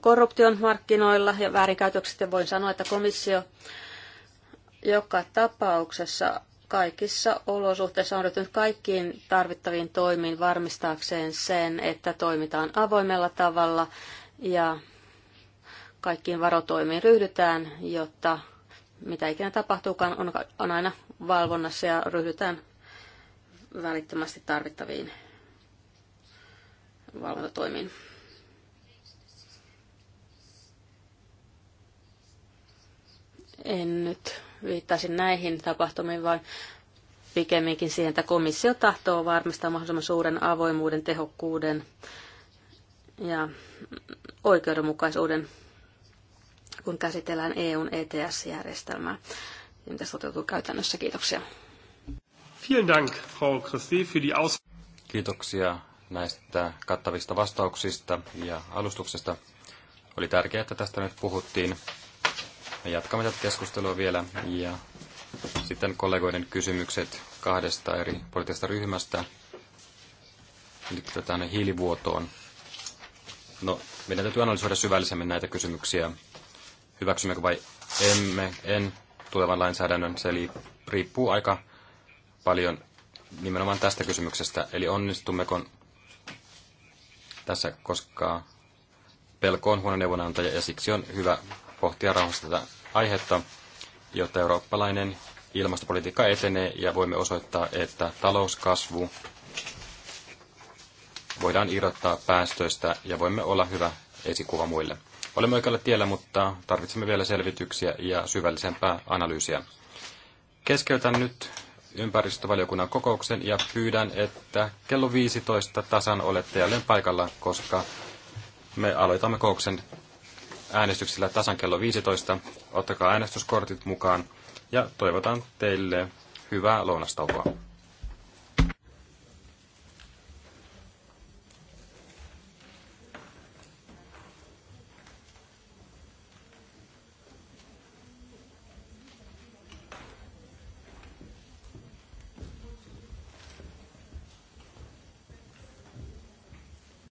Speaker 4: korruption markkinoilla ja väärinkäytöksistä voin sanoa, että komissio joka tapauksessa kaikissa olosuhteissa on ryhtynyt kaikkiin tarvittaviin toimiin varmistaakseen sen, että toimitaan avoimella tavalla ja kaikkiin varotoimiin ryhdytään, jotta mitä ikinä tapahtuukaan, on, on aina valvonnassa ja ryhdytään välittömästi tarvittaviin valvontatoimiin. En nyt viittaisi näihin tapahtumiin, vaan pikemminkin siihen, että komissio tahtoo varmistaa mahdollisimman suuren avoimuuden, tehokkuuden ja oikeudenmukaisuuden, kun käsitellään EUn ETS-järjestelmää. Niin tässä toteutuu käytännössä? Kiitoksia.
Speaker 1: Vielen Dank, Frau für die Aus-
Speaker 2: Kiitoksia näistä kattavista vastauksista ja alustuksesta. Oli tärkeää, että tästä nyt puhuttiin. Me jatkamme tätä keskustelua vielä ja sitten kollegoiden kysymykset kahdesta eri poliittisesta ryhmästä liittyvät tähän hiilivuotoon. No, meidän täytyy analysoida syvällisemmin näitä kysymyksiä. Hyväksymmekö vai emme, en tulevan lainsäädännön. Se riippuu aika paljon nimenomaan tästä kysymyksestä. Eli onnistummeko tässä, koska pelko on huono neuvonantaja ja siksi on hyvä pohtia rauhassa tätä aihetta, jotta eurooppalainen ilmastopolitiikka etenee ja voimme osoittaa, että talouskasvu voidaan irrottaa päästöistä ja voimme olla hyvä esikuva muille. Olemme oikealla tiellä, mutta tarvitsemme vielä selvityksiä ja syvällisempää analyysiä. Keskeytän nyt ympäristövaliokunnan kokouksen ja pyydän, että kello 15 tasan olette jälleen paikalla, koska me aloitamme kokouksen äänestyksillä tasan kello 15. Ottakaa äänestyskortit mukaan ja toivotan teille hyvää lounastaukoa.